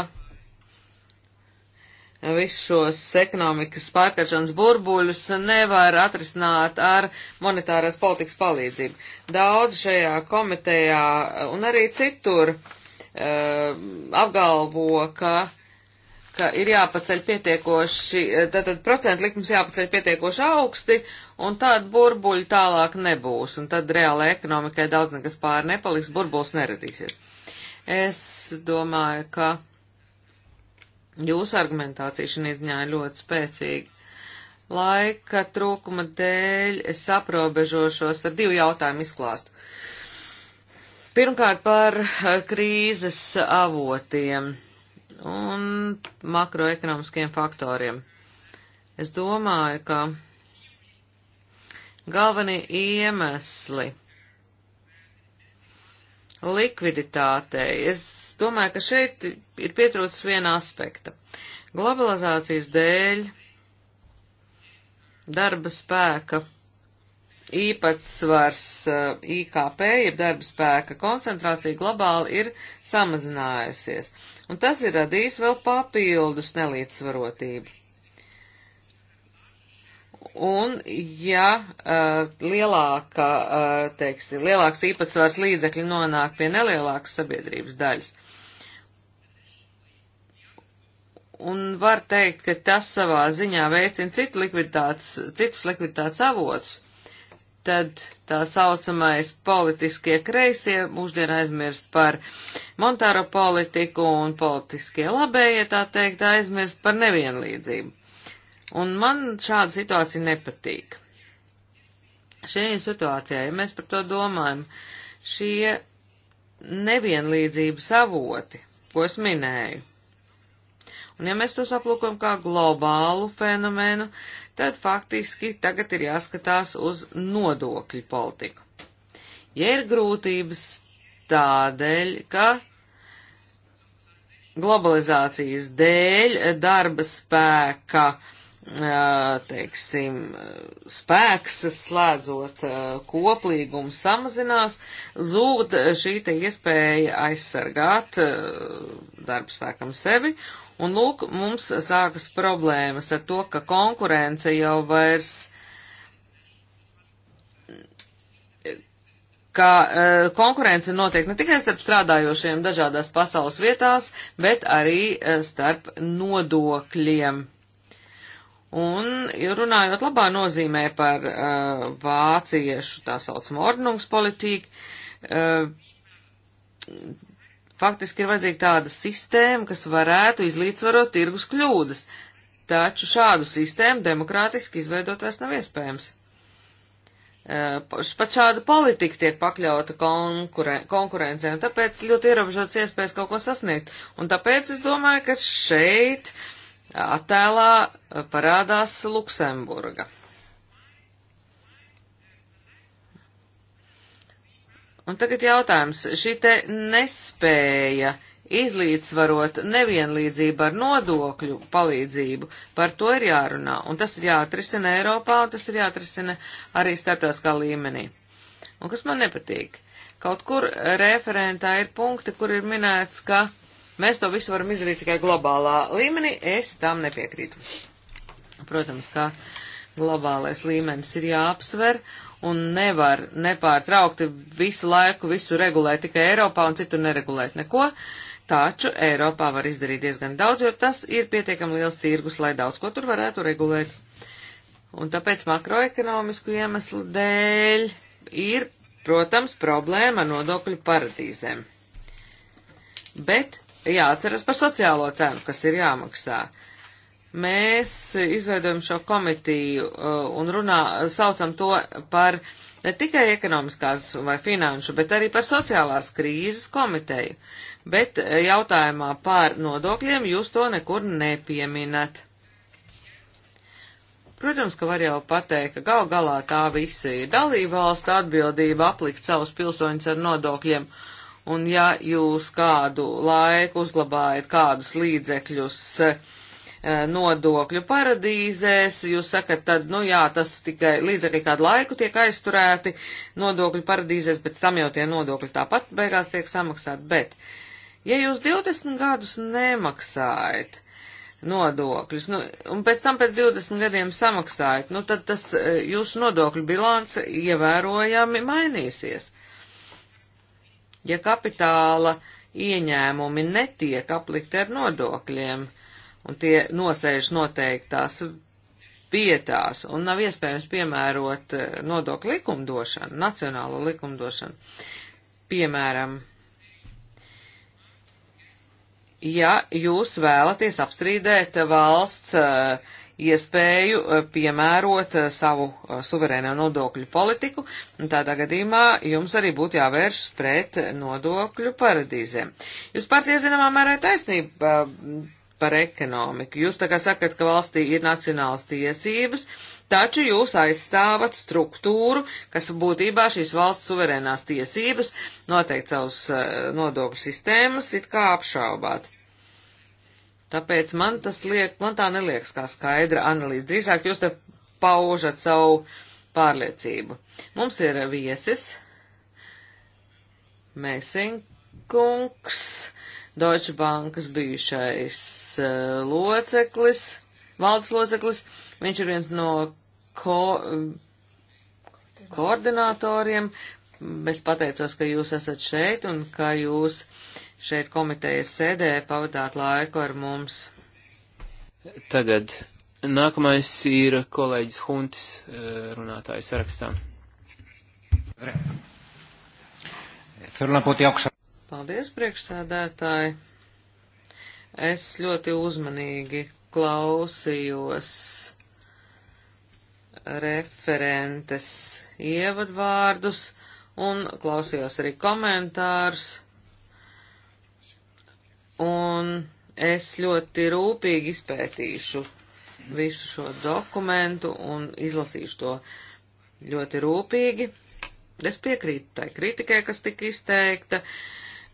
visus šos ekonomikas pārkaršanas burbuļus nevar atrisināt ar monetārās politikas palīdzību. Daudz šajā komitejā un arī citur uh, apgalvo, ka uh, ka ir jāpaceļ pietiekoši, tātad eh, procentu likums jāpaceļ pietiekoši augsti, un tāda burbuļa tālāk nebūs, un tad reāla ekonomikai daudz nekas pāri nepaliks, burbuls neradīsies. Es domāju, ka jūsu argumentācija šī ziņā ir ļoti spēcīga. Laika trūkuma dēļ es aprobežošos ar divu jautājumu izklāstu. Pirmkārt par eh, krīzes avotiem un makroekonomiskiem faktoriem. Es domāju, ka galvenie iemesli likviditātei, es domāju, ka šeit ir pietrūcis viena aspekta. Globalizācijas dēļ darba spēka īpatsvars eh, IKP, jeb darba spēka koncentrācija globāli ir samazinājusies, un tas ir radījis vēl papildus nelīdzsvarotību. Un, ja uh, lielāka, uh, teiksim, lielāks īpatsvars līdzekļi nonāk pie nelielākas sabiedrības daļas, un var teikt, ka tas savā ziņā veicina citu likviditātes, citus likviditātes avotus, tad tā saucamais politiskie kreisie mūždien aizmirst par monetāro politiku un politiskie labējie, tā teikt, aizmirst par nevienlīdzību. Un man šāda situācija nepatīk. Šajā situācijā, ja mēs par to domājam, šie nevienlīdzības avoti, ko es minēju, un ja mēs tos aplūkojam kā globālu fenomenu, uh, tad faktiski tagad ir jāskatās uz nodokļu politiku. Ja ir grūtības tādēļ, ka globalizācijas dēļ darba spēka, teiksim, spēks slēdzot koplīgumu samazinās, zūd šī te iespēja aizsargāt darba spēkam sevi Un lūk, mums sākas problēmas ar to, ka konkurence jau vairs, ka uh, konkurence notiek ne tikai starp strādājošiem dažādās pasaules vietās, bet arī uh, starp nodokļiem. Un runājot labā nozīmē par uh, vāciešu tā saucamo ordnungspolitīku, uh, Faktiski ir vajadzīga tāda sistēma, kas varētu izlīdzvarot tirgus kļūdas, taču šādu sistēmu demokrātiski izveidot vairs nav iespējams. Pat šāda politika tiek pakļauta konkuren konkurencei, un tāpēc ļoti ierobežots iespējas kaut ko sasniegt. Un tāpēc es domāju, ka šeit attēlā parādās Luksemburga. Un tagad jautājums. Šī te nespēja izlīdzsvarot nevienlīdzību ar nodokļu palīdzību, par to ir jārunā. Un tas ir jāatrisina Eiropā, un tas ir jāatrisina arī starptautiskā līmenī. Un kas man nepatīk? Kaut kur referentā ir punkti, kur ir minēts, ka mēs to visu varam izdarīt tikai globālā līmenī. Es tam nepiekrītu. Protams, ka globālais līmenis ir jāapsver, un nevar nepārtraukti visu laiku visu regulēt tikai Eiropā un citur neregulēt neko. Taču Eiropā var izdarīt diezgan daudz, jo tas ir pietiekami liels tirgus, lai daudz ko tur varētu regulēt. Un tāpēc makroekonomisku iemeslu dēļ ir, protams, problēma nodokļu paradīzēm. Bet jāatceras par sociālo cenu, kas ir jāmaksā. Uh, Mēs izveidojam šo komitiju uh, un runā, saucam to par ne tikai ekonomiskās vai finanšu, bet arī par sociālās krīzes komiteju. Bet uh, jautājumā par nodokļiem jūs to nekur nepieminat. Protams, ka var jau pateikt, ka gal galā tā visi ir dalībvalsta atbildība aplikt savus pilsoņus ar nodokļiem. Un ja jūs kādu laiku uzglabājat kādus līdzekļus, uh, Eh, nodokļu paradīzēs. Jūs sakat, tad, nu jā, tas tikai līdzekļi kādu laiku tiek aizturēti nodokļu paradīzēs, bet tam jau tie nodokļi tāpat beigās tiek samaksāti. Bet, ja jūs 20 gadus nemaksājat nodokļus, nu, un pēc tam pēc 20 gadiem samaksājat, nu tad tas eh, jūsu nodokļu bilance ievērojami mainīsies. Ja kapitāla ieņēmumi netiek aplikti ar nodokļiem, uh, un tie nosēž noteiktās vietās, un nav iespējams piemērot eh, nodokļu likumdošanu, nacionālo likumdošanu. Piemēram, ja jūs vēlaties apstrīdēt valsts eh, iespēju eh, piemērot savu suverēno nodokļu politiku, un tādā gadījumā jums arī būtu jāvēršas pret nodokļu paradīzēm. Jūs patiesi zināmā mērā taisnība par ekonomiku. Jūs tā kā sakat, ka valstī ir nacionāls tiesības, taču jūs aizstāvat struktūru, kas būtībā šīs valsts suverēnās tiesības noteikt savus eh, nodokļu sistēmas it kā apšaubāt. Tāpēc man tas liek, man tā neliekas kā skaidra analīze. Drīzāk jūs te paužat savu pārliecību. Mums ir viesis. Mēsing kungs Deutsche Bankas bijušais uh, loceklis, valdes loceklis. Viņš ir viens no ko, eh, koordinatoriem. Es pateicos, ka jūs esat šeit un ka jūs šeit komitejas sēdē pavadāt laiku ar mums. Tagad nākamais ir kolēģis Huntis eh, runātājs sarakstā. Θέλω να πω ότι άκουσα Paldies, priekšsēdētāji. Es ļoti uzmanīgi klausījos referentes ievadvārdus un klausījos arī komentārus. Un es ļoti rūpīgi izpētīšu visu šo dokumentu un izlasīšu to ļoti rūpīgi. Es piekrītu tai kritikai, kas tika izteikta,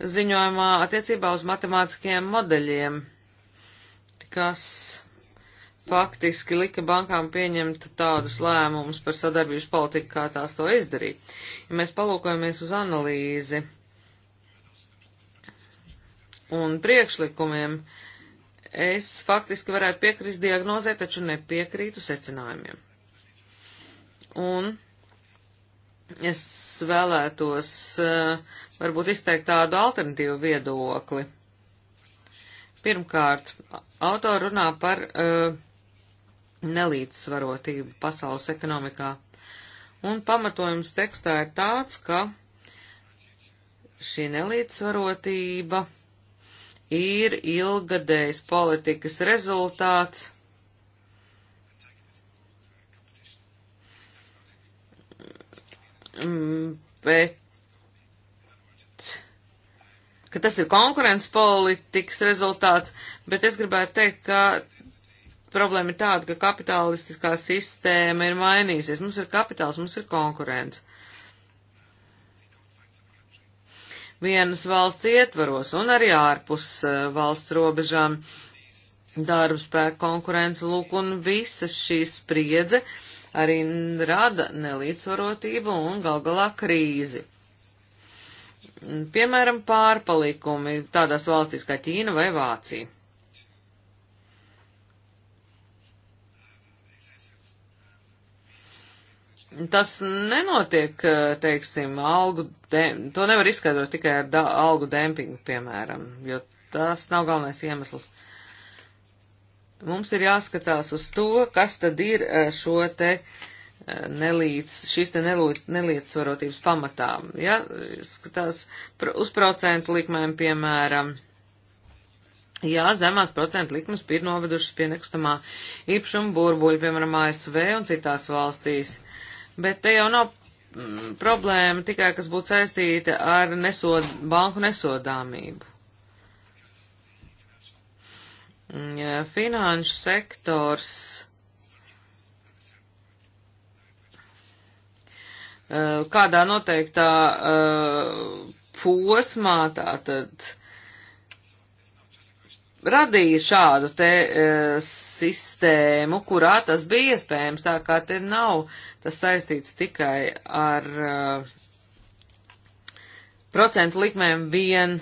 ziņojumā attiecībā uz matemātiskiem modeļiem, kas faktiski lika bankām pieņemt tādus lēmumus par sadarbības politiku, kā tās to izdarīja. Ja mēs palūkojamies uz analīzi un priekšlikumiem, es faktiski varētu piekrist diagnozē, taču nepiekrītu secinājumiem. Un es vēlētos eh, varbūt izteikt tādu alternatīvu viedokli. Pirmkārt, autori runā par uh, nelīdzsvarotību pasaules ekonomikā. Un pamatojums tekstā ir tāds, ka šī nelīdzsvarotība ir ilgadējs politikas rezultāts Mm, bet ka tas ir konkurences politikas rezultāts, bet es gribētu teikt, ka problēma ir tāda, ka kapitalistiskā sistēma ir mainīsies. Mums ir kapitāls, mums ir konkurence. Vienas valsts ietvaros un arī ārpus eh, valsts robežām darba spēka konkurence, lūk, un visa šī spriedze uh, arī rada nelīdzsvarotību un gal galā krīzi. Piemēram, pārpalikumi tādās valstīs kā Ķīna vai Vācija. Tas nenotiek, teiksim, algu, to nevar izskaidrot tikai ar algu dempingu, piemēram, jo tas nav galvenais iemesls. Uh, Mums ir jāskatās uz to, kas tad ir eh, šo te eh, nelīdz, šīs te nelīdzsvarotības pamatā. Ja eh, skatās uz procentu likmēm, piemēram, Jā, zemās procentu likmes ir novedušas pie nekustamā īpašuma burbuļa, piemēram, ASV un citās valstīs. Bet te jau nav mm, problēma tikai, kas būtu saistīta ar nesod, banku nesodāmību. Finanšu sektors eh, kādā noteiktā eh, posmā tātad radīja šādu te uh, sistēmu, kurā tas bija iespējams, tā kā te nav tas saistīts tikai ar uh, procentu likmēm vien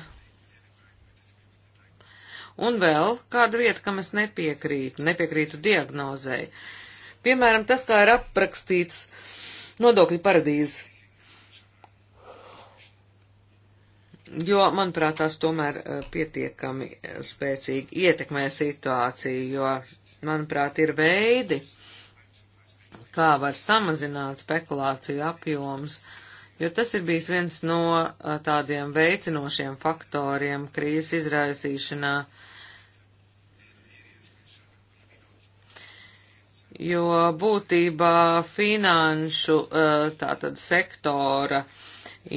Un vēl kāda vieta, kam es nepiekrītu, nepiekrītu diagnozēji. Piemēram, tas, kā ir aprakstīts nodokļu paradīze. Jo, manuprāt, tās tomēr e, pietiekami e, spēcīgi ietekmē situāciju, jo, manuprāt, ir veidi, kā var samazināt spekulāciju apjoms, jo tas ir bijis viens no e, tādiem veicinošiem faktoriem krīzes izraisīšanā jo būtībā finanšu eh, tātad sektora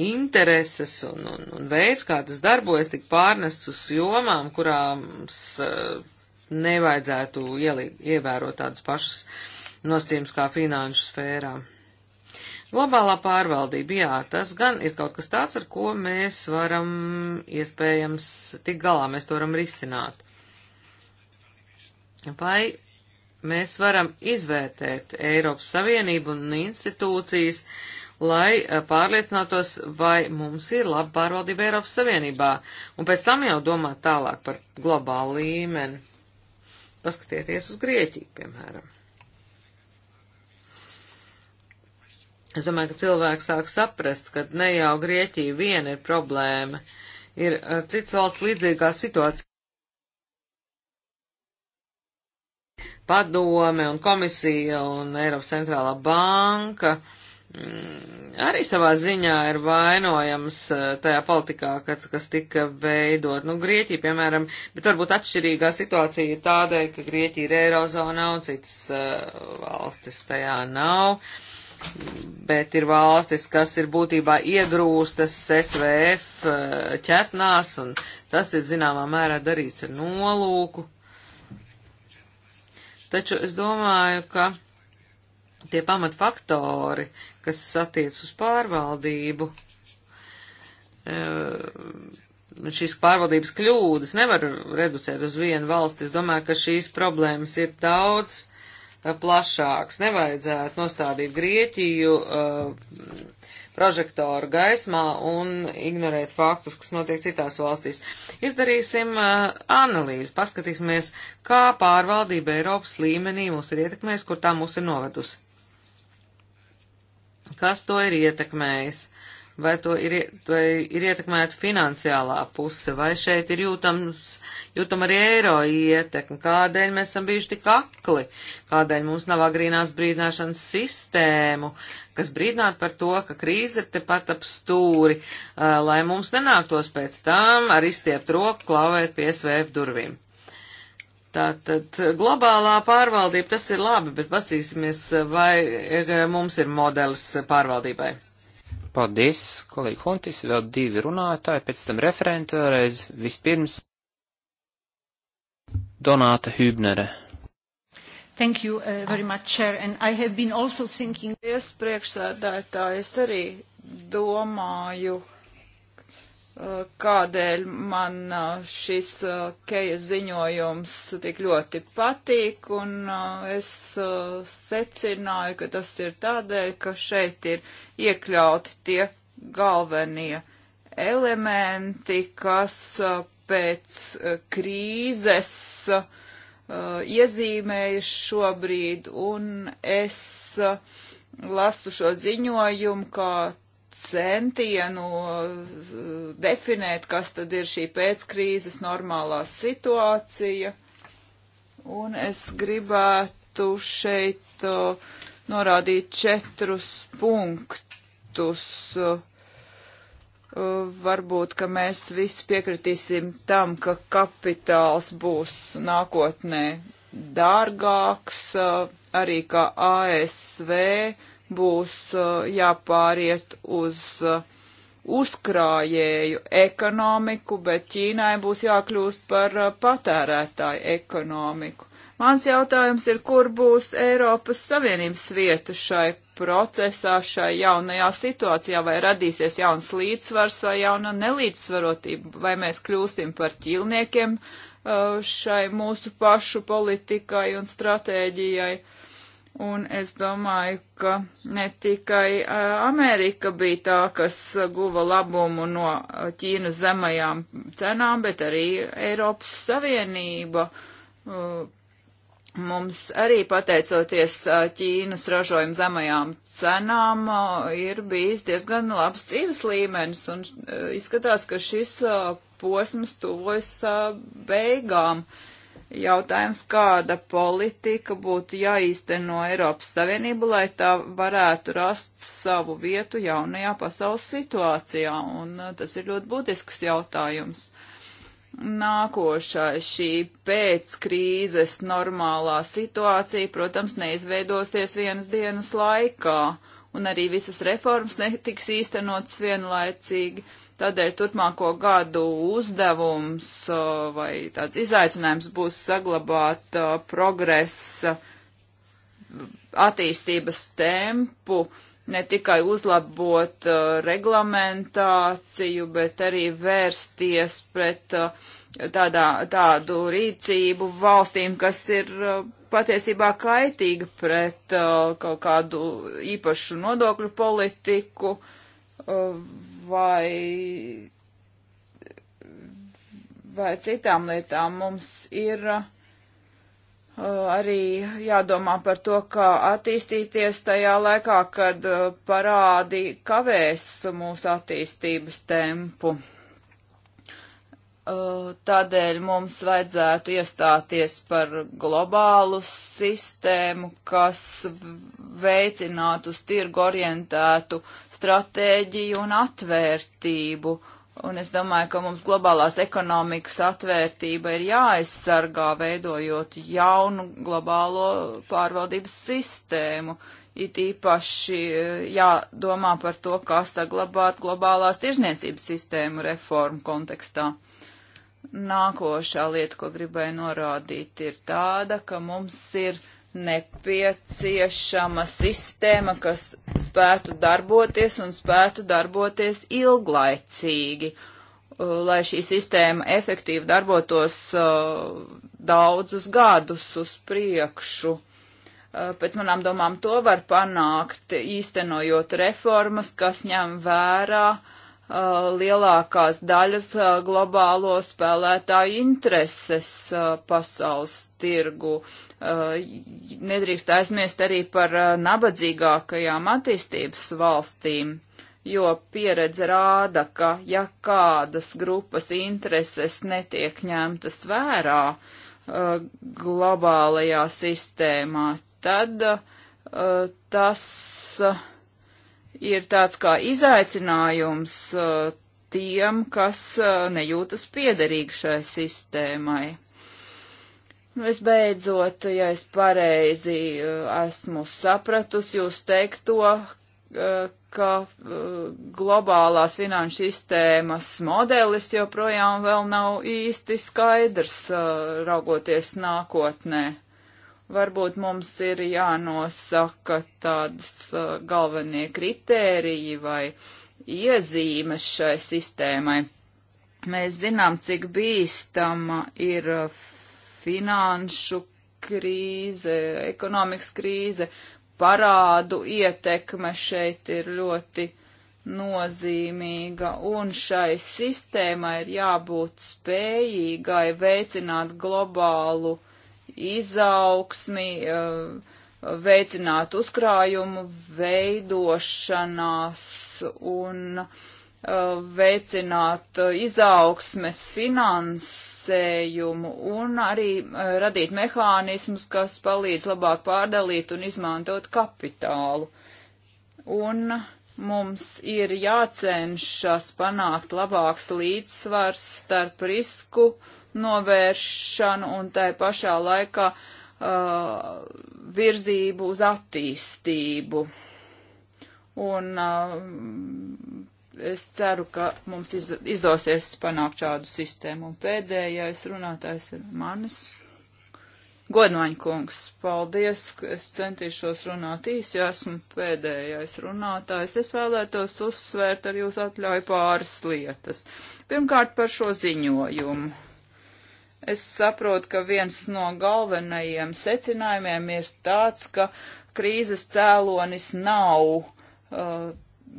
intereses un, un, un veids, kā tas darbojas, tik pārnests uz jomām, kurām eh, nevajadzētu ielī, ievērot tādus pašus nosacījumus kā finanšu sfērā. Globālā pārvaldība, jā, tas gan ir kaut kas tāds, ar ko mēs varam iespējams tik galā, mēs to varam risināt. Vai mēs varam izvērtēt Eiropas Savienību un institūcijas, lai eh, pārliecinātos, vai mums ir laba pārvaldība Eiropas Savienībā, un pēc tam jau domāt tālāk par globālu līmeni. Paskatieties uz Grieķiju, piemēram. Es domāju, ka cilvēks sāk saprast, ka ne jau Grieķija viena ir problēma, ir eh, cits valsts līdzīgā situācija. padome un komisija un Eiropas centrālā banka mm, arī savā ziņā ir vainojams eh, tajā politikā, kas, kas tika veidot. Nu, Grieķija, piemēram, bet varbūt atšķirīgā situācija ir tādēļ, ka Grieķija ir Eirozonā un citas uh, valstis tajā nav. Bet ir valstis, kas ir būtībā iegrūstas SVF eh, ķetnās, un tas ir zināmā mērā darīts ar nolūku. Taču es domāju, ka tie pamatfaktori, kas attiec uz pārvaldību, e, šīs pārvaldības kļūdas nevar reducēt uz vienu valsti. Es domāju, ka šīs problēmas ir daudz e, plašāks. Nevajadzētu nostādīt Grieķiju e, prožektoru gaismā un ignorēt faktus, kas notiek citās valstīs. Izdarīsim uh, analīzi, paskatīsimies, kā pārvaldība Eiropas līmenī mūs ir ietekmējusi, kur tā mūs ir novedusi. Kas to ir ietekmējis? Uh, vai to ir, vai ir ietekmēta finansiālā puse, vai šeit ir jūtams, jūtama arī eiro ietekme, kādēļ mēs esam bijuši tik akli, kādēļ mums nav agrīnās brīdināšanas sistēmu, kas brīdinātu par to, ka krīze ir tepat ap stūri, lai mums nenāktos pēc tam ar izstiept roku klauvēt pie svēp durvīm. Tātad globālā pārvaldība tas ir labi, bet pastīsimies, vai mums ir modelis pārvaldībai. Paldies, kolēģi Huntis, vēl divi runātāji, pēc tam referenti vēlreiz. Vispirms Donāta Hübnere. Thank you uh, very much, Chair, and I have been also thinking. Es priekšsēdētāji, es arī domāju, Eh, kādēļ man eh, šis eh, Keja ziņojums tik ļoti patīk, un es secināju, ka tas ir tādēļ, ka šeit ir iekļauti tie galvenie elementi, kas pēc krīzes iezīmējas šobrīd, un es lasu šo ziņojumu kā centienu eh, definēt, kas tad ir šī pēckrīzes normālā situācija. Un es gribētu šeit eh, norādīt četrus punktus. Eh, varbūt, ka mēs visi piekritīsim tam, ka kapitāls būs nākotnē dārgāks, arī kā ASV būs uh, jāpāriet uz uh, uzkrājēju ekonomiku, bet Ķīnai būs jākļūst par uh, patērētāju ekonomiku. Mans jautājums ir, kur būs Eiropas Savienības vieta šai procesā, šai jaunajā situācijā, vai radīsies jauns līdzsvars vai jauna nelīdzsvarotība, vai mēs kļūsim par ķīlniekiem šai mūsu pašu politikai un stratēģijai. Uh, Un es domāju, ka ne tikai Amerika bija tā, kas guva labumu no Ķīnas zemajām cenām, bet arī Eiropas Savienība. Mums arī pateicoties Ķīnas ražojuma zemajām cenām ir bijis diezgan labs dzīves līmenis, un izskatās, ka šis posms tuvojas beigām. Uh, Jautājums, kāda politika būtu jāīsteno Eiropas Savienība, lai tā varētu rast savu vietu jaunajā pasaules situācijā, un uh, tas ir ļoti būtisks jautājums. Nākošais šī pēckrīzes normālā situācija, protams, neizveidosies vienas dienas laikā, un arī visas reformas netiks īstenotas vienlaicīgi Tādēļ turpmāko gadu uzdevums uh, vai tāds izaicinājums būs saglabāt uh, progresa attīstības tempu, ne tikai uzlabot uh, reglamentāciju, bet arī vērsties pret tādā, tādu rīcību valstīm, kas ir patiesībā kaitīga pret kaut kādu īpašu nodokļu politiku vai, vai citām lietām mums ir uh, arī jādomā par to, kā attīstīties tajā laikā, kad uh, parādi kavēs mūsu attīstības tempu. Uh, tādēļ mums vajadzētu iestāties par globālu sistēmu, kas veicinātu uz tirgu orientētu stratēģiju un atvērtību. Un es domāju, ka mums globālās ekonomikas atvērtība ir jāaizsargā, veidojot jaunu globālo pārvaldības sistēmu. It īpaši eh, jādomā par to, kā saglabāt globālās tirzniecības sistēmu reformu kontekstā. Nākošā lieta, ko gribēju norādīt, ir tāda, ka mums ir nepieciešama sistēma, kas spētu darboties un spētu darboties ilglaicīgi, uh, lai šī sistēma efektīvi darbotos uh, daudzus gadus uz priekšu. Uh, pēc manām domām to var panākt, īstenojot reformas, kas ņem vērā uh, Uh, lielākās daļas uh, globālo spēlētāju intereses uh, pasaules tirgu. Nedrīkst aizmirst arī par nabadzīgākajām attīstības valstīm, jo pieredze rāda, ka ja kādas grupas intereses netiek ņemtas vērā globālajā sistēmā, tad tas ir tāds kā izaicinājums uh, tiem, kas uh, nejūtas piederīgi šai sistēmai. Visbeidzot, nu, ja es pareizi uh, esmu sapratusi jūs teikto, ka globālās finanšu sistēmas modelis joprojām vēl nav īsti skaidrs raugoties nākotnē. Varbūt mums ir jānosaka tādas uh, galvenie kritēriji vai iezīmes šai sistēmai. Mēs zinām, cik bīstama ir uh, finanšu krīze, ekonomikas krīze, parādu ietekme šeit ir ļoti nozīmīga, un šai sistēmai ir jābūt spējīgai veicināt globālu uh, izaugsmi, eh, veicināt uzkrājumu veidošanās un eh, veicināt izaugsmes finansējumu un arī eh, radīt mehānismus, kas palīdz labāk pārdalīt un izmantot kapitālu. Un mums ir jācenšas panākt labāks līdzsvars starp risku uh, novēršanu un tai pašā laikā uh, virzību uz attīstību. Un uh, es ceru, ka mums iz, izdosies panākt šādu sistēmu. Un pēdējais runātājs ir manis. Godmaņa kungs, paldies, es centīšos runāt īsi, jo esmu pēdējais runātājs. Es vēlētos uzsvērt ar jūs atļauju pāris lietas. Pirmkārt par šo ziņojumu Es saprotu, ka viens no galvenajiem secinājumiem ir tāds, ka krīzes cēlonis nav uh,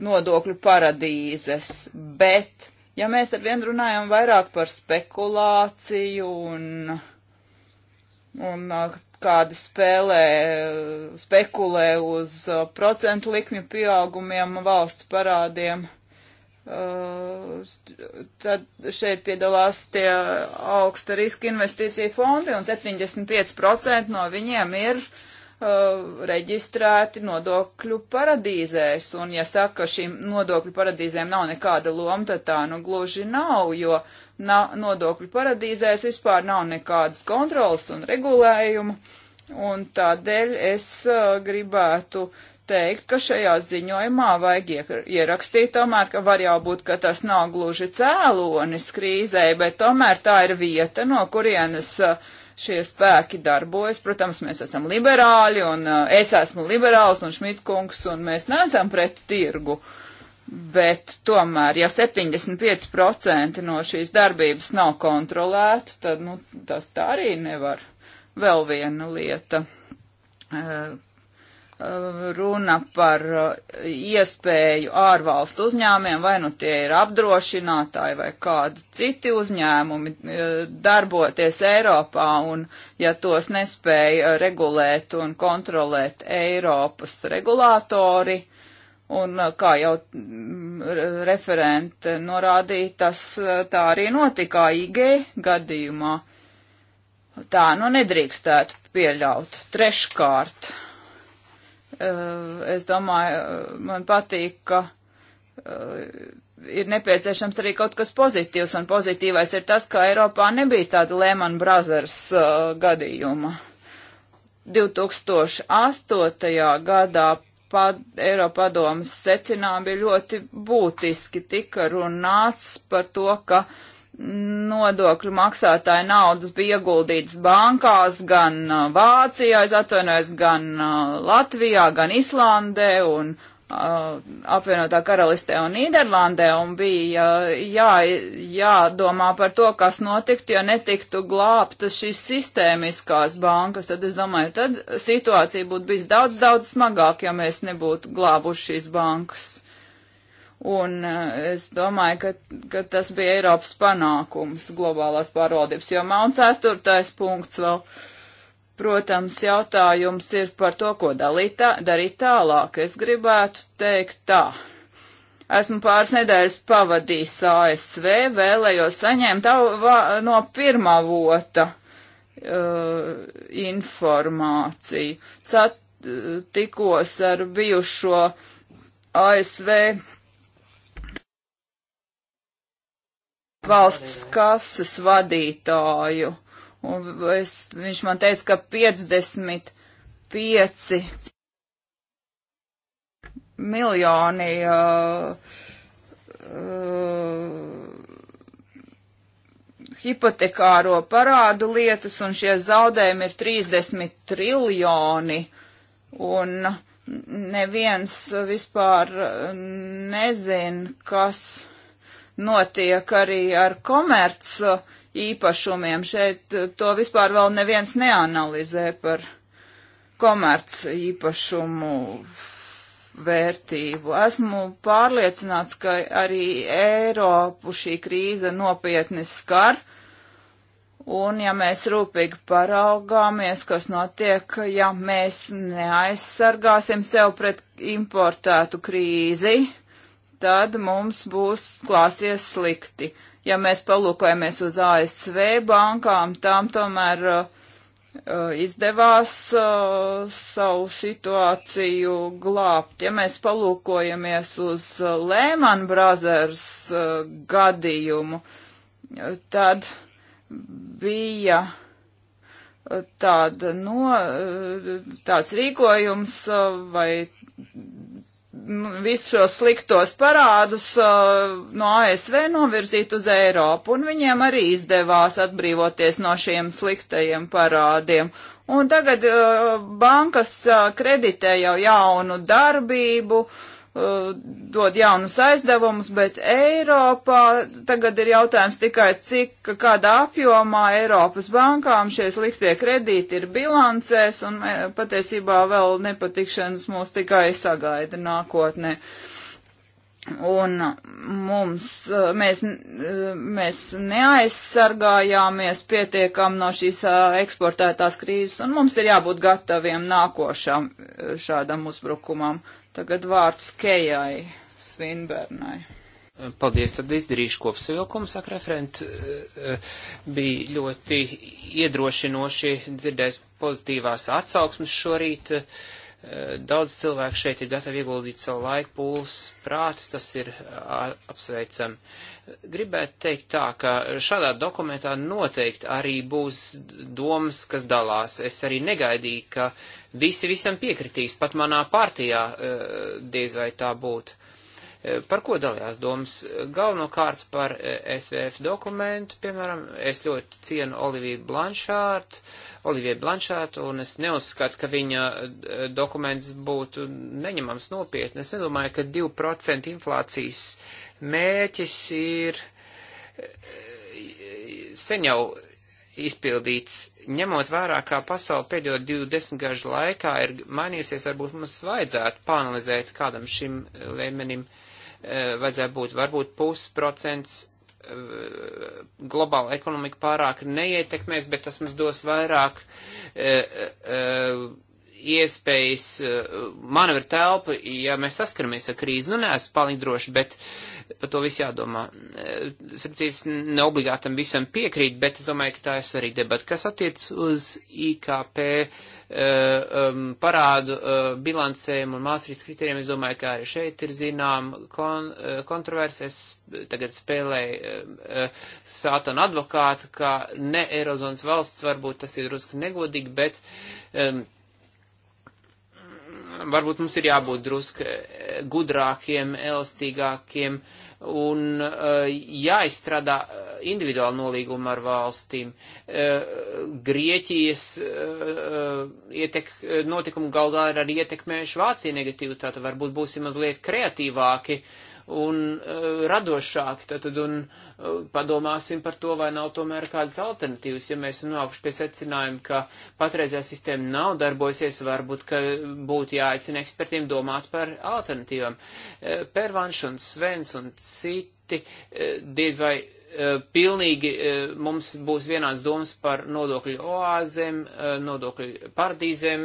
nodokļu paradīzes, bet, ja mēs ar vienu runājam vairāk par spekulāciju un, un uh, kādi spēlē, spekulē uz uh, procentu likmju pieaugumiem valsts parādiem, uh, Uh, tad šeit piedalās tie augsta riska investīcija fondi, un 75% no viņiem ir uh, reģistrēti nodokļu paradīzēs. Un, ja saka, ka šīm nodokļu paradīzēm nav nekāda loma, tad tā nu gluži nav, jo na nodokļu paradīzēs vispār nav nekādas kontrolas un regulējuma. Un tādēļ es uh, gribētu uh, teikt, ka šajā ziņojumā vajag ierakstīt tomēr, ka var jau būt, ka tas nav gluži cēlonis krīzē, bet tomēr tā ir vieta, no kurienes uh, šie spēki darbojas. Protams, mēs esam liberāļi un uh, es esmu liberāls un Šmitkungs un mēs neesam pret tirgu. Bet tomēr, ja 75% no šīs darbības nav kontrolēta, tad nu, tas tā arī nevar. Vēl viena lieta uh, runa par uh, iespēju ārvalstu uzņēmiem, vai nu tie ir apdrošinātāji vai kādi citi uzņēmumi, uh, darboties Eiropā un, ja tos nespēja regulēt un kontrolēt Eiropas regulātori, un uh, kā jau mm, referente norādīja, tas tā arī notika IG gadījumā. Tā nu nedrīkstētu pieļaut. Treškārt Eh, es domāju, eh, man patīk, ka eh, ir nepieciešams arī kaut kas pozitīvs, un pozitīvais ir tas, ka Eiropā nebija tāda Lehman Brothers gadījuma. 2008. gadā pad, Eiropadomas secinājumi bija ļoti būtiski. Tika runāts par to, ka uh, nodokļu maksātāju naudas bija ieguldīts bankās gan uh, Vācijā, es atvainojos, gan uh, Latvijā, gan Islandē un uh, apvienotā karalistē un Nīderlandē un bija uh, jā, jādomā par to, kas notiktu, ja netiktu glābtas šīs sistēmiskās bankas. Tad es domāju, tad situācija būtu bijis daudz, daudz smagāk, ja mēs nebūtu glābuši šīs bankas. Un eh, es domāju, ka, ka tas bija Eiropas panākums globālās pārvaldības, jo man ceturtais punkts vēl, protams, jautājums ir par to, ko dalīt, tā, darīt tālāk. Es gribētu teikt tā. Esmu pāris nedēļas pavadījis ASV, vēlējos saņemt no pirmā vota uh, informāciju. Sat, eh, tikos ar bijušo ASV valsts kases vadītāju. Un es, viņš man teica, ka 55 miljoni uh, uh, hipotekāro parādu lietas, un šie zaudējumi ir 30 triljoni. Un neviens vispār nezin, kas notiek arī ar komerc uh, īpašumiem. Šeit uh, to vispār vēl neviens neanalizē par komerc īpašumu vērtību. Esmu pārliecināts, ka arī Eiropu šī krīze nopietni skar. Un ja mēs rūpīgi paraugāmies, kas notiek, ja mēs neaizsargāsim sev pret importētu krīzi, tad mums būs klāsies slikti. Ja mēs palūkojamies uz ASV bankām, tām tomēr uh, uh, izdevās uh, savu situāciju glābt. Ja mēs palūkojamies uz uh, Lehman Brothers uh, gadījumu, tad bija uh, tāda, no, tāds rīkojums vai Nu, visus šos sliktos parādus uh, no ASV novirzīt uz Eiropu, un viņiem arī izdevās atbrīvoties no šiem sliktajiem parādiem. Un tagad uh, bankas uh, kreditē jau jaunu darbību, uh, Uh, dod jaunus aizdevumus, bet Eiropā tagad ir jautājums tikai, cik kādā apjomā Eiropas bankām šie sliktie kredīti ir bilancēs, un e, patiesībā vēl nepatikšanas mūs tikai sagaida nākotnē. Un mums, e, mēs, e, mēs neaizsargājāmies pietiekam no šīs eksportētās krīzes, un mums ir jābūt gataviem nākošam šādam uzbrukumam. Tagad vārds Kejai Svinbērnai. Paldies, tad izdarīšu kopsavilkumu, saka referent. Eh, eh, bija ļoti iedrošinoši dzirdēt pozitīvās atsauksmes šorīt. Eh, daudz cilvēku šeit ir gatavi ieguldīt savu laiku, pūles, prātus, tas ir apsveicami. Uh, Gribētu teikt tā, ka šādā dokumentā noteikti arī būs domas, kas dalās. Es arī negaidīju, ka visi visam piekritīs, pat manā partijā e, diez vai tā būtu. E, par ko dalījās domas? Galvenokārt par e, SVF dokumentu, piemēram, es ļoti cienu Oliviju Blanšārtu, Oliviju Blanšārtu, un es neuzskatu, ka viņa dokuments būtu neņemams nopietni. Es nedomāju, ka 2% inflācijas uh, Mērķis ir eh, sen jau izpildīts, ņemot vērā, kā pasauli pēdējo 20 gažu laikā ir mainījusies, varbūt mums vajadzētu panalizēt kādam šim līmenim, eh, vajadzētu būt varbūt pusprocents eh, globāla ekonomika pārāk neietekmēs, bet tas mums dos vairāk e, e, iespējas eh, manevru telpu, ja mēs saskaramies ar krīzi. Nu, neesmu palīgi droši, bet par to viss jādomā. Eh, Sapcīts, neobligātam visam piekrīt, bet es domāju, ka tā ir svarīga debata. Kas attiec uz IKP eh, um, parādu bilancēm un māstrīs kriterijiem, es domāju, ka arī šeit ir zinām kon kontroverses. Tagad spēlēju sātanu advokātu, ka ne Eirozonas valsts varbūt tas ir drusku negodīgi, bet um, varbūt mums ir jābūt drusk gudrākiem, elastīgākiem un eh, jāizstrādā eh, individuāli nolīgumi ar valstīm. Eh, Grieķijas ietek, notikumu galvā ir arī ietekmējuši Vācija negatīvi, tātad varbūt būsim mazliet kreatīvāki. Uh, un uh, radošāki, tātad un uh, padomāsim par to, vai nav tomēr kādas alternatīvas, ja mēs nonākuši pie secinājuma, ka patreizējā sistēma nav darbojusies, varbūt, ka būtu jāaicina ekspertiem domāt par alternatīvām. Uh, Pervanš un Svens un citi uh, diez vai pilnīgi mums būs vienāds domas par nodokļu oāzēm, nodokļu paradīzēm,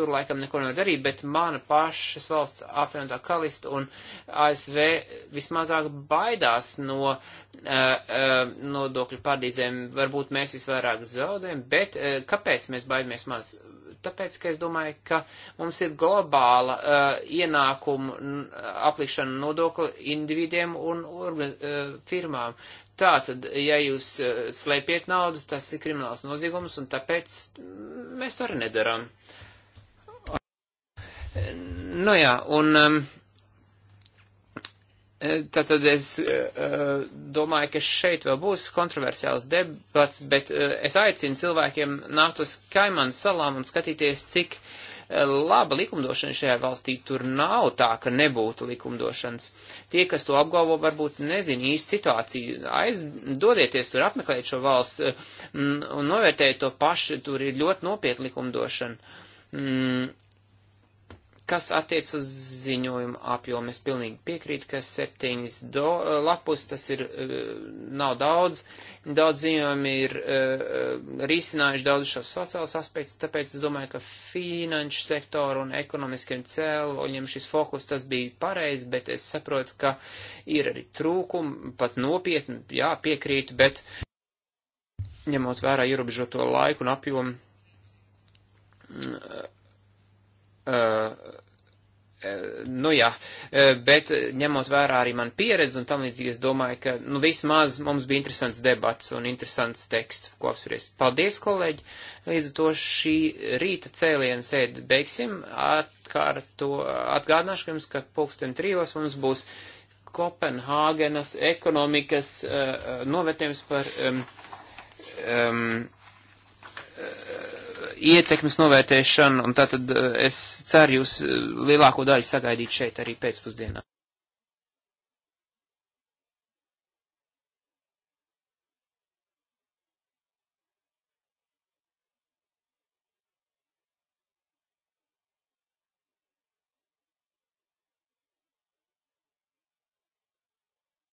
tur laikam neko nevar darīt, bet mana pašas valsts apvienotā kalista un ASV vismazāk baidās no uh, uh, nodokļu pārdīzēm. Varbūt mēs visvairāk zaudējam, bet uh, kāpēc mēs baidamies maz? Tāpēc, ka es domāju, ka mums ir globāla uh, ienākuma aplikšana nodokļu individiem un urga, uh, firmām. Tātad, ja jūs uh, slēpjat naudu, tas ir krimināls noziegums, un tāpēc mm, mēs to arī nedarām. Uh, Nu jā, un um, Tātad e, es uh, domāju, ka šeit vēl būs kontroversiāls debats, bet uh, es aicinu cilvēkiem nākt uz Kaimanu salām un skatīties, cik uh, laba likumdošana šajā valstī tur nav tā, ka nebūtu likumdošanas. Tie, kas to apgalvo, varbūt nezin īsti situāciju. Aizdodieties tur, apmeklēt šo valsts un novērtējiet to paši, tur ir ļoti nopietna likumdošana. Mm Kas attiec uz ziņojumu apjomu, es pilnīgi piekrītu, ka septiņas do, eh, lapus tas ir, eh, nav daudz. Daudz ziņojumi ir eh, risinājuši daudz šos sociālos aspektus, tāpēc es domāju, ka finanšu sektoru un ekonomiskiem cēloņiem šis fokus tas bija pareizi, bet es saprotu, ka ir arī trūkumi, pat nopietni, jā, piekrītu, bet ņemot vērā ierobežoto laiku un apjomu Eh, eh, nu jā, eh, bet ņemot vērā arī man pieredzi un tam līdzīgi, es domāju, ka, nu, vismaz mums bija interesants debats un interesants teksts, ko apspriest. Paldies, kolēģi! Līdz ar to šī rīta cēlienu sēdi beigsim. Atkārto atgādināšu jums, ka pulksten trijos mums būs Kopenhāgenas ekonomikas uh, novērtējums par um, um, uh, ietekmes novērtēšanu, un tātad eh, es ceru jūs eh, lielāko daļu sagaidīt šeit arī pēcpusdienā.